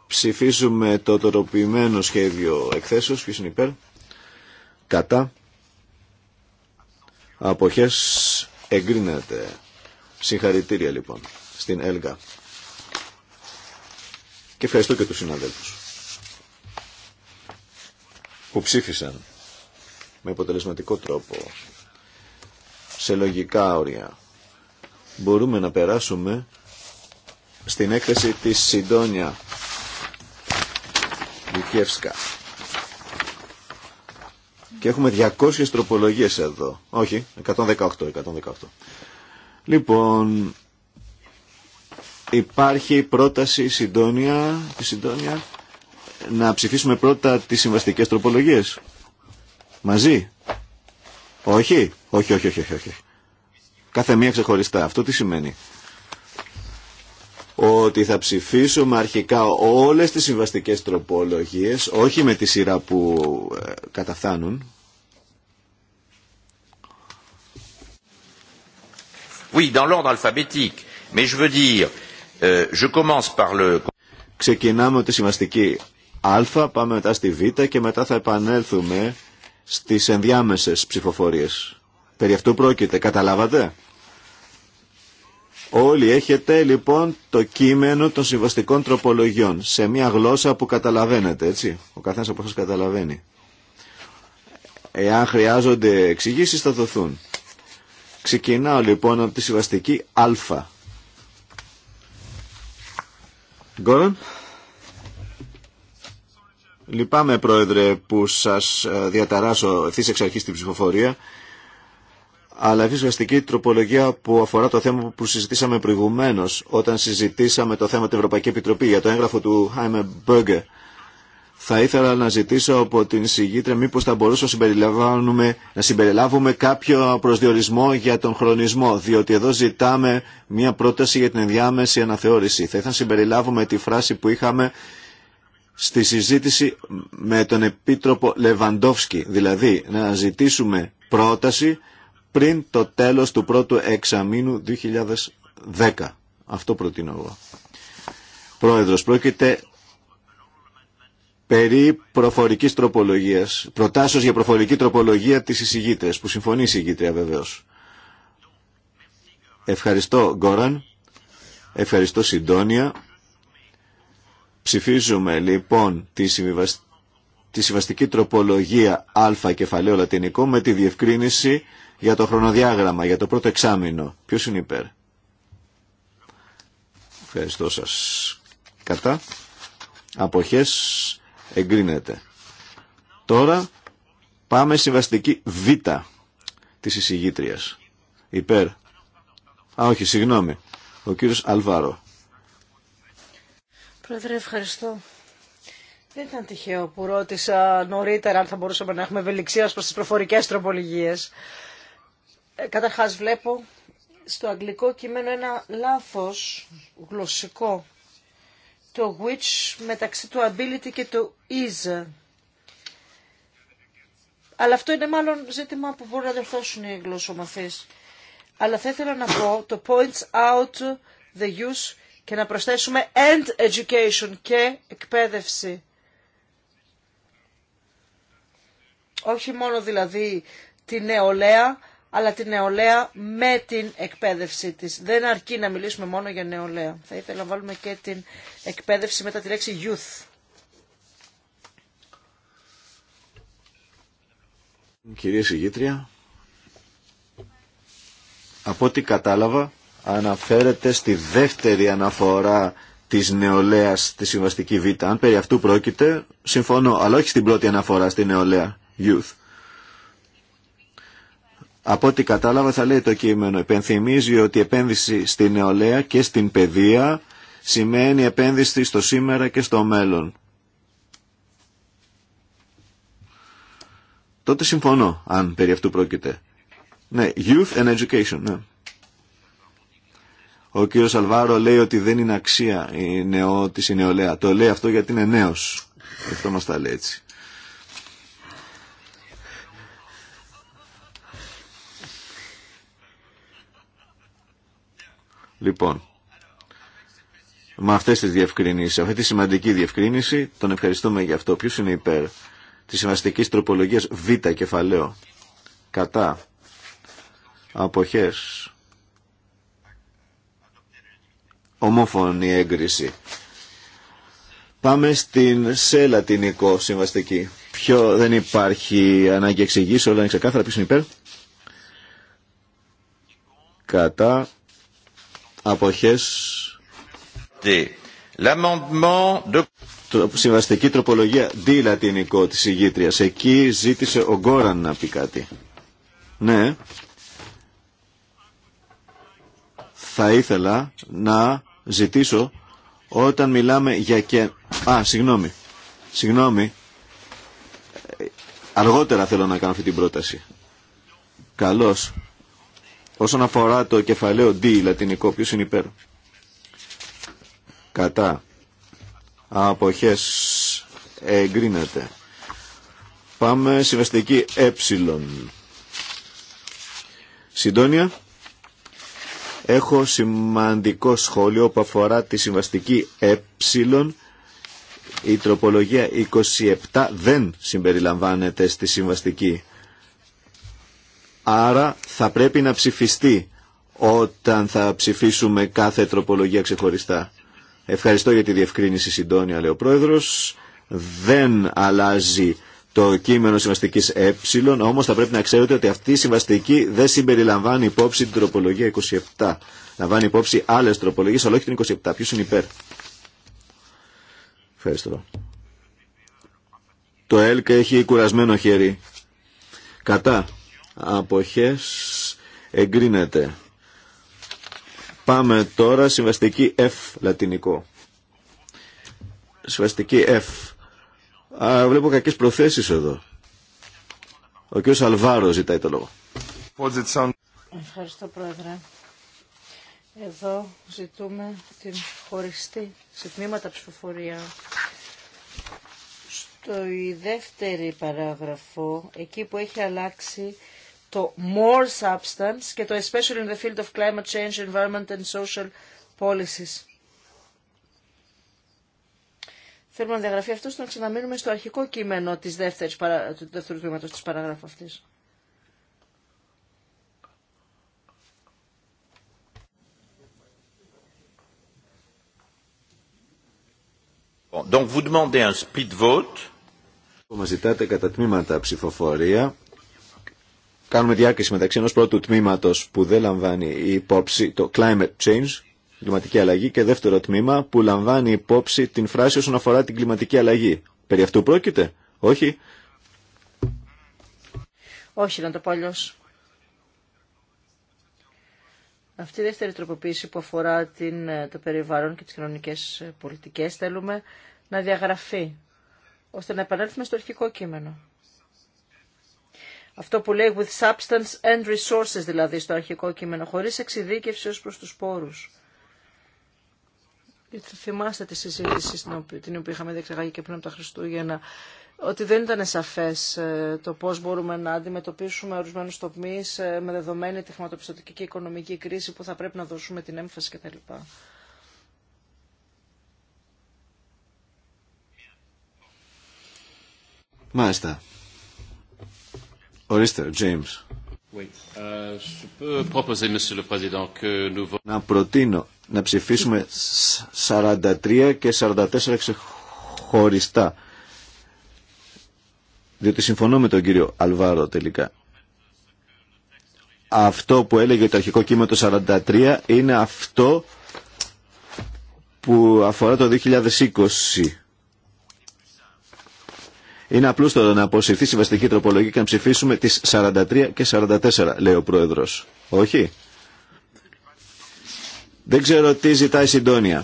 ψηφίζουμε το τοροποιημένο σχέδιο εκθέσεως ποιος είναι κατά αποχές εγκρίνεται συγχαρητήρια λοιπόν στην ΕΛΓΑ και ευχαριστώ και τους συναδέλφους που ψήφισαν με αποτελεσματικό τρόπο σε λογικά όρια μπορούμε να περάσουμε στην έκθεση της Συντόνια Λουκιεύσκα. Και έχουμε 200 τροπολογίες εδώ. Όχι, 118, 118. Λοιπόν, υπάρχει πρόταση συντόνια, τη συντόνια να ψηφίσουμε πρώτα τις συμβαστικές τροπολογίες. Μαζί. Όχι. Όχι, όχι, όχι, όχι. όχι. Κάθε μία ξεχωριστά. Αυτό τι σημαίνει. Ότι θα ψηφίσουμε αρχικά όλες τις συμβαστικές τροπολογίες, όχι με τη σειρά που ε, καταφθάνουν. Oui, dans l'ordre alphabétique. Mais je veux dire, euh, je commence par le... Ξεκινάμε τη συμβαστική Α, πάμε μετά στη Β και μετά θα επανέλθουμε στις ενδιάμεσες ψηφοφορίες. Περί αυτού πρόκειται, καταλάβατε. Όλοι έχετε λοιπόν το κείμενο των συμβαστικών τροπολογιών σε μια γλώσσα που καταλαβαίνετε, έτσι. Ο καθένας από σας καταλαβαίνει. Εάν χρειάζονται εξηγήσεις θα δοθούν. Ξεκινάω λοιπόν από τη συμβαστική Α. Γκόραν. Λυπάμαι, Πρόεδρε, που σας ε, διαταράσω ευθύ εξ αρχής την ψηφοφορία, αλλά αυτή η τροπολογία που αφορά το θέμα που συζητήσαμε προηγουμένως, όταν συζητήσαμε το θέμα της Ευρωπαϊκή Επιτροπή για το έγγραφο του Χάιμερ Μπέργκε. θα ήθελα να ζητήσω από την συγγήτρια μήπως θα μπορούσαμε να, να συμπεριλάβουμε κάποιο προσδιορισμό για τον χρονισμό, διότι εδώ ζητάμε μια πρόταση για την ενδιάμεση αναθεώρηση. Θα ήθελα να συμπεριλάβουμε τη φράση που είχαμε στη συζήτηση με τον Επίτροπο Λεβαντόφσκι, δηλαδή να ζητήσουμε πρόταση πριν το τέλος του πρώτου εξαμήνου 2010. Αυτό προτείνω εγώ. Πρόεδρος, πρόκειται περί προφορικής τροπολογίας, προτάσεως για προφορική τροπολογία της εισηγήτρες, που συμφωνεί η εισηγήτρια βεβαίως. Ευχαριστώ Γκόραν, ευχαριστώ Συντόνια Ψηφίζουμε λοιπόν τη, συμβαστική τροπολογία α κεφαλαίο λατινικό με τη διευκρίνηση για το χρονοδιάγραμμα, για το πρώτο εξάμεινο. Ποιος είναι υπέρ. Ευχαριστώ σας. Κατά. Αποχές εγκρίνεται. Τώρα πάμε στη βαστική Β της εισηγήτριας. Υπέρ. Α, όχι, συγγνώμη. Ο κύριος Αλβάρο. Πρόεδρε, ευχαριστώ. Δεν ήταν τυχαίο που ρώτησα νωρίτερα αν θα μπορούσαμε να έχουμε ευελιξία προς τις προφορικές τροπολογίες. Ε, καταρχάς βλέπω στο αγγλικό κείμενο ένα λάθος γλωσσικό. Το which μεταξύ του ability και του is. Αλλά αυτό είναι μάλλον ζήτημα που μπορούν να διορθώσουν οι γλωσσομαθείς. Αλλά θα ήθελα να πω το points out the use και να προσθέσουμε and education και εκπαίδευση. Όχι μόνο δηλαδή τη νεολαία, αλλά τη νεολαία με την εκπαίδευση της. Δεν αρκεί να μιλήσουμε μόνο για νεολαία. Θα ήθελα να βάλουμε και την εκπαίδευση μετά τη λέξη youth. Κυρία Συγήτρια, από ό,τι κατάλαβα, αναφέρεται στη δεύτερη αναφορά της νεολαίας στη συμβαστική Β. Αν περί αυτού πρόκειται, συμφωνώ, αλλά όχι στην πρώτη αναφορά στη νεολαία, youth. Από ό,τι κατάλαβα θα λέει το κείμενο. Υπενθυμίζει ότι η επένδυση στη νεολαία και στην παιδεία σημαίνει επένδυση στο σήμερα και στο μέλλον. Τότε συμφωνώ, αν περί αυτού πρόκειται. Ναι, youth and education, ναι. Ο κύριο Αλβάρο λέει ότι δεν είναι αξία η νεό, της νεολαία. Το λέει αυτό γιατί είναι νέος. Αυτό μα τα λέει έτσι. Λοιπόν, με αυτέ τι διευκρινήσει, αυτή τη σημαντική διευκρίνηση, τον ευχαριστούμε για αυτό. Ποιο είναι υπέρ τη σημαστική τροπολογίας Β κεφαλαίο. Κατά. Αποχές ομόφωνη έγκριση. Πάμε στην σε λατινικό συμβαστική. Ποιο δεν υπάρχει ανάγκη εξηγήσει, όλα είναι ξεκάθαρα. Ποιος είναι υπέρ. Κατά. Αποχές. Συμβαστική τροπολογία δι λατινικό της ηγήτριας. Εκεί ζήτησε ο Γκόραν να πει κάτι. Ναι θα ήθελα να ζητήσω όταν μιλάμε για και... Α, συγγνώμη. Συγγνώμη. Αργότερα θέλω να κάνω αυτή την πρόταση. Καλώς. Όσον αφορά το κεφαλαίο D, λατινικό, ποιος είναι υπέρ. Κατά. Αποχές. Εγκρίνεται. Πάμε συμβαστική ε. Συντόνια. Έχω σημαντικό σχόλιο που αφορά τη συμβαστική ε. Η τροπολογία 27 δεν συμπεριλαμβάνεται στη συμβαστική. Άρα θα πρέπει να ψηφιστεί όταν θα ψηφίσουμε κάθε τροπολογία ξεχωριστά. Ευχαριστώ για τη διευκρίνηση συντόνια, λέει ο Πρόεδρος. Δεν αλλάζει το κείμενο συμβαστική ε, όμω θα πρέπει να ξέρετε ότι αυτή η συμβαστική δεν συμπεριλαμβάνει υπόψη την τροπολογία 27. Λαμβάνει υπόψη άλλε τροπολογίε, αλλά όχι την 27. Ποιο είναι υπέρ. Ευχαριστώ. Το ΕΛΚ έχει κουρασμένο χέρι. Κατά. Αποχές εγκρίνεται. Πάμε τώρα συμβαστική F λατινικό. Συμβαστική F Α, βλέπω κακές προθέσει εδώ. Ο κ. Αλβάρο ζητάει το λόγο. Ευχαριστώ Πρόεδρε. Εδώ ζητούμε την χωριστή σε τμήματα ψηφοφορία. Στο δεύτερη παράγραφο, εκεί που έχει αλλάξει το more substance και το especially in the field of climate change, environment and social policies θέλουμε να διαγραφεί αυτό να ξαναμείνουμε στο αρχικό κείμενο της δεύτερης, του δεύτερου της παραγράφου αυτής. Donc vous demandez ζητάτε κατά τμήματα ψηφοφορία. Κάνουμε διάκριση μεταξύ ενός πρώτου τμήματο που δεν λαμβάνει η υπόψη το climate change κλιματική αλλαγή και δεύτερο τμήμα που λαμβάνει υπόψη την φράση όσον αφορά την κλιματική αλλαγή. Περί αυτού πρόκειται, όχι. Όχι, να το πω αλλιώς. Αυτή η δεύτερη τροποποίηση που αφορά την, το περιβάλλον και τις κοινωνικές πολιτικές θέλουμε να διαγραφεί, ώστε να επανέλθουμε στο αρχικό κείμενο. Αυτό που λέει with substance and resources δηλαδή στο αρχικό κείμενο, χωρίς εξειδίκευση ως προς τους πόρους θυμάστε τη συζήτηση την οποία είχαμε διεξαγάγει και πριν από τα Χριστούγεννα, ότι δεν ήταν σαφέ ε, το πώ μπορούμε να αντιμετωπίσουμε ορισμένου τομεί ε, με δεδομένη τη χρηματοπιστωτική και οικονομική κρίση που θα πρέπει να δώσουμε την έμφαση κτλ. Μάλιστα. Ορίστε, James. Euh, να προτείνω να ψηφίσουμε 43 και 44 ξεχωριστά. Διότι συμφωνώ με τον κύριο Αλβάρο τελικά. Αυτό που έλεγε το αρχικό κείμενο το 43 είναι αυτό που αφορά το 2020. Είναι απλούστο να αποσυρθεί η συμβαστική τροπολογία και να ψηφίσουμε τις 43 και 44, λέει ο Πρόεδρος. Όχι. Δεν ξέρω τι ζητάει συντόνια.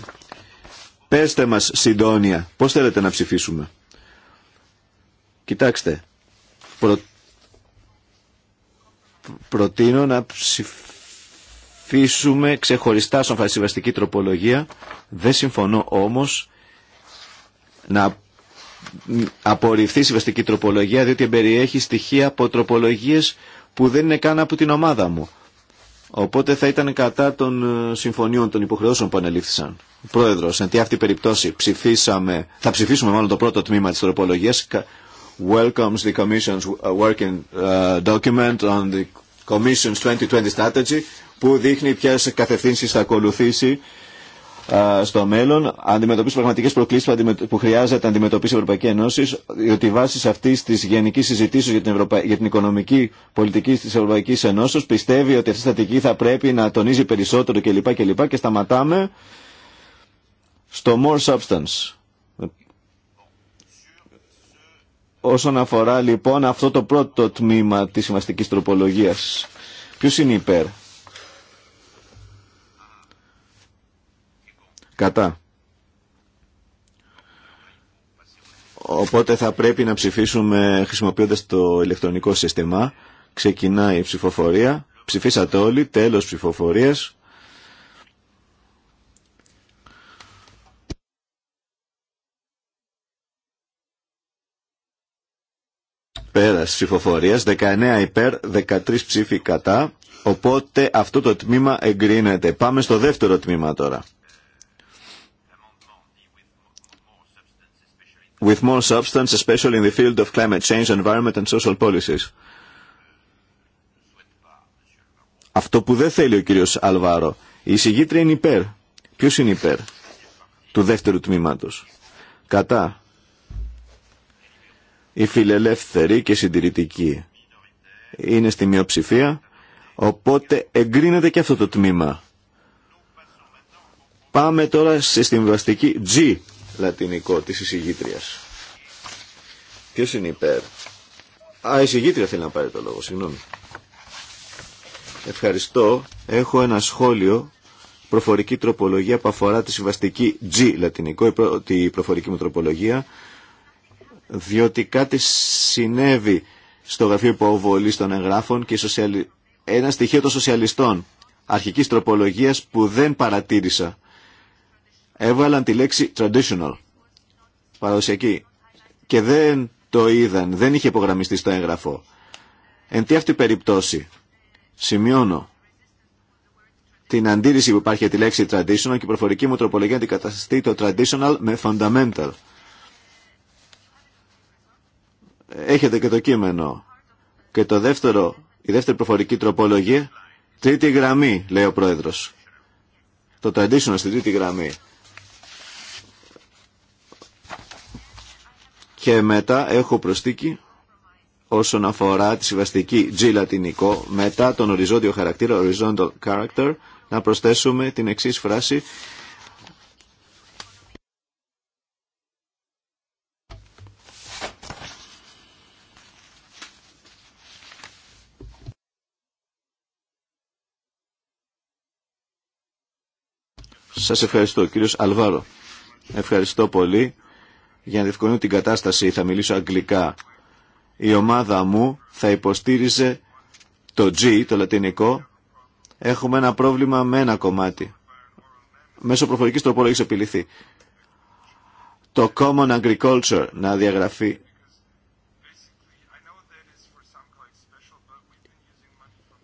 Πέστε μας συντόνια, πώς θέλετε να ψηφίσουμε. Κοιτάξτε, προ... προτείνω να ψηφίσουμε ξεχωριστά στον φασιβαστική τροπολογία. Δεν συμφωνώ όμως να απορριφθεί η συμβαστική τροπολογία διότι περιέχει στοιχεία από τροπολογίες που δεν είναι καν από την ομάδα μου. Οπότε θα ήταν κατά των ε, συμφωνιών των υποχρεώσεων που ανελήφθησαν. Πρόεδρο, εν τη αυτή περιπτώσει ψηφίσαμε, θα ψηφίσουμε μάλλον το πρώτο τμήμα τη τροπολογία. Welcomes the Commission's ε, working ε, document on the Commission's 2020 strategy που δείχνει ποιε κατευθύνσει θα ακολουθήσει στο μέλλον αντιμετωπίσει πραγματικέ προκλήσει που χρειάζεται να αντιμετωπίσει η Ευρωπαϊκή Ένωση, διότι βάσει αυτή τη γενική συζητήσεω για, για την οικονομική πολιτική τη Ευρωπαϊκή Ένωση, πιστεύει ότι αυτή η στατική θα πρέπει να τονίζει περισσότερο κλπ. κλπ. και σταματάμε στο more substance. Όσον αφορά λοιπόν αυτό το πρώτο τμήμα τη σημαστική τροπολογία. Ποιο είναι υπέρ. Κατά. Οπότε θα πρέπει να ψηφίσουμε χρησιμοποιώντας το ηλεκτρονικό σύστημα. Ξεκινάει η ψηφοφορία. Ψηφίσατε όλοι. Τέλος ψηφοφορίας. Πέρας ψηφοφορίας. 19 υπέρ, 13 ψήφοι κατά. Οπότε αυτό το τμήμα εγκρίνεται. Πάμε στο δεύτερο τμήμα τώρα. with more substance, especially in the field of climate change, environment and social policies. Αυτό που δεν θέλει ο κύριος Αλβάρο. Η εισηγήτρια είναι υπέρ. Ποιος είναι υπέρ του δεύτερου τμήματος. Κατά. Η φιλελεύθερη και συντηρητική είναι στη μειοψηφία, οπότε εγκρίνεται και αυτό το τμήμα. Πάμε τώρα στη συμβαστική G λατινικό της εισηγήτριας. Ποιος είναι υπέρ. Α, η εισηγήτρια να πάρει το λόγο, συγγνώμη. Ευχαριστώ. Έχω ένα σχόλιο προφορική τροπολογία που αφορά τη συμβαστική G λατινικό, τη προφορική μου τροπολογία, διότι κάτι συνέβη στο γραφείο υποβολή των εγγράφων και σοσιαλι... ένα στοιχείο των σοσιαλιστών αρχικής τροπολογίας που δεν παρατήρησα έβαλαν τη λέξη traditional, παραδοσιακή, και δεν το είδαν, δεν είχε υπογραμμιστεί στο έγγραφο. Εν τι αυτή περιπτώσει, σημειώνω την αντίρρηση που υπάρχει για τη λέξη traditional και η προφορική μου τροπολογία αντικαταστεί το traditional με fundamental. Έχετε και το κείμενο. Και το δεύτερο, η δεύτερη προφορική τροπολογία, τρίτη γραμμή, λέει ο πρόεδρος. Το traditional στη τρίτη γραμμή. Και μετά έχω προστίκη όσον αφορά τη συμβαστική G λατινικό, μετά τον οριζόντιο χαρακτήρα, horizontal character, να προσθέσουμε την εξής φράση Σας ευχαριστώ κύριος Αλβάρο. Ευχαριστώ πολύ για να διευκολύνω την κατάσταση θα μιλήσω αγγλικά. Η ομάδα μου θα υποστήριζε το G, το λατινικό. Έχουμε ένα πρόβλημα με ένα κομμάτι. Μέσω προφορικής τροπολογής επιληθεί. Το Common Agriculture να διαγραφεί.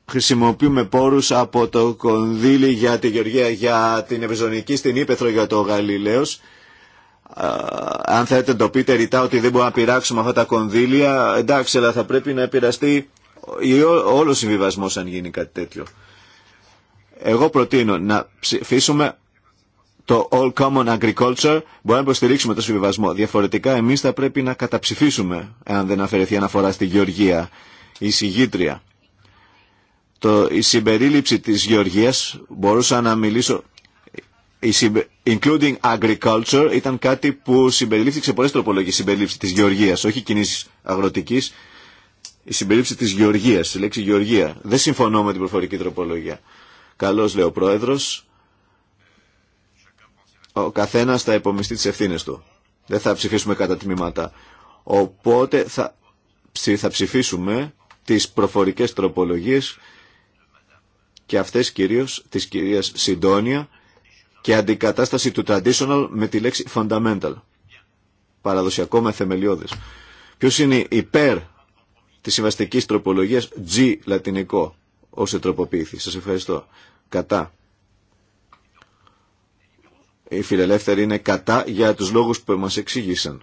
Χρησιμοποιούμε πόρους από το κονδύλι για τη Γεωργία, για την Ευεζωνική στην Ήπεθρο, για το Γαλιλαίος αν θέλετε το πείτε ρητά ότι δεν μπορούμε να πειράξουμε αυτά τα κονδύλια, εντάξει, αλλά θα πρέπει να επηρεαστεί όλο ο συμβιβασμό αν γίνει κάτι τέτοιο. Εγώ προτείνω να ψηφίσουμε το All Common Agriculture, μπορεί να υποστηρίξουμε το συμβιβασμό. Διαφορετικά εμείς θα πρέπει να καταψηφίσουμε, αν δεν αφαιρεθεί αναφορά στη Γεωργία, η συγγήτρια. Το, η συμπερίληψη της Γεωργίας, μπορούσα να μιλήσω including agriculture ήταν κάτι που συμπεριλήφθηκε σε πολλές τροπολογίες, συμπερίληψη της γεωργίας, όχι κοινή αγροτικής, η συμπερίληψη της γεωργίας, η λέξη γεωργία. Δεν συμφωνώ με την προφορική τροπολογία. Καλώς λέει ο Πρόεδρος, ο καθένας θα υπομειστεί τις ευθύνες του. Δεν θα ψηφίσουμε κατά τμήματα. Οπότε θα, θα ψηφίσουμε τις προφορικές τροπολογίες και αυτές κυρίως της κυρίας Συντόνια και αντικατάσταση του traditional με τη λέξη fundamental. Παραδοσιακό με θεμελιώδες. Ποιος είναι υπέρ της συμβαστικής τροπολογίας G λατινικό ως τροποποιήθη. Σας ευχαριστώ. Κατά. Οι φιλελεύθεροι είναι κατά για τους λόγους που μας εξήγησαν.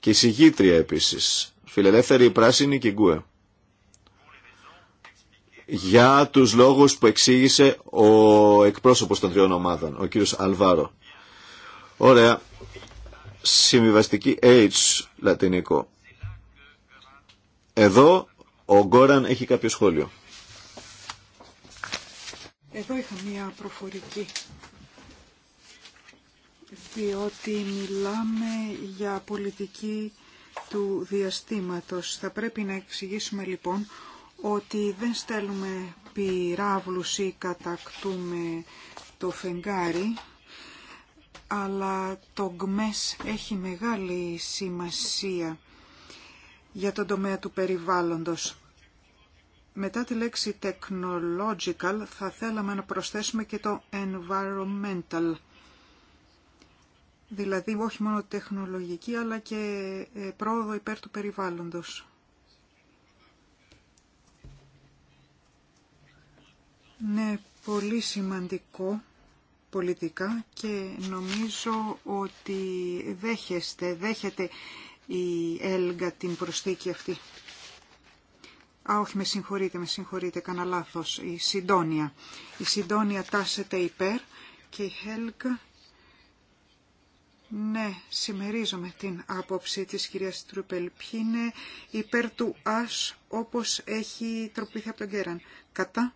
Και η συγγήτρια επίσης. Φιλελεύθερη, πράσινη και γκουε για τους λόγους που εξήγησε ο εκπρόσωπος των τριών ομάδων, ο κύριος Αλβάρο. Ωραία. Συμβιβαστική H, λατινικό. Εδώ ο Γκόραν έχει κάποιο σχόλιο. Εδώ είχα μία προφορική διότι μιλάμε για πολιτική του διαστήματος. Θα πρέπει να εξηγήσουμε λοιπόν ότι δεν στέλνουμε πυράβλους ή κατακτούμε το φεγγάρι, αλλά το ΓΜΕΣ έχει μεγάλη σημασία για τον τομέα του περιβάλλοντος. Μετά τη λέξη technological θα θέλαμε να προσθέσουμε και το environmental. Δηλαδή όχι μόνο τεχνολογική αλλά και ε, πρόοδο υπέρ του περιβάλλοντος. Ναι, πολύ σημαντικό πολιτικά και νομίζω ότι δέχεστε, δέχεται η ΕΛΓΑ την προσθήκη αυτή. Α, όχι, με συγχωρείτε, με συγχωρείτε, κανένα λάθος. Η Συντόνια. Η Συντόνια τάσεται υπέρ και η ΕΛΓΑ... Ναι, συμμερίζομαι την άποψη της κυρίας Τρούπελ. Ποιοι είναι υπέρ του ΑΣ όπως έχει τροπήθει από τον Κέραν. Κατά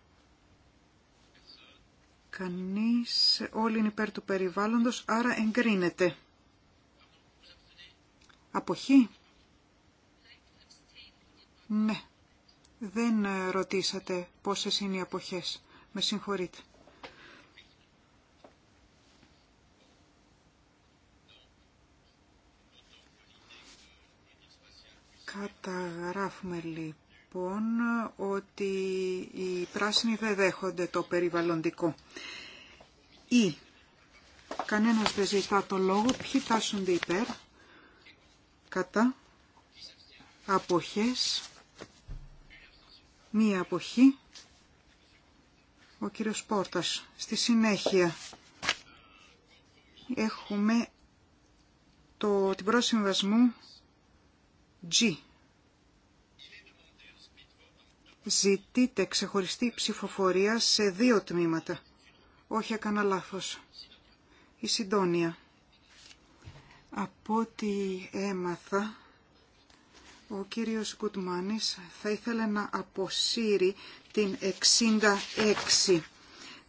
κανείς, όλοι είναι υπέρ του περιβάλλοντος, άρα εγκρίνεται. Αποχή. Ναι. Δεν ρωτήσατε πόσες είναι οι αποχές. Με συγχωρείτε. Καταγράφουμε λοιπόν λοιπόν ότι οι πράσινοι δεν δέχονται το περιβαλλοντικό. Ή κανένας δεν ζητά το λόγο, ποιοι τάσσονται υπέρ, κατά, αποχές, μία αποχή, ο κύριος Πόρτας. Στη συνέχεια έχουμε το, την πρόσυμβασμού G. Ζητείτε ξεχωριστή ψηφοφορία σε δύο τμήματα. Όχι, έκανα λάθος. Η συντόνια. Από ό,τι έμαθα, ο κύριος Γκουτμάνης θα ήθελε να αποσύρει την 66.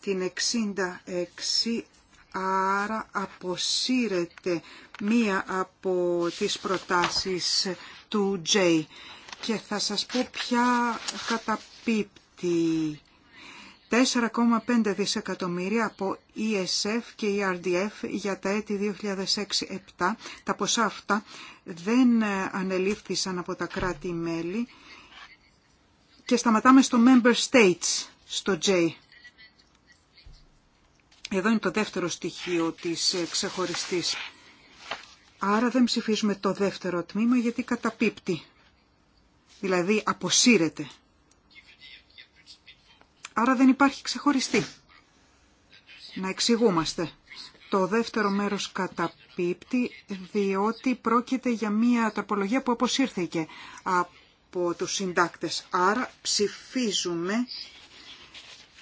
Την 66, άρα αποσύρεται μία από τις προτάσεις του Τζέι και θα σας πω ποια καταπίπτει. 4,5 δισεκατομμύρια από ESF και ERDF για τα έτη 2006-2007. Τα ποσά αυτά δεν ανελήφθησαν από τα κράτη-μέλη και σταματάμε στο Member States, στο J. Εδώ είναι το δεύτερο στοιχείο της ξεχωριστής. Άρα δεν ψηφίζουμε το δεύτερο τμήμα γιατί καταπίπτει δηλαδή αποσύρεται. Άρα δεν υπάρχει ξεχωριστή. Να εξηγούμαστε. Το δεύτερο μέρος καταπίπτει διότι πρόκειται για μια τροπολογία που αποσύρθηκε από τους συντάκτες. Άρα ψηφίζουμε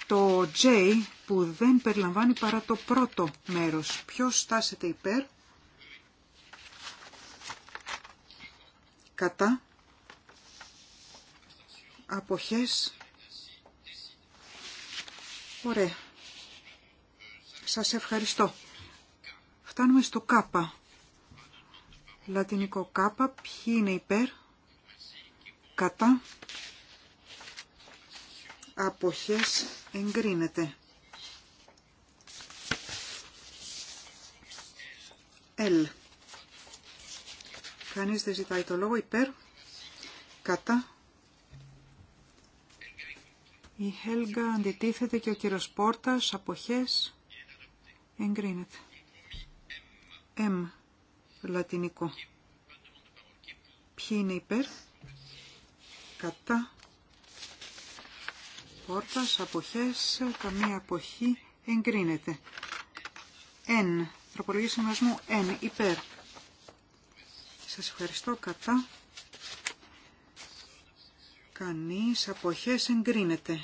το J που δεν περιλαμβάνει παρά το πρώτο μέρος. Ποιος στάσεται υπέρ. Κατά αποχές. Ωραία. Σας ευχαριστώ. Φτάνουμε στο κάπα. Λατινικό κάπα. Ποιοι είναι υπέρ. Κατά. Αποχές εγκρίνεται. Ελ. Κανείς δεν ζητάει το λόγο υπέρ. Κατά η Χέλγα αντιτίθεται και ο κύριος Πόρτας, αποχές, εγκρίνεται. M, λατινικό. Ποιοι είναι υπέρ, κατά, πόρτας, αποχές, καμία αποχή, εγκρίνεται. N, τροπολογία συμβασμού, N, υπέρ. Σας ευχαριστώ, κατά, κανείς αποχές εγκρίνεται.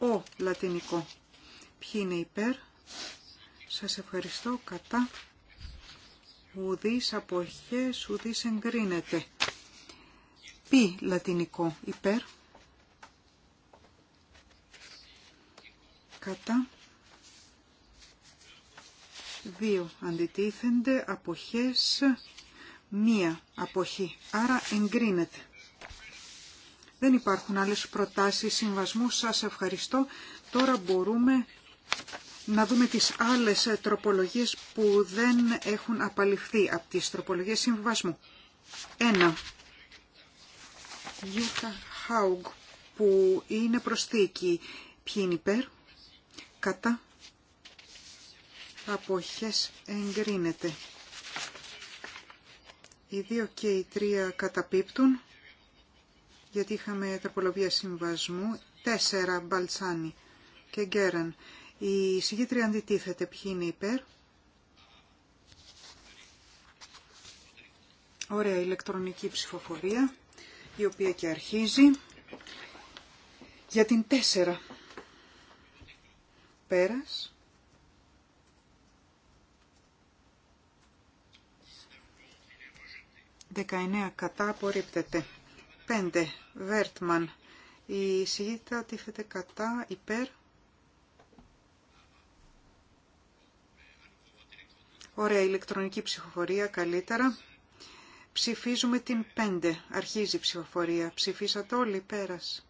Ο λατινικό. Ποιοι είναι υπέρ. Σας ευχαριστώ. Κατά. Ουδής αποχές, ουδής εγκρίνεται. Πι λατινικό υπέρ. Κατά. Δύο αντιτίθενται, αποχές, μία αποχή. Άρα εγκρίνεται. Δεν υπάρχουν άλλες προτάσεις συμβασμού. Σας ευχαριστώ. Τώρα μπορούμε να δούμε τις άλλες τροπολογίες που δεν έχουν απαλληφθεί από τις τροπολογίες συμβασμού. Ένα. Γιούτα Χάουγ που είναι προσθήκη. Ποιοι είναι υπέρ, κατά, αποχές εγκρίνεται. Οι δύο και οι τρία καταπίπτουν γιατί είχαμε τροπολογία συμβασμού, Τέσσερα, Μπαλτσάνι και Γκέραν. Η συγκήτρια αντιτίθεται. Ποιοι είναι υπέρ. Ωραία ηλεκτρονική ψηφοφορία, η οποία και αρχίζει. Για την τέσσερα Πέρας. Δεκαεννέα κατά απορρίπτεται. 5. Βέρτμαν. Η συγγύτητα τίθεται κατά, υπέρ. Ωραία, ηλεκτρονική ψηφοφορία καλύτερα. Ψηφίζουμε την 5. Αρχίζει η ψηφοφορία. Ψηφίσατε όλοι, πέρας.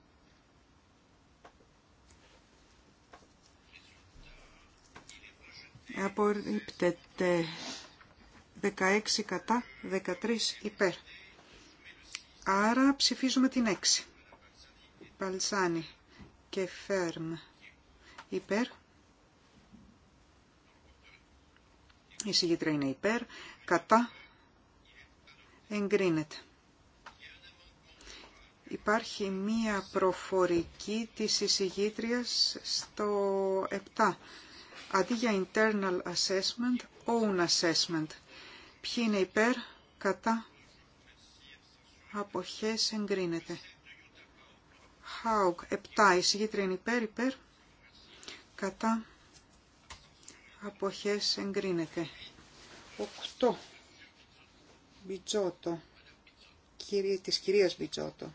Απορρίπτεται 16 κατά, 13 υπέρ. Άρα ψηφίζουμε την 6. παλσάνι και Φέρμ υπέρ. Η συγκίτρια είναι υπέρ. Κατά. Εγκρίνεται. Υπάρχει μία προφορική της εισηγήτριας στο 7. Αντί για internal assessment, own assessment. Ποιοι είναι υπέρ, κατά, αποχές εγκρίνεται. Χάουκ 7 εισηγήτρια είναι υπέρ, υπέρ, κατά αποχές εγκρίνεται. 8 Μπιτζότο της κυρίας Μπιτζότο.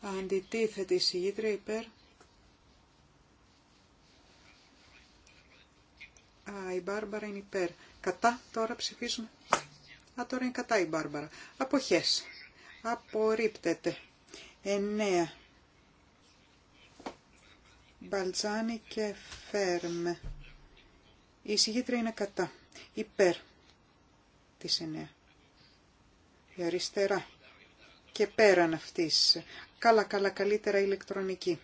Αντιτίθεται η συγγήτρια υπέρ. Α, η Μπάρμπαρα είναι υπέρ. Κατά τώρα ψηφίζουμε. Α, τώρα είναι κατά η Μπάρμπαρα. Αποχές. Απορρίπτεται. Εννέα. Μπαλτζάνι και Φέρμε. Η συγκίτρια είναι κατά. Υπέρ της εννέα. Η αριστερά. Και πέραν αυτής. Καλά, καλά, καλύτερα ηλεκτρονική.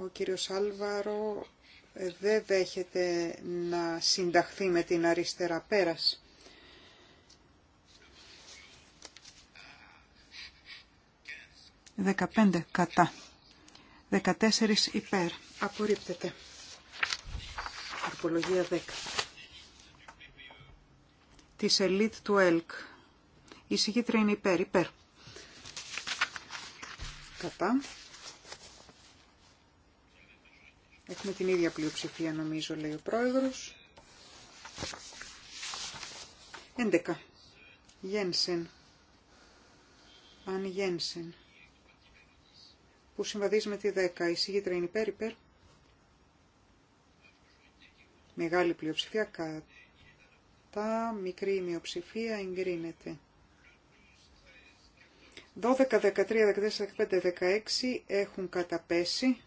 Ο κύριος Άλβαρο ε, δεν δέχεται να συνταχθεί με την αριστερά πέρας. Δεκαπέντε κατά. Δεκατέσσερις υπέρ. Απορρίπτεται. Αρπολογία 10. Τη ελίτ του ΕΛΚ. Η συγκίτρια είναι υπέρ. Υπέρ. Κατά. Έχουμε την ίδια πλειοψηφία νομίζω λέει ο πρόεδρος. 11. Γένσεν. Αν Γένσεν. Που συμβαδίζει με τη 10. Η σύγητρα είναι υπέρ, υπέρ. Μεγάλη πλειοψηφία κατά. Μικρή μειοψηφία εγκρίνεται. 12, 13, 14, 15, 16 έχουν καταπέσει.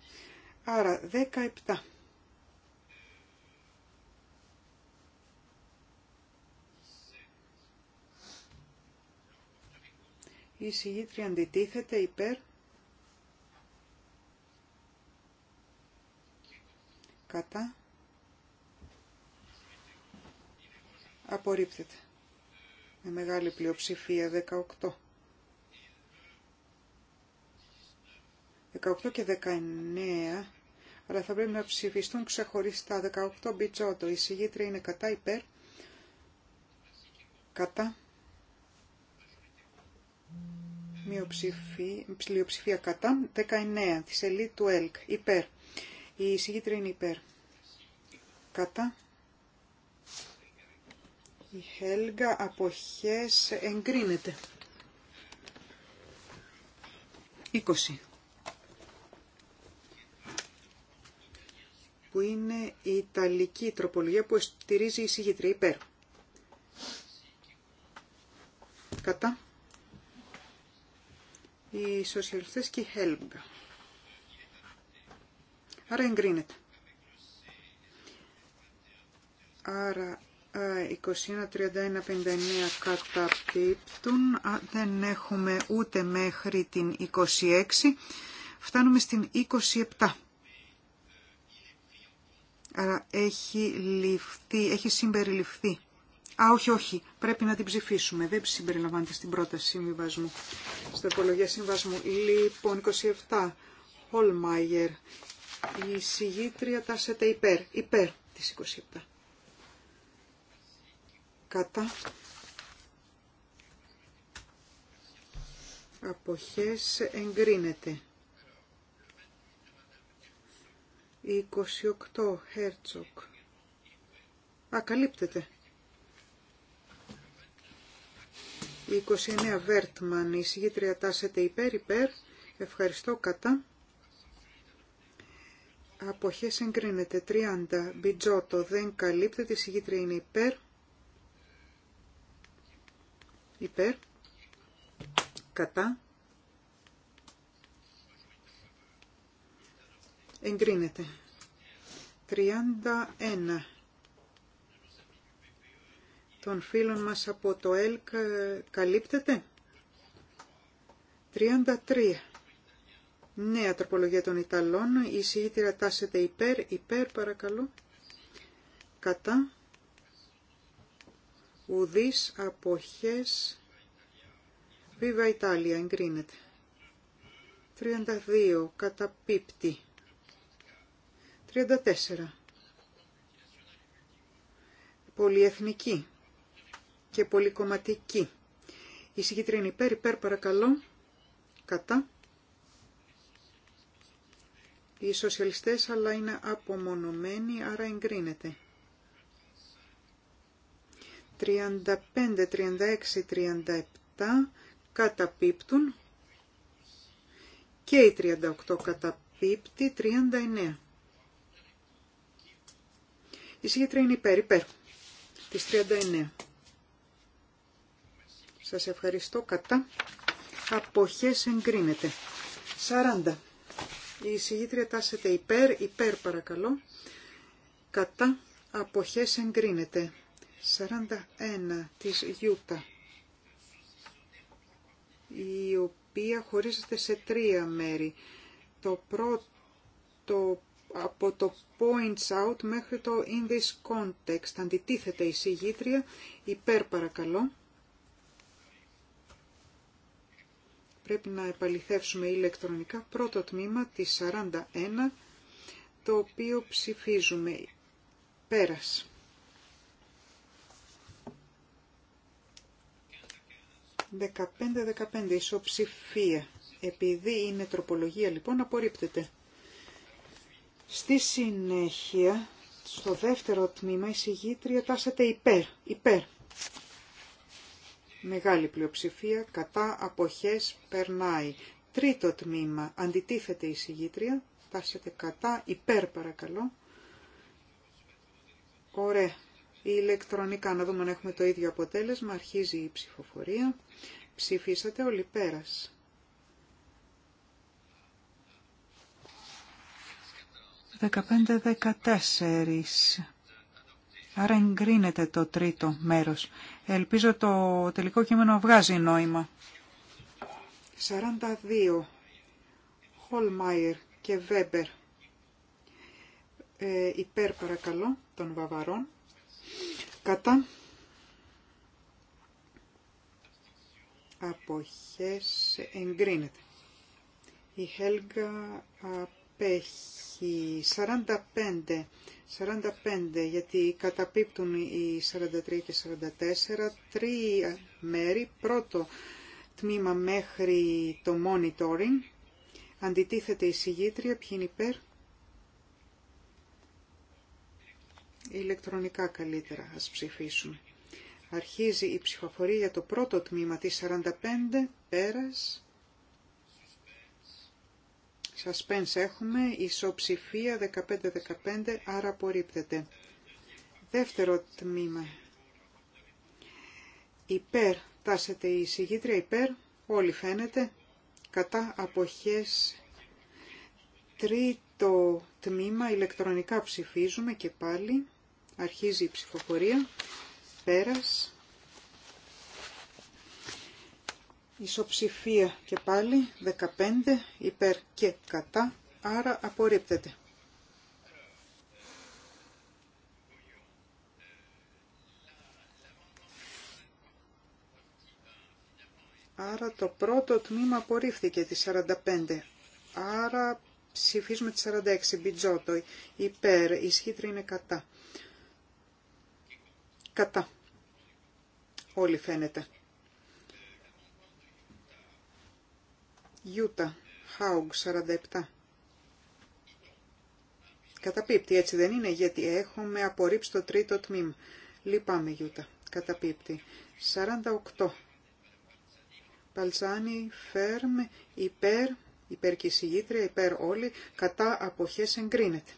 Άρα 17. Η συγγήτρια αντιτίθεται υπέρ κατά απορρίπτεται με μεγάλη πλειοψηφία 18. 18 και 19, αλλά θα πρέπει να ψηφιστούν ξεχωριστά. 18 μπιτζότο, η συγγήτρια είναι κατά, υπέρ, κατά, μειοψηφία κατά, 19, τη σελή του ΕΛΚ, υπέρ, η συγγήτρια είναι υπέρ, κατά, η Χέλγα αποχές εγκρίνεται. 20. που είναι η Ιταλική τροπολογία που στηρίζει η συγγήτρια υπέρ. Κατά. Οι σοσιαλιστές και η ΧΕΛΜΚΑ. Άρα εγκρίνεται. Άρα 21, 31, 59 καταπίπτουν. Δεν έχουμε ούτε μέχρι την 26. Φτάνουμε στην 27. Άρα έχει, ληφθεί, έχει συμπεριληφθεί. Α, όχι, όχι. Πρέπει να την ψηφίσουμε. Δεν συμπεριλαμβάνεται στην πρόταση συμβιβασμού. Στην απολογία συμβασμού. Λοιπόν, 27. Χολμάγερ. Η συγγήτρια τάσεται υπέρ. Υπέρ της 27. Κατά. Αποχές εγκρίνεται. 28 Χέρτσοκ. Α, καλύπτεται. 29 Βέρτμαν, η συγγήτρια τάσεται υπέρ, υπέρ, ευχαριστώ κατά. Αποχές εγκρίνεται 30, Μπιτζότο δεν καλύπτεται, η συγγήτρια είναι υπέρ, υπέρ, κατά, εγκρίνεται. 31 των φίλων μας από το ΕΛΚ ε, καλύπτεται. 33. Νέα τροπολογία των Ιταλών. Η συγήτρια τάσεται υπέρ. Υπέρ παρακαλώ. Κατά. Ουδείς αποχές. Βίβα Ιταλία. Εγκρίνεται. 32. Καταπίπτει. 34. Πολυεθνική και πολυκομματική. Η συγκεκριμένη υπέρ, υπέρ παρακαλώ, κατά. Οι σοσιαλιστές αλλά είναι απομονωμένοι, άρα εγκρίνεται. 35, 36, 37 καταπίπτουν και η 38 καταπίπτει 39. Η συγκίτρια είναι υπέρ, υπέρ. Της 39. Σας ευχαριστώ κατά. Αποχές εγκρίνεται. 40. Η συγκίτρια τάσεται υπέρ, υπέρ παρακαλώ. Κατά. Αποχές εγκρίνεται. 41 της Γιούτα η οποία χωρίζεται σε τρία μέρη. Το πρώτο από το Points Out μέχρι το In This Context. Αντιτίθεται η συγγήτρια. Υπέρ παρακαλώ. Πρέπει να επαληθεύσουμε ηλεκτρονικά πρώτο τμήμα της 41, το οποίο ψηφίζουμε. Πέρας. 15-15 ισοψηφία. Επειδή είναι τροπολογία λοιπόν απορρίπτεται. Στη συνέχεια, στο δεύτερο τμήμα, η συγγήτρια τάσεται υπέρ, υπέρ. Μεγάλη πλειοψηφία, κατά αποχές περνάει. Τρίτο τμήμα, αντιτίθεται η συγγήτρια, τάσεται κατά, υπέρ παρακαλώ. Ωραία. Η ηλεκτρονικά, να δούμε αν έχουμε το ίδιο αποτέλεσμα, αρχίζει η ψηφοφορία. Ψηφίσατε όλοι πέρας. 15-14. Άρα εγκρίνεται το τρίτο μέρος. Ελπίζω το τελικό κείμενο βγάζει νόημα. 42. Χολμάιερ και Βέμπερ. Ε, υπέρ παρακαλώ των Βαβαρών. Κατά. Αποχές εγκρίνεται. Η Χέλγα απέχει 45, 45 γιατί καταπίπτουν οι 43 και 44, τρία μέρη, πρώτο τμήμα μέχρι το monitoring, αντιτίθεται η συγγήτρια, ποιοι είναι υπέρ, ηλεκτρονικά καλύτερα ας ψηφίσουμε. Αρχίζει η ψηφοφορία για το πρώτο τμήμα τη 45, πέρας, σας εχουμε έχουμε ισοψηφία 15-15, άρα απορρίπτεται. Δεύτερο τμήμα. Υπέρ, τάσεται η συγγήτρια υπέρ, όλοι φαίνεται, κατά αποχές. Τρίτο τμήμα, ηλεκτρονικά ψηφίζουμε και πάλι. Αρχίζει η ψηφοφορία. Πέρας. Ισοψηφία και πάλι 15 υπέρ και κατά, άρα απορρίπτεται. Άρα το πρώτο τμήμα απορρίφθηκε τη 45. Άρα ψηφίζουμε τη 46. Μπιτζότο υπέρ, η είναι κατά. Κατά. Όλοι φαίνεται. Γιούτα, Χάουγ, 47. Καταπίπτει, έτσι δεν είναι, γιατί έχουμε απορρίψει το τρίτο τμήμα. Λυπάμαι, Γιούτα. Καταπίπτει. 48. Παλζάνι, Φέρμ, υπέρ, υπέρ και συγγήτρια, υπέρ όλοι, κατά αποχές εγκρίνεται.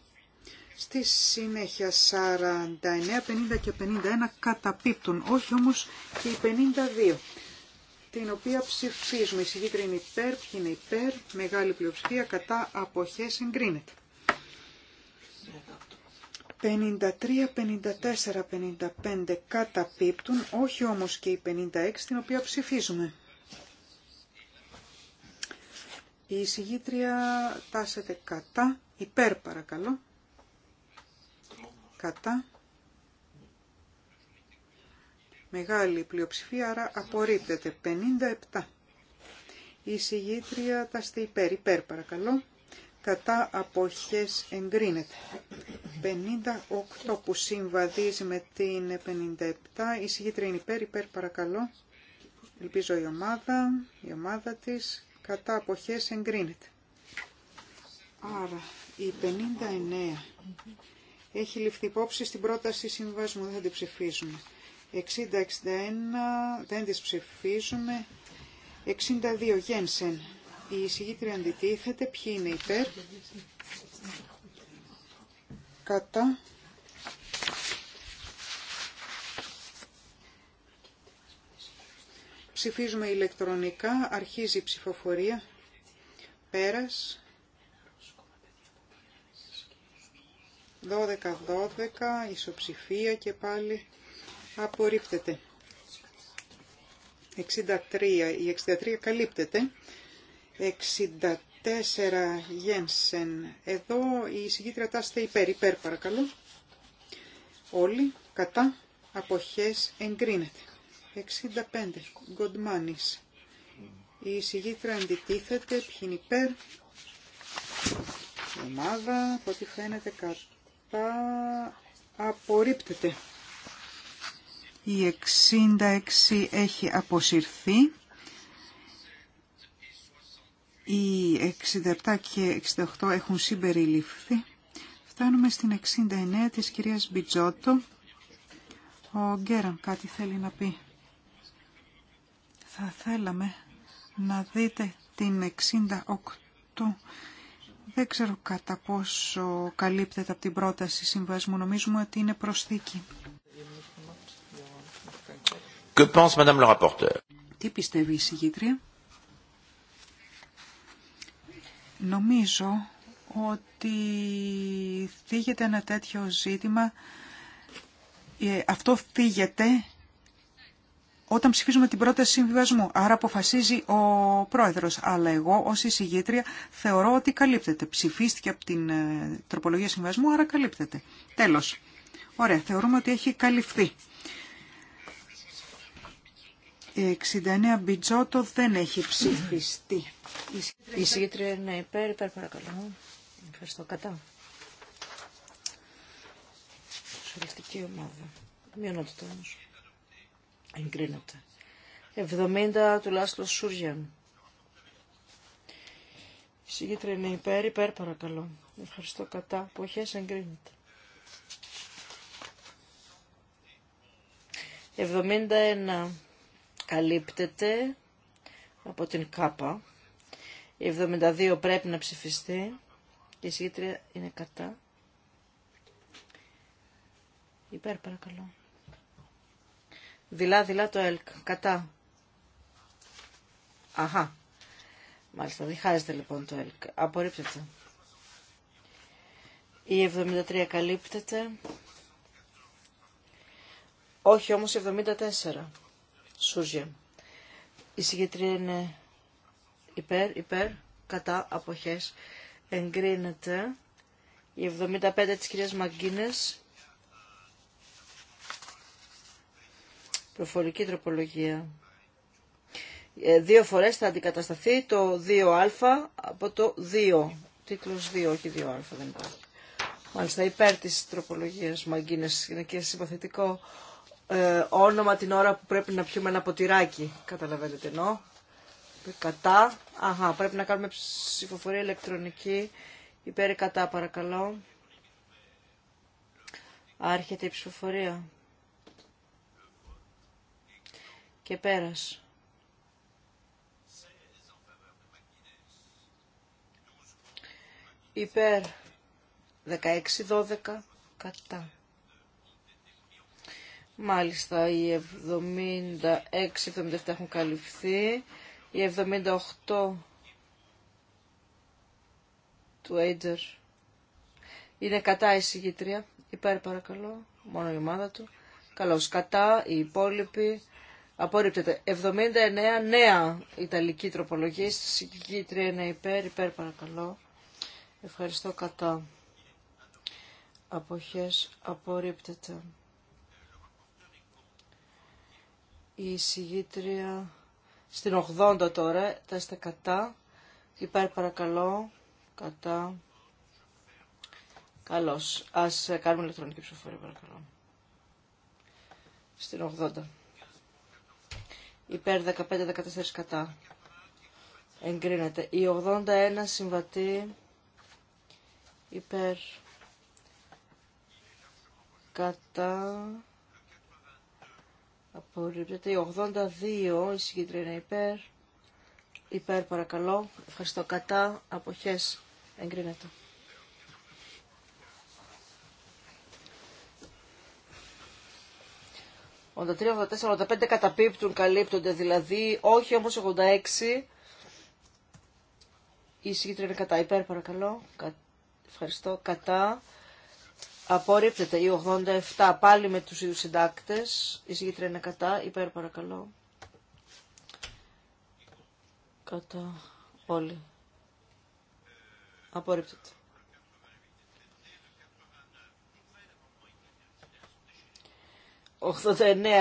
Στη συνέχεια 49, 50 και 51 καταπίπτουν, όχι όμως και οι 52 την οποία ψηφίζουμε. Η συγκίτρια είναι υπέρ, ποιοι είναι υπέρ, μεγάλη πλειοψηφία, κατά αποχές εγκρίνεται. 53, 54, 55 καταπίπτουν, όχι όμως και η 56 την οποία ψηφίζουμε. Η συγκίτρια τάσεται κατά, υπέρ παρακαλώ, κατά, Μεγάλη πλειοψηφία, άρα απορρίπτεται. 57. Η συγγήτρια τα στη υπέρ. Υπέρ παρακαλώ. Κατά αποχές εγκρίνεται. 58 που συμβαδίζει με την 57. Η συγγήτρια είναι υπέρ. Υπέρ παρακαλώ. Ελπίζω η ομάδα, η ομάδα της, κατά αποχές εγκρίνεται. Άρα, η 59 έχει ληφθεί υπόψη στην πρόταση συμβάσμου, δεν θα την ψηφίζουμε. 60-61 δεν τις ψηφίζουμε. 62 Γένσεν. Η εισηγήτρια αντιτίθεται. Ποιοι είναι υπέρ. Κατά. Ψηφίζουμε ηλεκτρονικά. Αρχίζει η ψηφοφορία. Πέρας. 12-12, ισοψηφία και πάλι απορρίπτεται. 63, η 63 καλύπτεται. 64 Γένσεν. Εδώ η συγκίτρια τάσσεται υπέρ, υπέρ παρακαλώ. Όλοι κατά αποχές εγκρίνεται. 65 Γκοντμάνης. Η συγκίτρια αντιτίθεται, ποιοι είναι υπέρ. ομάδα, από ό,τι φαίνεται κατά απορρίπτεται. Η 66 έχει αποσυρθεί. Οι 67 και 68 έχουν συμπεριληφθεί. Φτάνουμε στην 69 της κυρίας Μπιτζότο. Ο Γκέραν κάτι θέλει να πει. Θα θέλαμε να δείτε την 68. Δεν ξέρω κατά πόσο καλύπτεται από την πρόταση συμβασμού. Νομίζουμε ότι είναι προσθήκη. Τι πιστεύει η συγκήτρια? Νομίζω ότι θίγεται ένα τέτοιο ζήτημα. Ε, αυτό θίγεται όταν ψηφίζουμε την πρόταση συμβιβασμού. Άρα αποφασίζει ο πρόεδρος. Αλλά εγώ ως εισηγήτρια θεωρώ ότι καλύπτεται. Ψηφίστηκε από την ε, τροπολογία συμβιβασμού, άρα καλύπτεται. Τέλος. Ωραία, θεωρούμε ότι έχει καλυφθεί. 69 Μπιτζότο δεν έχει ψηφιστεί. Η συγκήτρια είναι υπέρ, υπέρ παρακαλώ. Ευχαριστώ. Κατά. Σοσιαλιστική ομάδα. Μειονότητα όμως. Εγκρίνεται. 70 του Λάσλο Σούριαν. Η συγκήτρια είναι υπέρ, υπέρ παρακαλώ. Ευχαριστώ. Κατά. Ποχές εγκρίνεται. 71 καλύπτεται από την ΚΑΠΑ. Η 72 πρέπει να ψηφιστεί η συγκήτρια είναι κατά. Υπέρ παρακαλώ. Δειλά δειλά το ΕΛΚ. Κατά. Αχα. Μάλιστα, διχάζεται λοιπόν το ΕΛΚ. Απορρίπτεται. Η 73 καλύπτεται. Όχι όμως η 74. Σούζια. Η συγκεκριτή είναι υπέρ, υπέρ, κατά, αποχές. Εγκρίνεται. Η 75 της κυρίας Μαγκίνες. Προφορική τροπολογία. Ε, δύο φορές θα αντικατασταθεί το 2α από το 2. Τίτλος 2, όχι 2α δεν υπάρχει. Μάλιστα υπέρ της τροπολογίας Μαγκίνες είναι και συμπαθητικό ε, όνομα την ώρα που πρέπει να πιούμε ένα ποτηράκι. Καταλαβαίνετε εννοώ. Κατά. Αχα, πρέπει να κάνουμε ψηφοφορία ηλεκτρονική. Υπέρ κατά παρακαλώ. Άρχεται η ψηφοφορία. Και πέρας. υπέρ 16-12 κατά. Μάλιστα, οι 76-77 έχουν καλυφθεί. Οι 78 του Ager είναι κατά η συγκήτρια. Υπέρ παρακαλώ, μόνο η ομάδα του. Καλώς κατά, οι υπόλοιποι. Απορρίπτεται. 79 νέα Ιταλική τροπολογία. Στη συγκήτρια είναι υπέρ, υπέρ παρακαλώ. Ευχαριστώ κατά. Αποχές απορρίπτεται. η εισηγήτρια στην 80 τώρα, τα είστε κατά, υπέρ παρακαλώ, κατά, καλώς, ας ε, κάνουμε ηλεκτρονική ψηφοφορία παρακαλώ, στην 80, υπέρ 15-14 κατά, εγκρίνεται, η 81 συμβατή, υπέρ, κατά, Απορρίπτεται. 82. Η συγκίτρια είναι υπέρ. Υπέρ παρακαλώ. Ευχαριστώ. Κατά. Αποχές. Εγκρίνεται. οντα 83, 84, 85 καταπίπτουν, καλύπτονται δηλαδή. Όχι όμως 86. Η συγκίτρια είναι κατά. Υπέρ παρακαλώ. Ευχαριστώ. Κατά. Απορρίπτεται η 87 πάλι με τους ίδιους συντάκτες. Η είναι κατά. Υπέρ παρακαλώ. Κατά όλοι. Απορρίπτεται.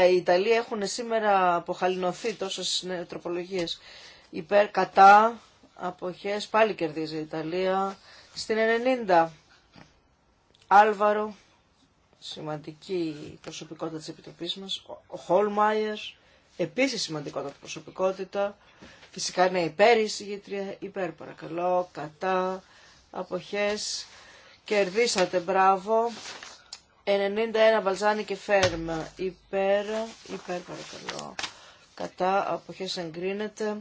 ...89 οι Ιταλοί έχουν σήμερα αποχαλινωθεί τόσες τροπολογίες. Υπέρ, κατά, αποχές, πάλι κερδίζει η Ιταλία. Στην 90 Άλβαρο, σημαντική προσωπικότητα της Επιτροπής μας, ο Χολμάιερ, επίσης σημαντικότητα προσωπικότητα, φυσικά είναι υπέρ η συγγετρία, υπέρ παρακαλώ, κατά, αποχές, κερδίσατε, μπράβο, 91 Βαλζάνι και Φέρμα, υπέρ, υπέρ παρακαλώ, κατά, αποχές εγκρίνεται,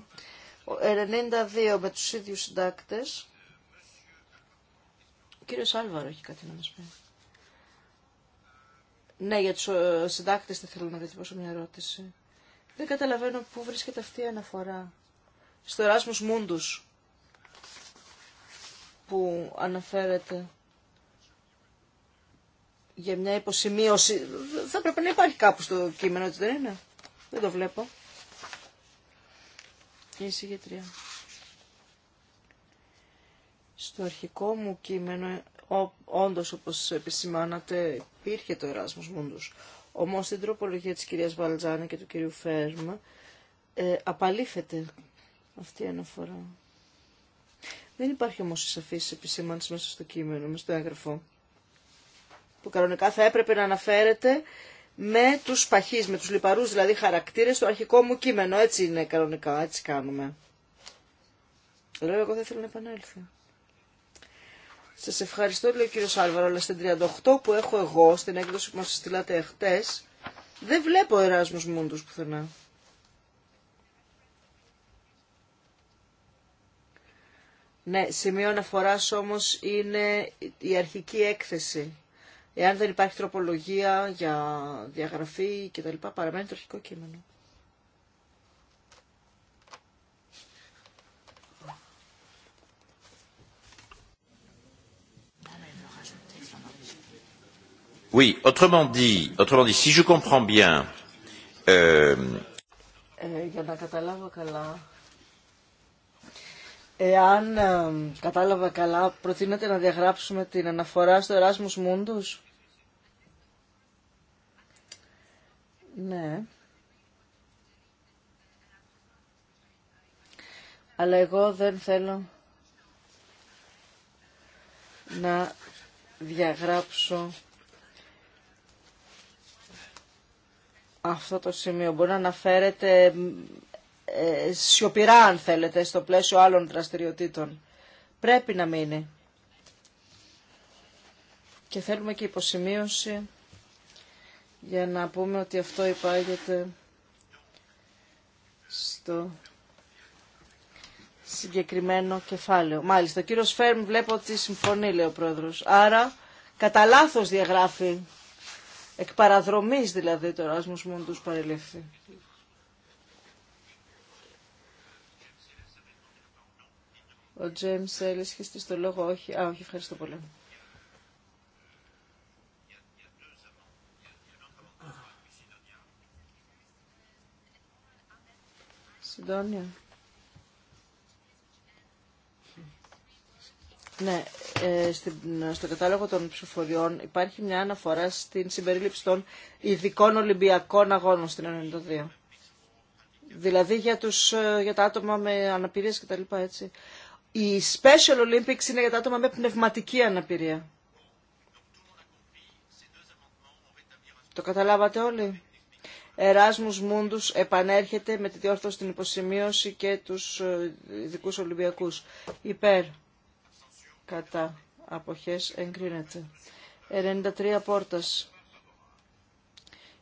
92 με τους ίδιους συντάκτες, ο κύριος Άλβαρο έχει κάτι να μας πει. Ναι, για τους ε, συντάκτες θα θέλω να διατυπώσω μια ερώτηση. Δεν καταλαβαίνω πού βρίσκεται αυτή η αναφορά. Στο Εράσμους Μούντους που βρισκεται αυτη η αναφορα στο ερασμος μουντους που αναφερεται για μια υποσημείωση. Θα πρέπει να υπάρχει κάπου στο κείμενο, έτσι δεν είναι. Δεν το βλέπω. Η τρία. Στο αρχικό μου κείμενο, ό, όντως όπως επισημάνατε, υπήρχε το εράσμος Μούντους. Όμως την τροπολογία της κυρίας Βαλτζάνη και του κυρίου Φέρμα ε, απαλήφεται αυτή η αναφορά. Δεν υπάρχει όμως η σαφής επισήμανση μέσα στο κείμενο, μέσα στο έγγραφο, που κανονικά θα έπρεπε να αναφέρεται με τους παχείς, με τους λιπαρούς δηλαδή χαρακτήρες στο αρχικό μου κείμενο. Έτσι είναι κανονικά, έτσι κάνουμε. Λέω, εγώ δεν θέλω να επανέλθω. Σα ευχαριστώ, λέει ο κύριος Άλβαρο, αλλά στην 38 που έχω εγώ, στην έκδοση που μας στείλατε εχθές, δεν βλέπω Εράσμους Μούντου πουθενά. Ναι, σημείο αναφορά όμως είναι η αρχική έκθεση. Εάν δεν υπάρχει τροπολογία για διαγραφή κτλ. παραμένει το αρχικό κείμενο. Oui, autrement euh, ε, για να καταλάβω καλά, εάν ε, κατάλαβα καλά, προτείνεται να διαγράψουμε την αναφορά στο Erasmus Mundus. Ναι. Αλλά εγώ δεν θέλω να διαγράψω αυτό το σημείο μπορεί να αναφέρεται ε, σιωπηρά αν θέλετε στο πλαίσιο άλλων δραστηριοτήτων. Πρέπει να μείνει. Και θέλουμε και υποσημείωση για να πούμε ότι αυτό υπάγεται στο συγκεκριμένο κεφάλαιο. Μάλιστα, ο κύριος Φέρμ βλέπω ότι συμφωνεί, λέει ο πρόεδρος. Άρα, κατά λάθο διαγράφει εκ παραδρομής δηλαδή το μόνο τους παρελήφθη. Ο James Ellis στη στο λόγο, όχι. Α, όχι, ευχαριστώ πολύ. Συντόνια. Ναι, ε, στο κατάλογο των ψηφοριών υπάρχει μια αναφορά στην συμπερίληψη των ειδικών Ολυμπιακών Αγώνων στην 92. Δηλαδή για, τους, ε, για τα άτομα με αναπηρίες λοιπά Έτσι. Η Special Olympics είναι για τα άτομα με πνευματική αναπηρία. Το καταλάβατε όλοι. Εράσμους Μούντους επανέρχεται με τη διόρθωση στην υποσημείωση και τους ε, ειδικού Ολυμπιακούς. Υπέρ κατά αποχές εγκρίνεται. 93 πόρτας.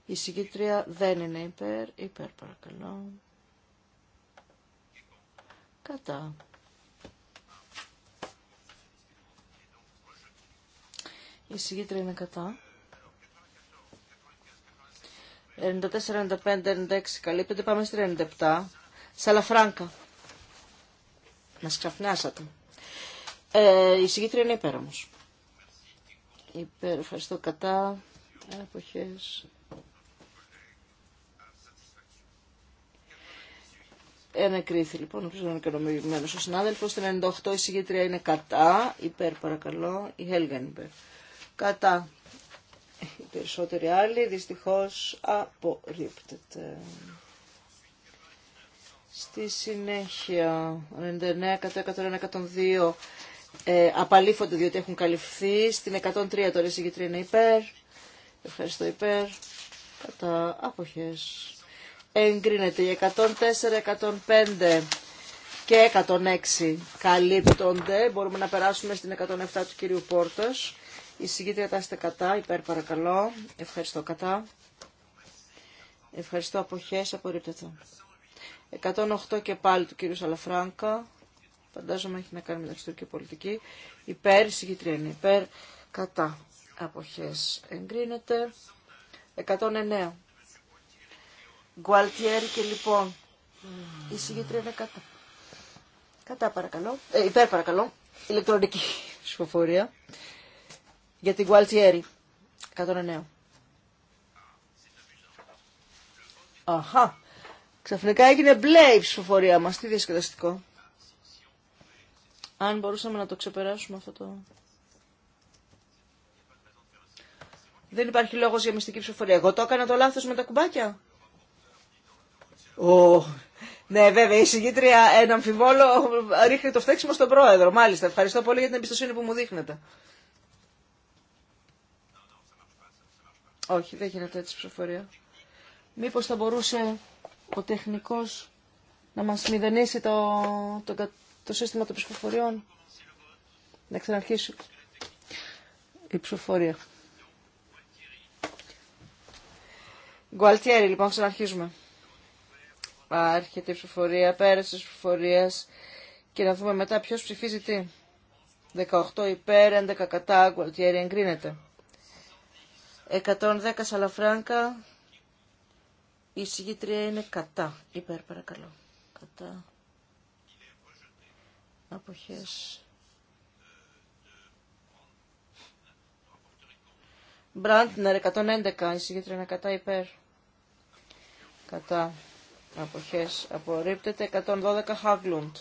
Η συγκήτρια δεν είναι υπέρ. Υπέρ παρακαλώ. Κατά. Η συγκήτρια είναι κατά. 94, 95, 96 Καλύπτεται. Πάμε στη 97. Σαλαφράγκα. Μας ξαφνιάσατε. Ε, η συγκήτρια είναι υπέρ όμως. Υπέρ, ευχαριστώ κατά. Εποχές. Ενεκρίθη λοιπόν, όπως είναι οικονομημένος ο συνάδελφος. Στην 98 η συγκήτρια είναι κατά. Υπέρ παρακαλώ. Η είναι υπέρ. Κατά. Οι περισσότεροι άλλοι δυστυχώς απορρίπτεται. Στη συνέχεια, 99, 100, 101, 102 ε, απαλήφονται διότι έχουν καλυφθεί. Στην 103 τώρα η συγκεκριμένη είναι υπέρ. Ευχαριστώ υπέρ. Κατά αποχές. Εγκρίνεται η 104, 105 και 106 καλύπτονται. Μπορούμε να περάσουμε στην 107 του κυρίου Πόρτος Η συγκίτρια τάστε κατά, υπέρ παρακαλώ. Ευχαριστώ κατά. Ευχαριστώ αποχές, απορρίπτεται. 108 και πάλι του κυρίου Σαλαφράγκα φαντάζομαι έχει να κάνει με του και πολιτική, υπέρ, συγκεκριμένη, είναι υπέρ, κατά αποχές εγκρίνεται, 109. Γκουαλτιέρη και λοιπόν, η συγκεκριμένη είναι κατά. Κατά παρακαλώ, ε, υπέρ παρακαλώ, ηλεκτρονική ψηφοφορία για την Γκουαλτιέρη, 109. Αχα, ξαφνικά έγινε μπλε η ψηφοφορία μας, τι διασκεδαστικό αν μπορούσαμε να το ξεπεράσουμε αυτό το... Δεν υπάρχει λόγος για μυστική ψηφοφορία. Εγώ το έκανα το λάθος με τα κουμπάκια. Ναι, βέβαια, η συγγήτρια ένα αμφιβόλο ρίχνει το φταίξιμο στον πρόεδρο. Μάλιστα, ευχαριστώ πολύ για την εμπιστοσύνη που μου δείχνετε. Όχι, δεν γίνεται έτσι ψηφοφορία. Μήπως θα μπορούσε ο τεχνικός να μας μηδενίσει το, το, το σύστημα των ψηφοφοριών. Να ξαναρχίσει η ψηφοφορία. Γκουαλτιέρη, λοιπόν, ξαναρχίζουμε. Άρχεται η ψηφοφορία, πέρασε τη ψηφοφορία και να δούμε μετά ποιο ψηφίζει τι. 18 υπέρ, 11 κατά, Γκουαλτιέρη εγκρίνεται. 110 σαλαφράγκα, η συγκήτρια είναι κατά. Υπέρ, παρακαλώ. Κατά αποχές. Μπραντνερ 111, είναι κατά υπέρ. Κατά αποχές απορρίπτεται 112 Χαγλουντ.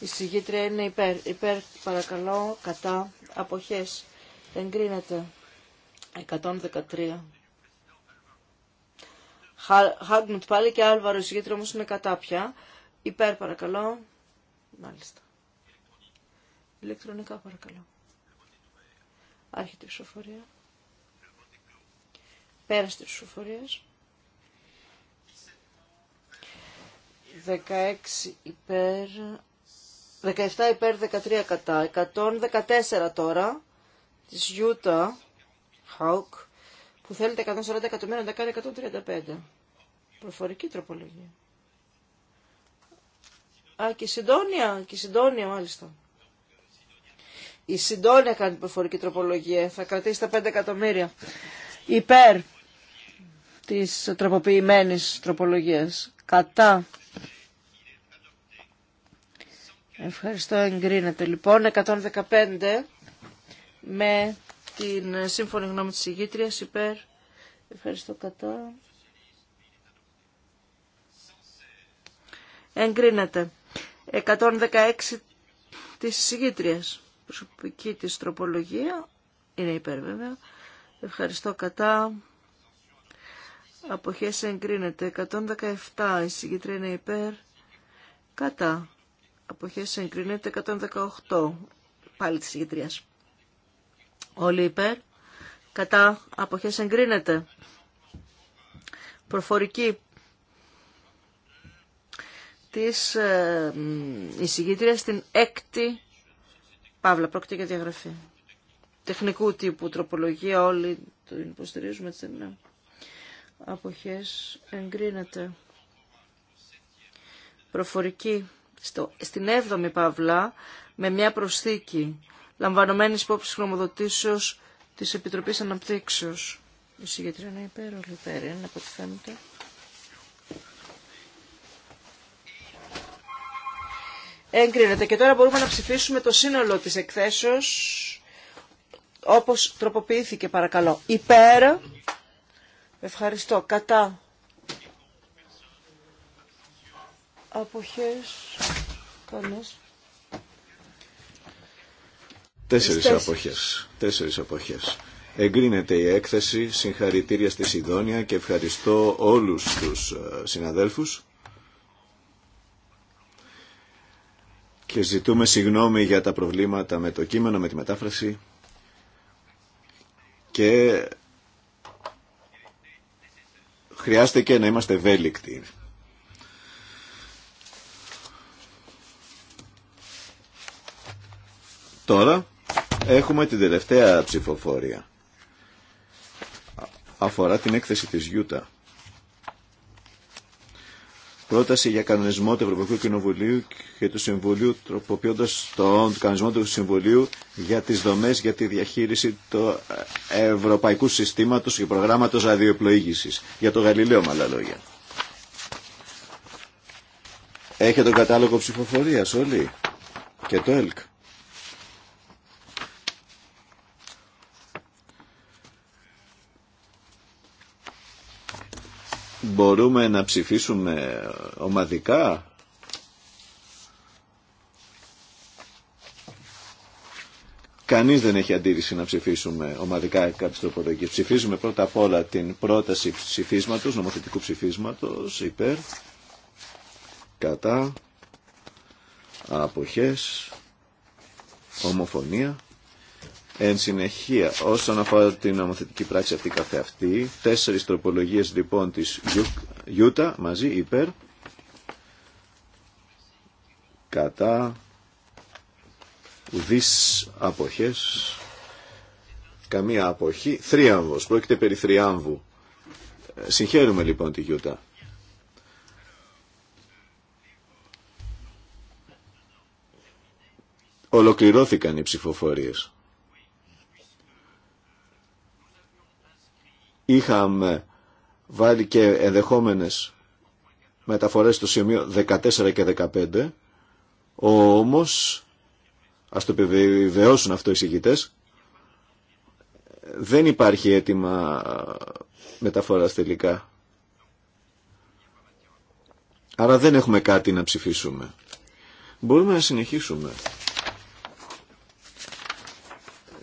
Η είναι υπέρ. Υπέρ παρακαλώ κατά αποχές. Δεν 113. Χαγνούντ πάλι και Άλβαρο η συγγήτρια όμως είναι κατά πια. Υπέρ παρακαλώ. Μάλιστα. Ηλεκτρονικά παρακαλώ. Άρχεται η ψηφοφορία. Πέραστε τη ψηφοφορία. 16 υπέρ, 17 υπέρ 13 κατά, 114 τώρα της Γιούτα Χαουκ που θέλετε 140 εκατομμύρια να κάνει 135. Προφορική τροπολογία. Α, και Συντόνια, και Συντόνια μάλιστα. Η συντόνια κάνει προφορική τροπολογία. Θα κρατήσει τα 5 εκατομμύρια υπέρ της τροποποιημένης τροπολογίας. Κατά. Ευχαριστώ, εγκρίνεται. Λοιπόν, 115 με την σύμφωνη γνώμη της ηγήτριας υπέρ. Ευχαριστώ, κατά. Εγκρίνεται. 116 της ηγήτριας προσωπική της τροπολογία. Είναι υπέρ βέβαια. Ευχαριστώ κατά. Αποχές εγκρίνεται. 117 η είναι υπέρ. Κατά. Αποχές εγκρίνεται. 118 πάλι της συγκήτριας. Όλοι υπέρ. Κατά. Αποχές εγκρίνεται. Προφορική της εισηγήτριας στην έκτη Παύλα, πρόκειται για διαγραφή. Τεχνικού τύπου τροπολογία, όλοι το υποστηρίζουμε έτσι δεν Αποχές εγκρίνεται. Προφορική στο, στην 7η Παύλα με μια προσθήκη λαμβανωμένη υπόψη χρωμοδοτήσεως της Επιτροπής Αναπτύξεως. Η συγκεκριμένη είναι υπέροχη, από φαίνεται. Εγκρίνεται. Και τώρα μπορούμε να ψηφίσουμε το σύνολο της εκθέσεως, όπως τροποποιήθηκε παρακαλώ. Υπέρ, ευχαριστώ, κατά, αποχές, κανένας. Τέσσερις αποχές. Τέσσερις αποχές. Εγκρίνεται η έκθεση, συγχαρητήρια στη Σιδόνια και ευχαριστώ όλους τους ε, συναδέλφους. και ζητούμε συγγνώμη για τα προβλήματα με το κείμενο, με τη μετάφραση και χρειάστηκε να είμαστε ευέλικτοι. Τώρα έχουμε την τελευταία ψηφοφόρια. Αφορά την έκθεση της Γιούτα πρόταση για κανονισμό του Ευρωπαϊκού Κοινοβουλίου και του Συμβουλίου, τροποποιώντα τον κανονισμό του Συμβουλίου για τι δομέ για τη διαχείριση του Ευρωπαϊκού Συστήματο και Προγράμματο Ραδιοπλοήγηση. Για το Γαλιλαίο, με άλλα λόγια. Έχετε τον κατάλογο ψηφοφορία όλοι και το ΕΛΚ. μπορούμε να ψηφίσουμε ομαδικά. Κανείς δεν έχει αντίρρηση να ψηφίσουμε ομαδικά κάποιες τροπολογίες. Ψηφίζουμε πρώτα απ' όλα την πρόταση ψηφίσματος, νομοθετικού ψηφίσματος, υπέρ, κατά, αποχές, ομοφωνία. Εν συνεχεία, όσον αφορά την νομοθετική πράξη αυτή καθεαυτή, τέσσερις τροπολογίες λοιπόν της Ιούτα μαζί υπέρ, κατά ουδείς αποχές, καμία αποχή, θρίαμβος, πρόκειται περί θριάμβου. Ε, συγχαίρουμε λοιπόν τη Γιούτα. Ολοκληρώθηκαν οι ψηφοφορίες. είχαμε βάλει και ενδεχόμενες μεταφορές στο σημείο 14 και 15, όμως, ας το επιβεβαιώσουν αυτό οι συγκητές, δεν υπάρχει αίτημα μεταφοράς τελικά. Άρα δεν έχουμε κάτι να ψηφίσουμε. Μπορούμε να συνεχίσουμε.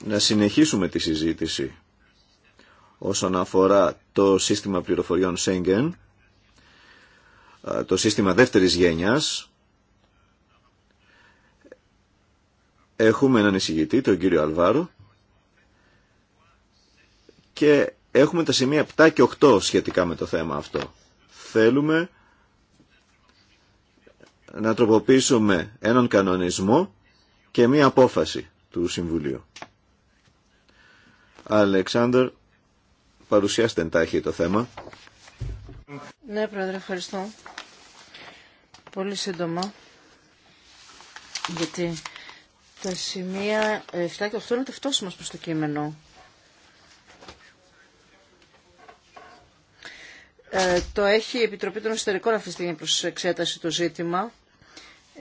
Να συνεχίσουμε τη συζήτηση όσον αφορά το σύστημα πληροφοριών Schengen, το σύστημα δεύτερης γένειας. Έχουμε έναν εισηγητή, τον κύριο Αλβάρο, και έχουμε τα σημεία 7 και 8 σχετικά με το θέμα αυτό. Θέλουμε να τροποποιήσουμε έναν κανονισμό και μία απόφαση του Συμβουλίου. Αλεξάνδρ, παρουσιάστε εντάχει το θέμα. Ναι, Πρόεδρε, ευχαριστώ. Πολύ σύντομα, γιατί τα σημεία 7 και 8 είναι ταυτόσιμα προς το κείμενο. Ε, το έχει η Επιτροπή των Ιστορικών αυτή τη στιγμή προς εξέταση το ζήτημα.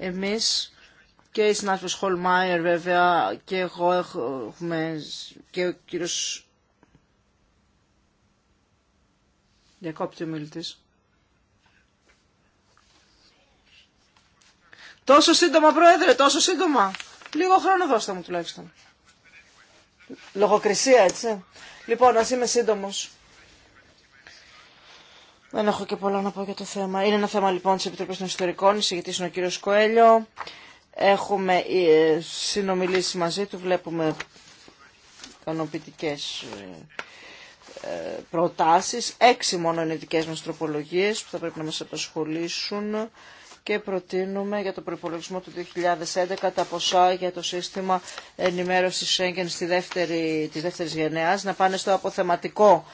Εμείς και η συνάδελφος Χολμάιερ βέβαια και εγώ έχουμε και ο κύριος Διακόπτει ο μιλητής. Τόσο σύντομα, Πρόεδρε, τόσο σύντομα. Λίγο χρόνο δώστε μου τουλάχιστον. Λογοκρισία, έτσι. Λοιπόν, ας είμαι σύντομος. Δεν έχω και πολλά να πω για το θέμα. Είναι ένα θέμα λοιπόν της Επιτροπής των Ιστορικών, εισηγητής είναι ο κύριος Κοέλιο. Έχουμε ε, συνομιλήσει μαζί του, βλέπουμε ικανοποιητικέ ε, προτάσεις, έξι μόνο είναι δικές μας τροπολογίες που θα πρέπει να μας απασχολήσουν και προτείνουμε για το προπολογισμό του 2011 τα ποσά για το σύστημα ενημέρωσης Σέγγεν στη δεύτερη, της δεύτερης γενεάς να πάνε στο αποθεματικό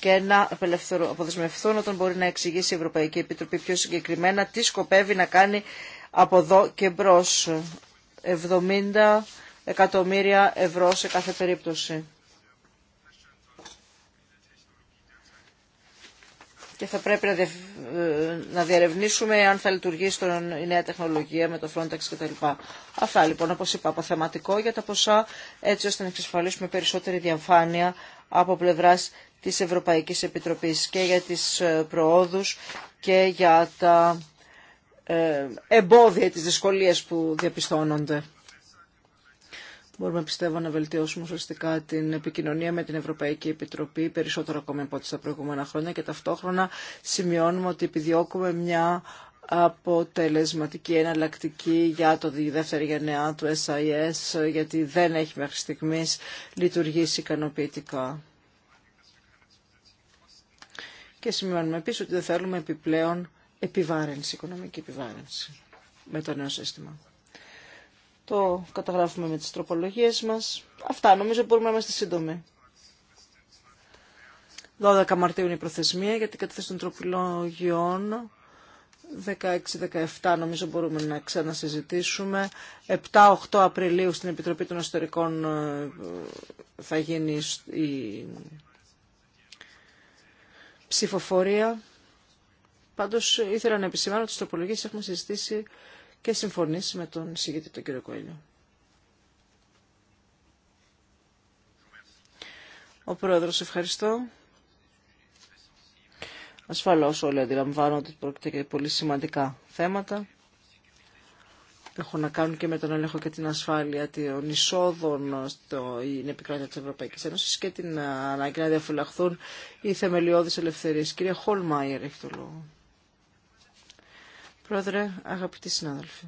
και να αποδεσμευθούν όταν μπορεί να εξηγήσει η Ευρωπαϊκή Επιτροπή πιο συγκεκριμένα τι σκοπεύει να κάνει από εδώ και μπρος. 70 εκατομμύρια ευρώ σε κάθε περίπτωση. και θα πρέπει να διαρευνήσουμε ε, αν θα λειτουργήσει τον, η νέα τεχνολογία με το Frontex κτλ. Αυτά λοιπόν, όπως είπα, θεματικό για τα ποσά, έτσι ώστε να εξασφαλίσουμε περισσότερη διαφάνεια από πλευράς της Ευρωπαϊκής Επιτροπής και για τις ε, προόδους και για τα ε, εμπόδια, τις δυσκολίες που διαπιστώνονται μπορούμε πιστεύω να βελτιώσουμε ουσιαστικά την επικοινωνία με την Ευρωπαϊκή Επιτροπή περισσότερο ακόμη από ό,τι στα προηγούμενα χρόνια και ταυτόχρονα σημειώνουμε ότι επιδιώκουμε μια αποτελεσματική εναλλακτική για το δεύτερη γενεά του SIS γιατί δεν έχει μέχρι στιγμής λειτουργήσει ικανοποιητικά. Και σημειώνουμε επίσης ότι δεν θέλουμε επιπλέον επιβάρυνση, οικονομική επιβάρυνση με το νέο σύστημα. Το καταγράφουμε με τις τροπολογίες μας. Αυτά νομίζω μπορούμε να είμαστε σύντομοι. 12 Μαρτίου είναι η προθεσμία για την καταθέση των τροπολογιών. 16-17 νομίζω μπορούμε να ξανασυζητήσουμε. 7-8 Απριλίου στην Επιτροπή των Ιστορικών ε, θα γίνει η ψηφοφορία. Πάντως ήθελα να επισημάνω ότι τις τροπολογίες έχουμε συζητήσει και συμφωνήσει με τον συγκεκριτή τον κύριο Κοέλιο. Ο Πρόεδρος, ευχαριστώ. Ασφαλώς όλοι αντιλαμβάνονται ότι πρόκειται για πολύ σημαντικά θέματα. Έχουν να κάνουν και με τον έλεγχο και την ασφάλεια των εισόδων στην επικράτεια της Ευρωπαϊκής Ένωσης και την ανάγκη να διαφυλαχθούν οι θεμελιώδεις ελευθερίες. Κύριε Χολμάιερ έχει το λόγο. Πρόεδρε, αγαπητοί συνάδελφοι.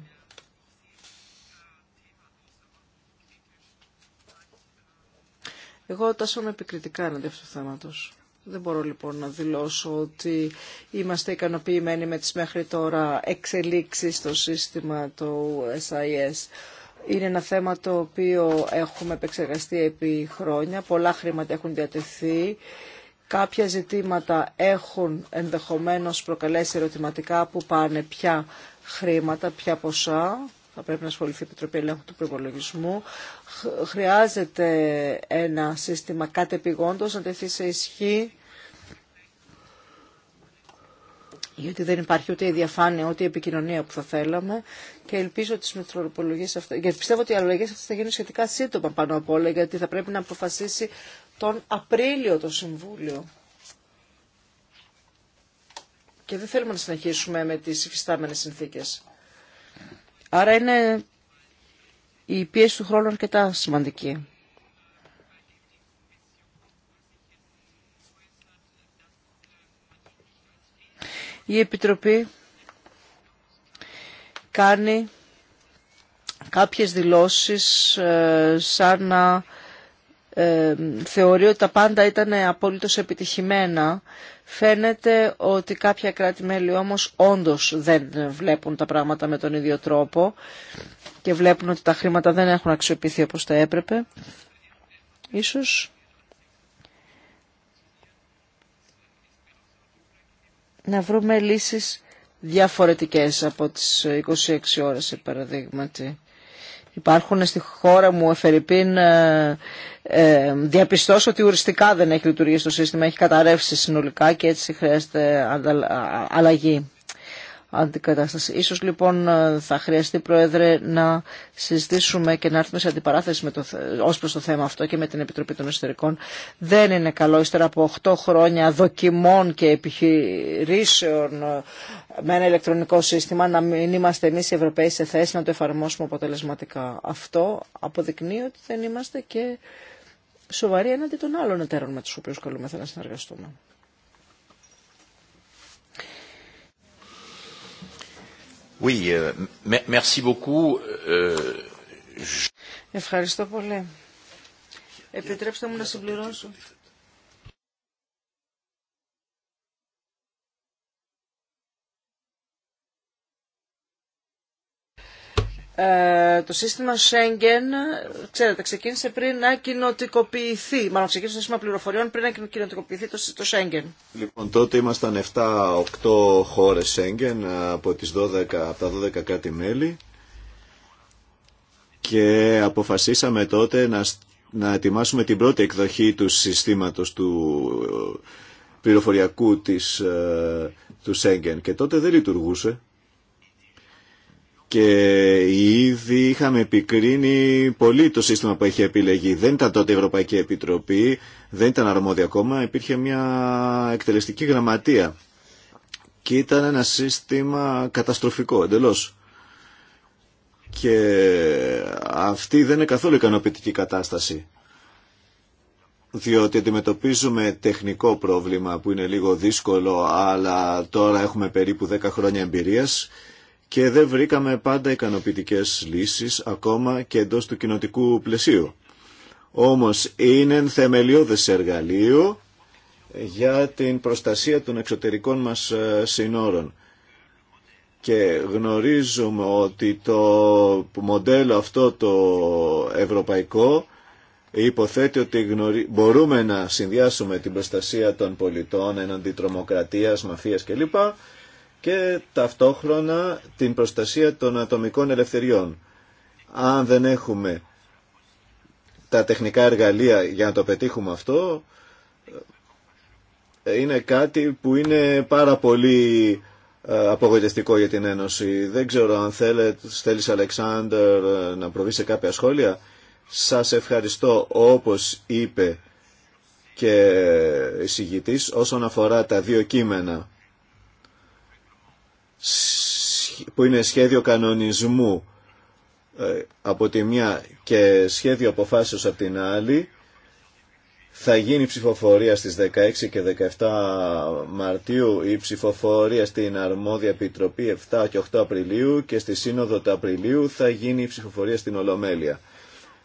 Εγώ τάσσομαι επικριτικά εναντί αυτού του θέματος. Δεν μπορώ λοιπόν να δηλώσω ότι είμαστε ικανοποιημένοι με τις μέχρι τώρα εξελίξεις στο σύστημα του SIS. Είναι ένα θέμα το οποίο έχουμε επεξεργαστεί επί χρόνια. Πολλά χρήματα έχουν διατεθεί. Κάποια ζητήματα έχουν ενδεχομένως προκαλέσει ερωτηματικά που πάνε πια χρήματα, πια ποσά. Θα πρέπει να ασχοληθεί η Επιτροπή Ελέγχου του Προπολογισμού. Χρειάζεται ένα σύστημα κατεπηγόντως να τεθεί σε ισχύ γιατί δεν υπάρχει ούτε η διαφάνεια, ούτε η επικοινωνία που θα θέλαμε. Και ελπίζω ότι μετροπολογίε Γιατί πιστεύω ότι οι αλλαγέ αυτέ θα γίνουν σχετικά σύντομα πάνω απ' όλα, γιατί θα πρέπει να αποφασίσει τον Απρίλιο το Συμβούλιο. Και δεν θέλουμε να συνεχίσουμε με τις υφιστάμενες συνθήκες. Άρα είναι η πίεση του χρόνου αρκετά σημαντική. Η Επιτροπή κάνει κάποιες δηλώσεις ε, σαν να θεωρεί ότι τα πάντα ήταν απόλυτος επιτυχημένα. Φαίνεται ότι κάποια κράτη-μέλη όμως όντως δεν βλέπουν τα πράγματα με τον ίδιο τρόπο και βλέπουν ότι τα χρήματα δεν έχουν αξιοποιηθεί όπως τα έπρεπε. Ίσως να βρούμε λύσεις διαφορετικές από τις 26 ώρες, παραδείγματι. Υπάρχουν στη χώρα μου, εφερειπίν, ε, ε διαπιστώσω ότι οριστικά δεν έχει λειτουργήσει το σύστημα, έχει καταρρεύσει συνολικά και έτσι χρειάζεται αλλαγή αντικατάσταση. Ίσως λοιπόν ε, θα χρειαστεί, Πρόεδρε, να συζητήσουμε και να έρθουμε σε αντιπαράθεση με το, ως προς το θέμα αυτό και με την Επιτροπή των Εσωτερικών. Δεν είναι καλό, ύστερα από 8 χρόνια δοκιμών και επιχειρήσεων ε, με ένα ηλεκτρονικό σύστημα, να μην είμαστε εμείς οι Ευρωπαίοι σε θέση να το εφαρμόσουμε αποτελεσματικά. Αυτό αποδεικνύει ότι δεν είμαστε και σοβαροί έναντι των άλλων εταίρων με τους οποίους καλούμεθα να συνεργαστούμε. Euh, euh, Ευχαριστώ πολύ. Επιτρέψτε μου να συμπληρώσω Ε, το σύστημα Schengen, ξέρετε, ξεκίνησε πριν να κοινοτικοποιηθεί. Μάλλον ξεκίνησε το σύστημα πληροφοριών πριν να κοινοτικοποιηθεί το, το Schengen. Λοιπόν, τότε ήμασταν 7-8 χώρε Schengen ε, από, τις 12, από τα 12 κράτη-μέλη και αποφασίσαμε τότε να, να ετοιμάσουμε την πρώτη εκδοχή του συστήματος του ε, πληροφοριακού της, του Schengen. Και τότε δεν λειτουργούσε και ήδη είχαμε επικρίνει πολύ το σύστημα που έχει επιλεγεί. Δεν ήταν τότε η Ευρωπαϊκή Επιτροπή, δεν ήταν αρμόδια ακόμα, υπήρχε μια εκτελεστική γραμματεία και ήταν ένα σύστημα καταστροφικό εντελώς. Και αυτή δεν είναι καθόλου ικανοποιητική κατάσταση διότι αντιμετωπίζουμε τεχνικό πρόβλημα που είναι λίγο δύσκολο αλλά τώρα έχουμε περίπου 10 χρόνια εμπειρίας και δεν βρήκαμε πάντα ικανοποιητικές λύσεις ακόμα και εντός του κοινοτικού πλαισίου. Όμως είναι θεμελιώδες εργαλείο για την προστασία των εξωτερικών μας ε, συνόρων. Και γνωρίζουμε ότι το μοντέλο αυτό το ευρωπαϊκό υποθέτει ότι μπορούμε να συνδυάσουμε την προστασία των πολιτών εναντί τρομοκρατίας, μαφίας κλπ και ταυτόχρονα την προστασία των ατομικών ελευθεριών. Αν δεν έχουμε τα τεχνικά εργαλεία για να το πετύχουμε αυτό, είναι κάτι που είναι πάρα πολύ ε, απογοητευτικό για την Ένωση. Δεν ξέρω αν θέλετε, θέλεις Αλεξάνδρ να προβεί σε κάποια σχόλια. Σας ευχαριστώ όπως είπε και εισηγητής όσον αφορά τα δύο κείμενα που είναι σχέδιο κανονισμού ε, από τη μια και σχέδιο αποφάσεως από την άλλη θα γίνει ψηφοφορία στις 16 και 17 Μαρτίου η ψηφοφορία στην Αρμόδια Επιτροπή 7 και 8 Απριλίου και στη Σύνοδο του Απριλίου θα γίνει η ψηφοφορία στην Ολομέλεια.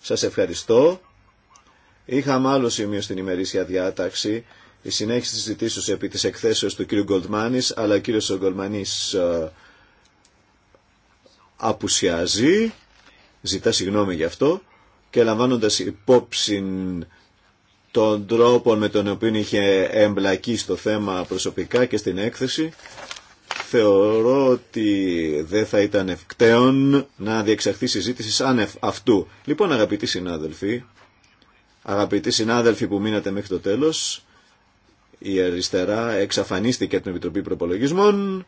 Σας ευχαριστώ. Είχαμε άλλο σημείο στην ημερήσια διάταξη η συνέχιση της ζητήσεως επί της εκθέσεως του κ. Γκολτμάνης, αλλά ο κ. Γκολτμάνης ε, απουσιάζει, ζητά συγγνώμη γι' αυτό, και λαμβάνοντας υπόψη τον τρόπων με τον οποίο είχε εμπλακεί στο θέμα προσωπικά και στην έκθεση, θεωρώ ότι δεν θα ήταν ευκταίον να διεξαχθεί συζήτηση σαν αυτού. Λοιπόν, αγαπητοί συνάδελφοι, αγαπητοί συνάδελφοι που μείνατε μέχρι το τέλος, η αριστερά εξαφανίστηκε από την Επιτροπή Προπολογισμών.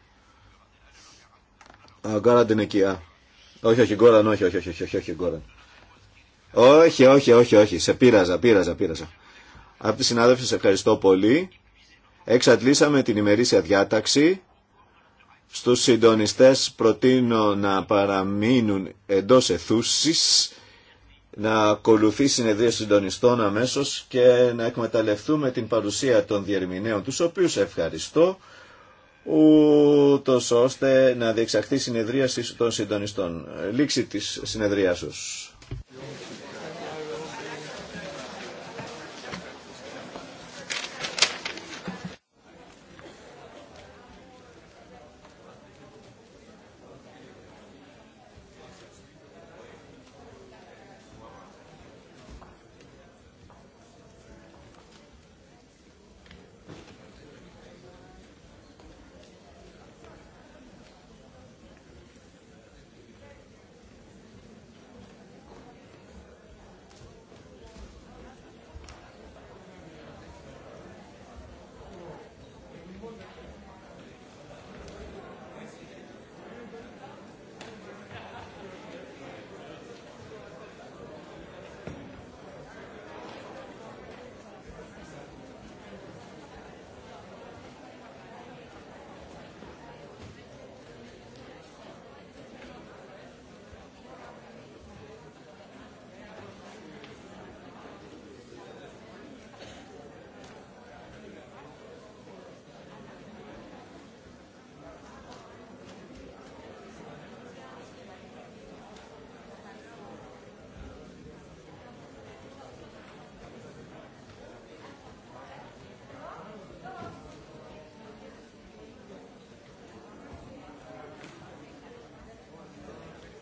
Γκόραν την οικία. Όχι, όχι, Γκόραν, όχι, όχι, όχι, όχι, όχι, όχι, Γκόραν. Όχι, όχι, όχι, όχι, σε πείραζα, πείραζα, πείραζα. Από τη συνάδελφη, σε ευχαριστώ πολύ. Εξατλήσαμε την ημερήσια διάταξη. Στους συντονιστές προτείνω να παραμείνουν εντός εθούσης να ακολουθεί συνεδρία συντονιστών αμέσως και να εκμεταλλευτούμε την παρουσία των διερμηνέων, τους οποίους ευχαριστώ, ούτως ώστε να διεξαχθεί συνεδρίαση των συντονιστών. Λήξη της συνεδρίασης.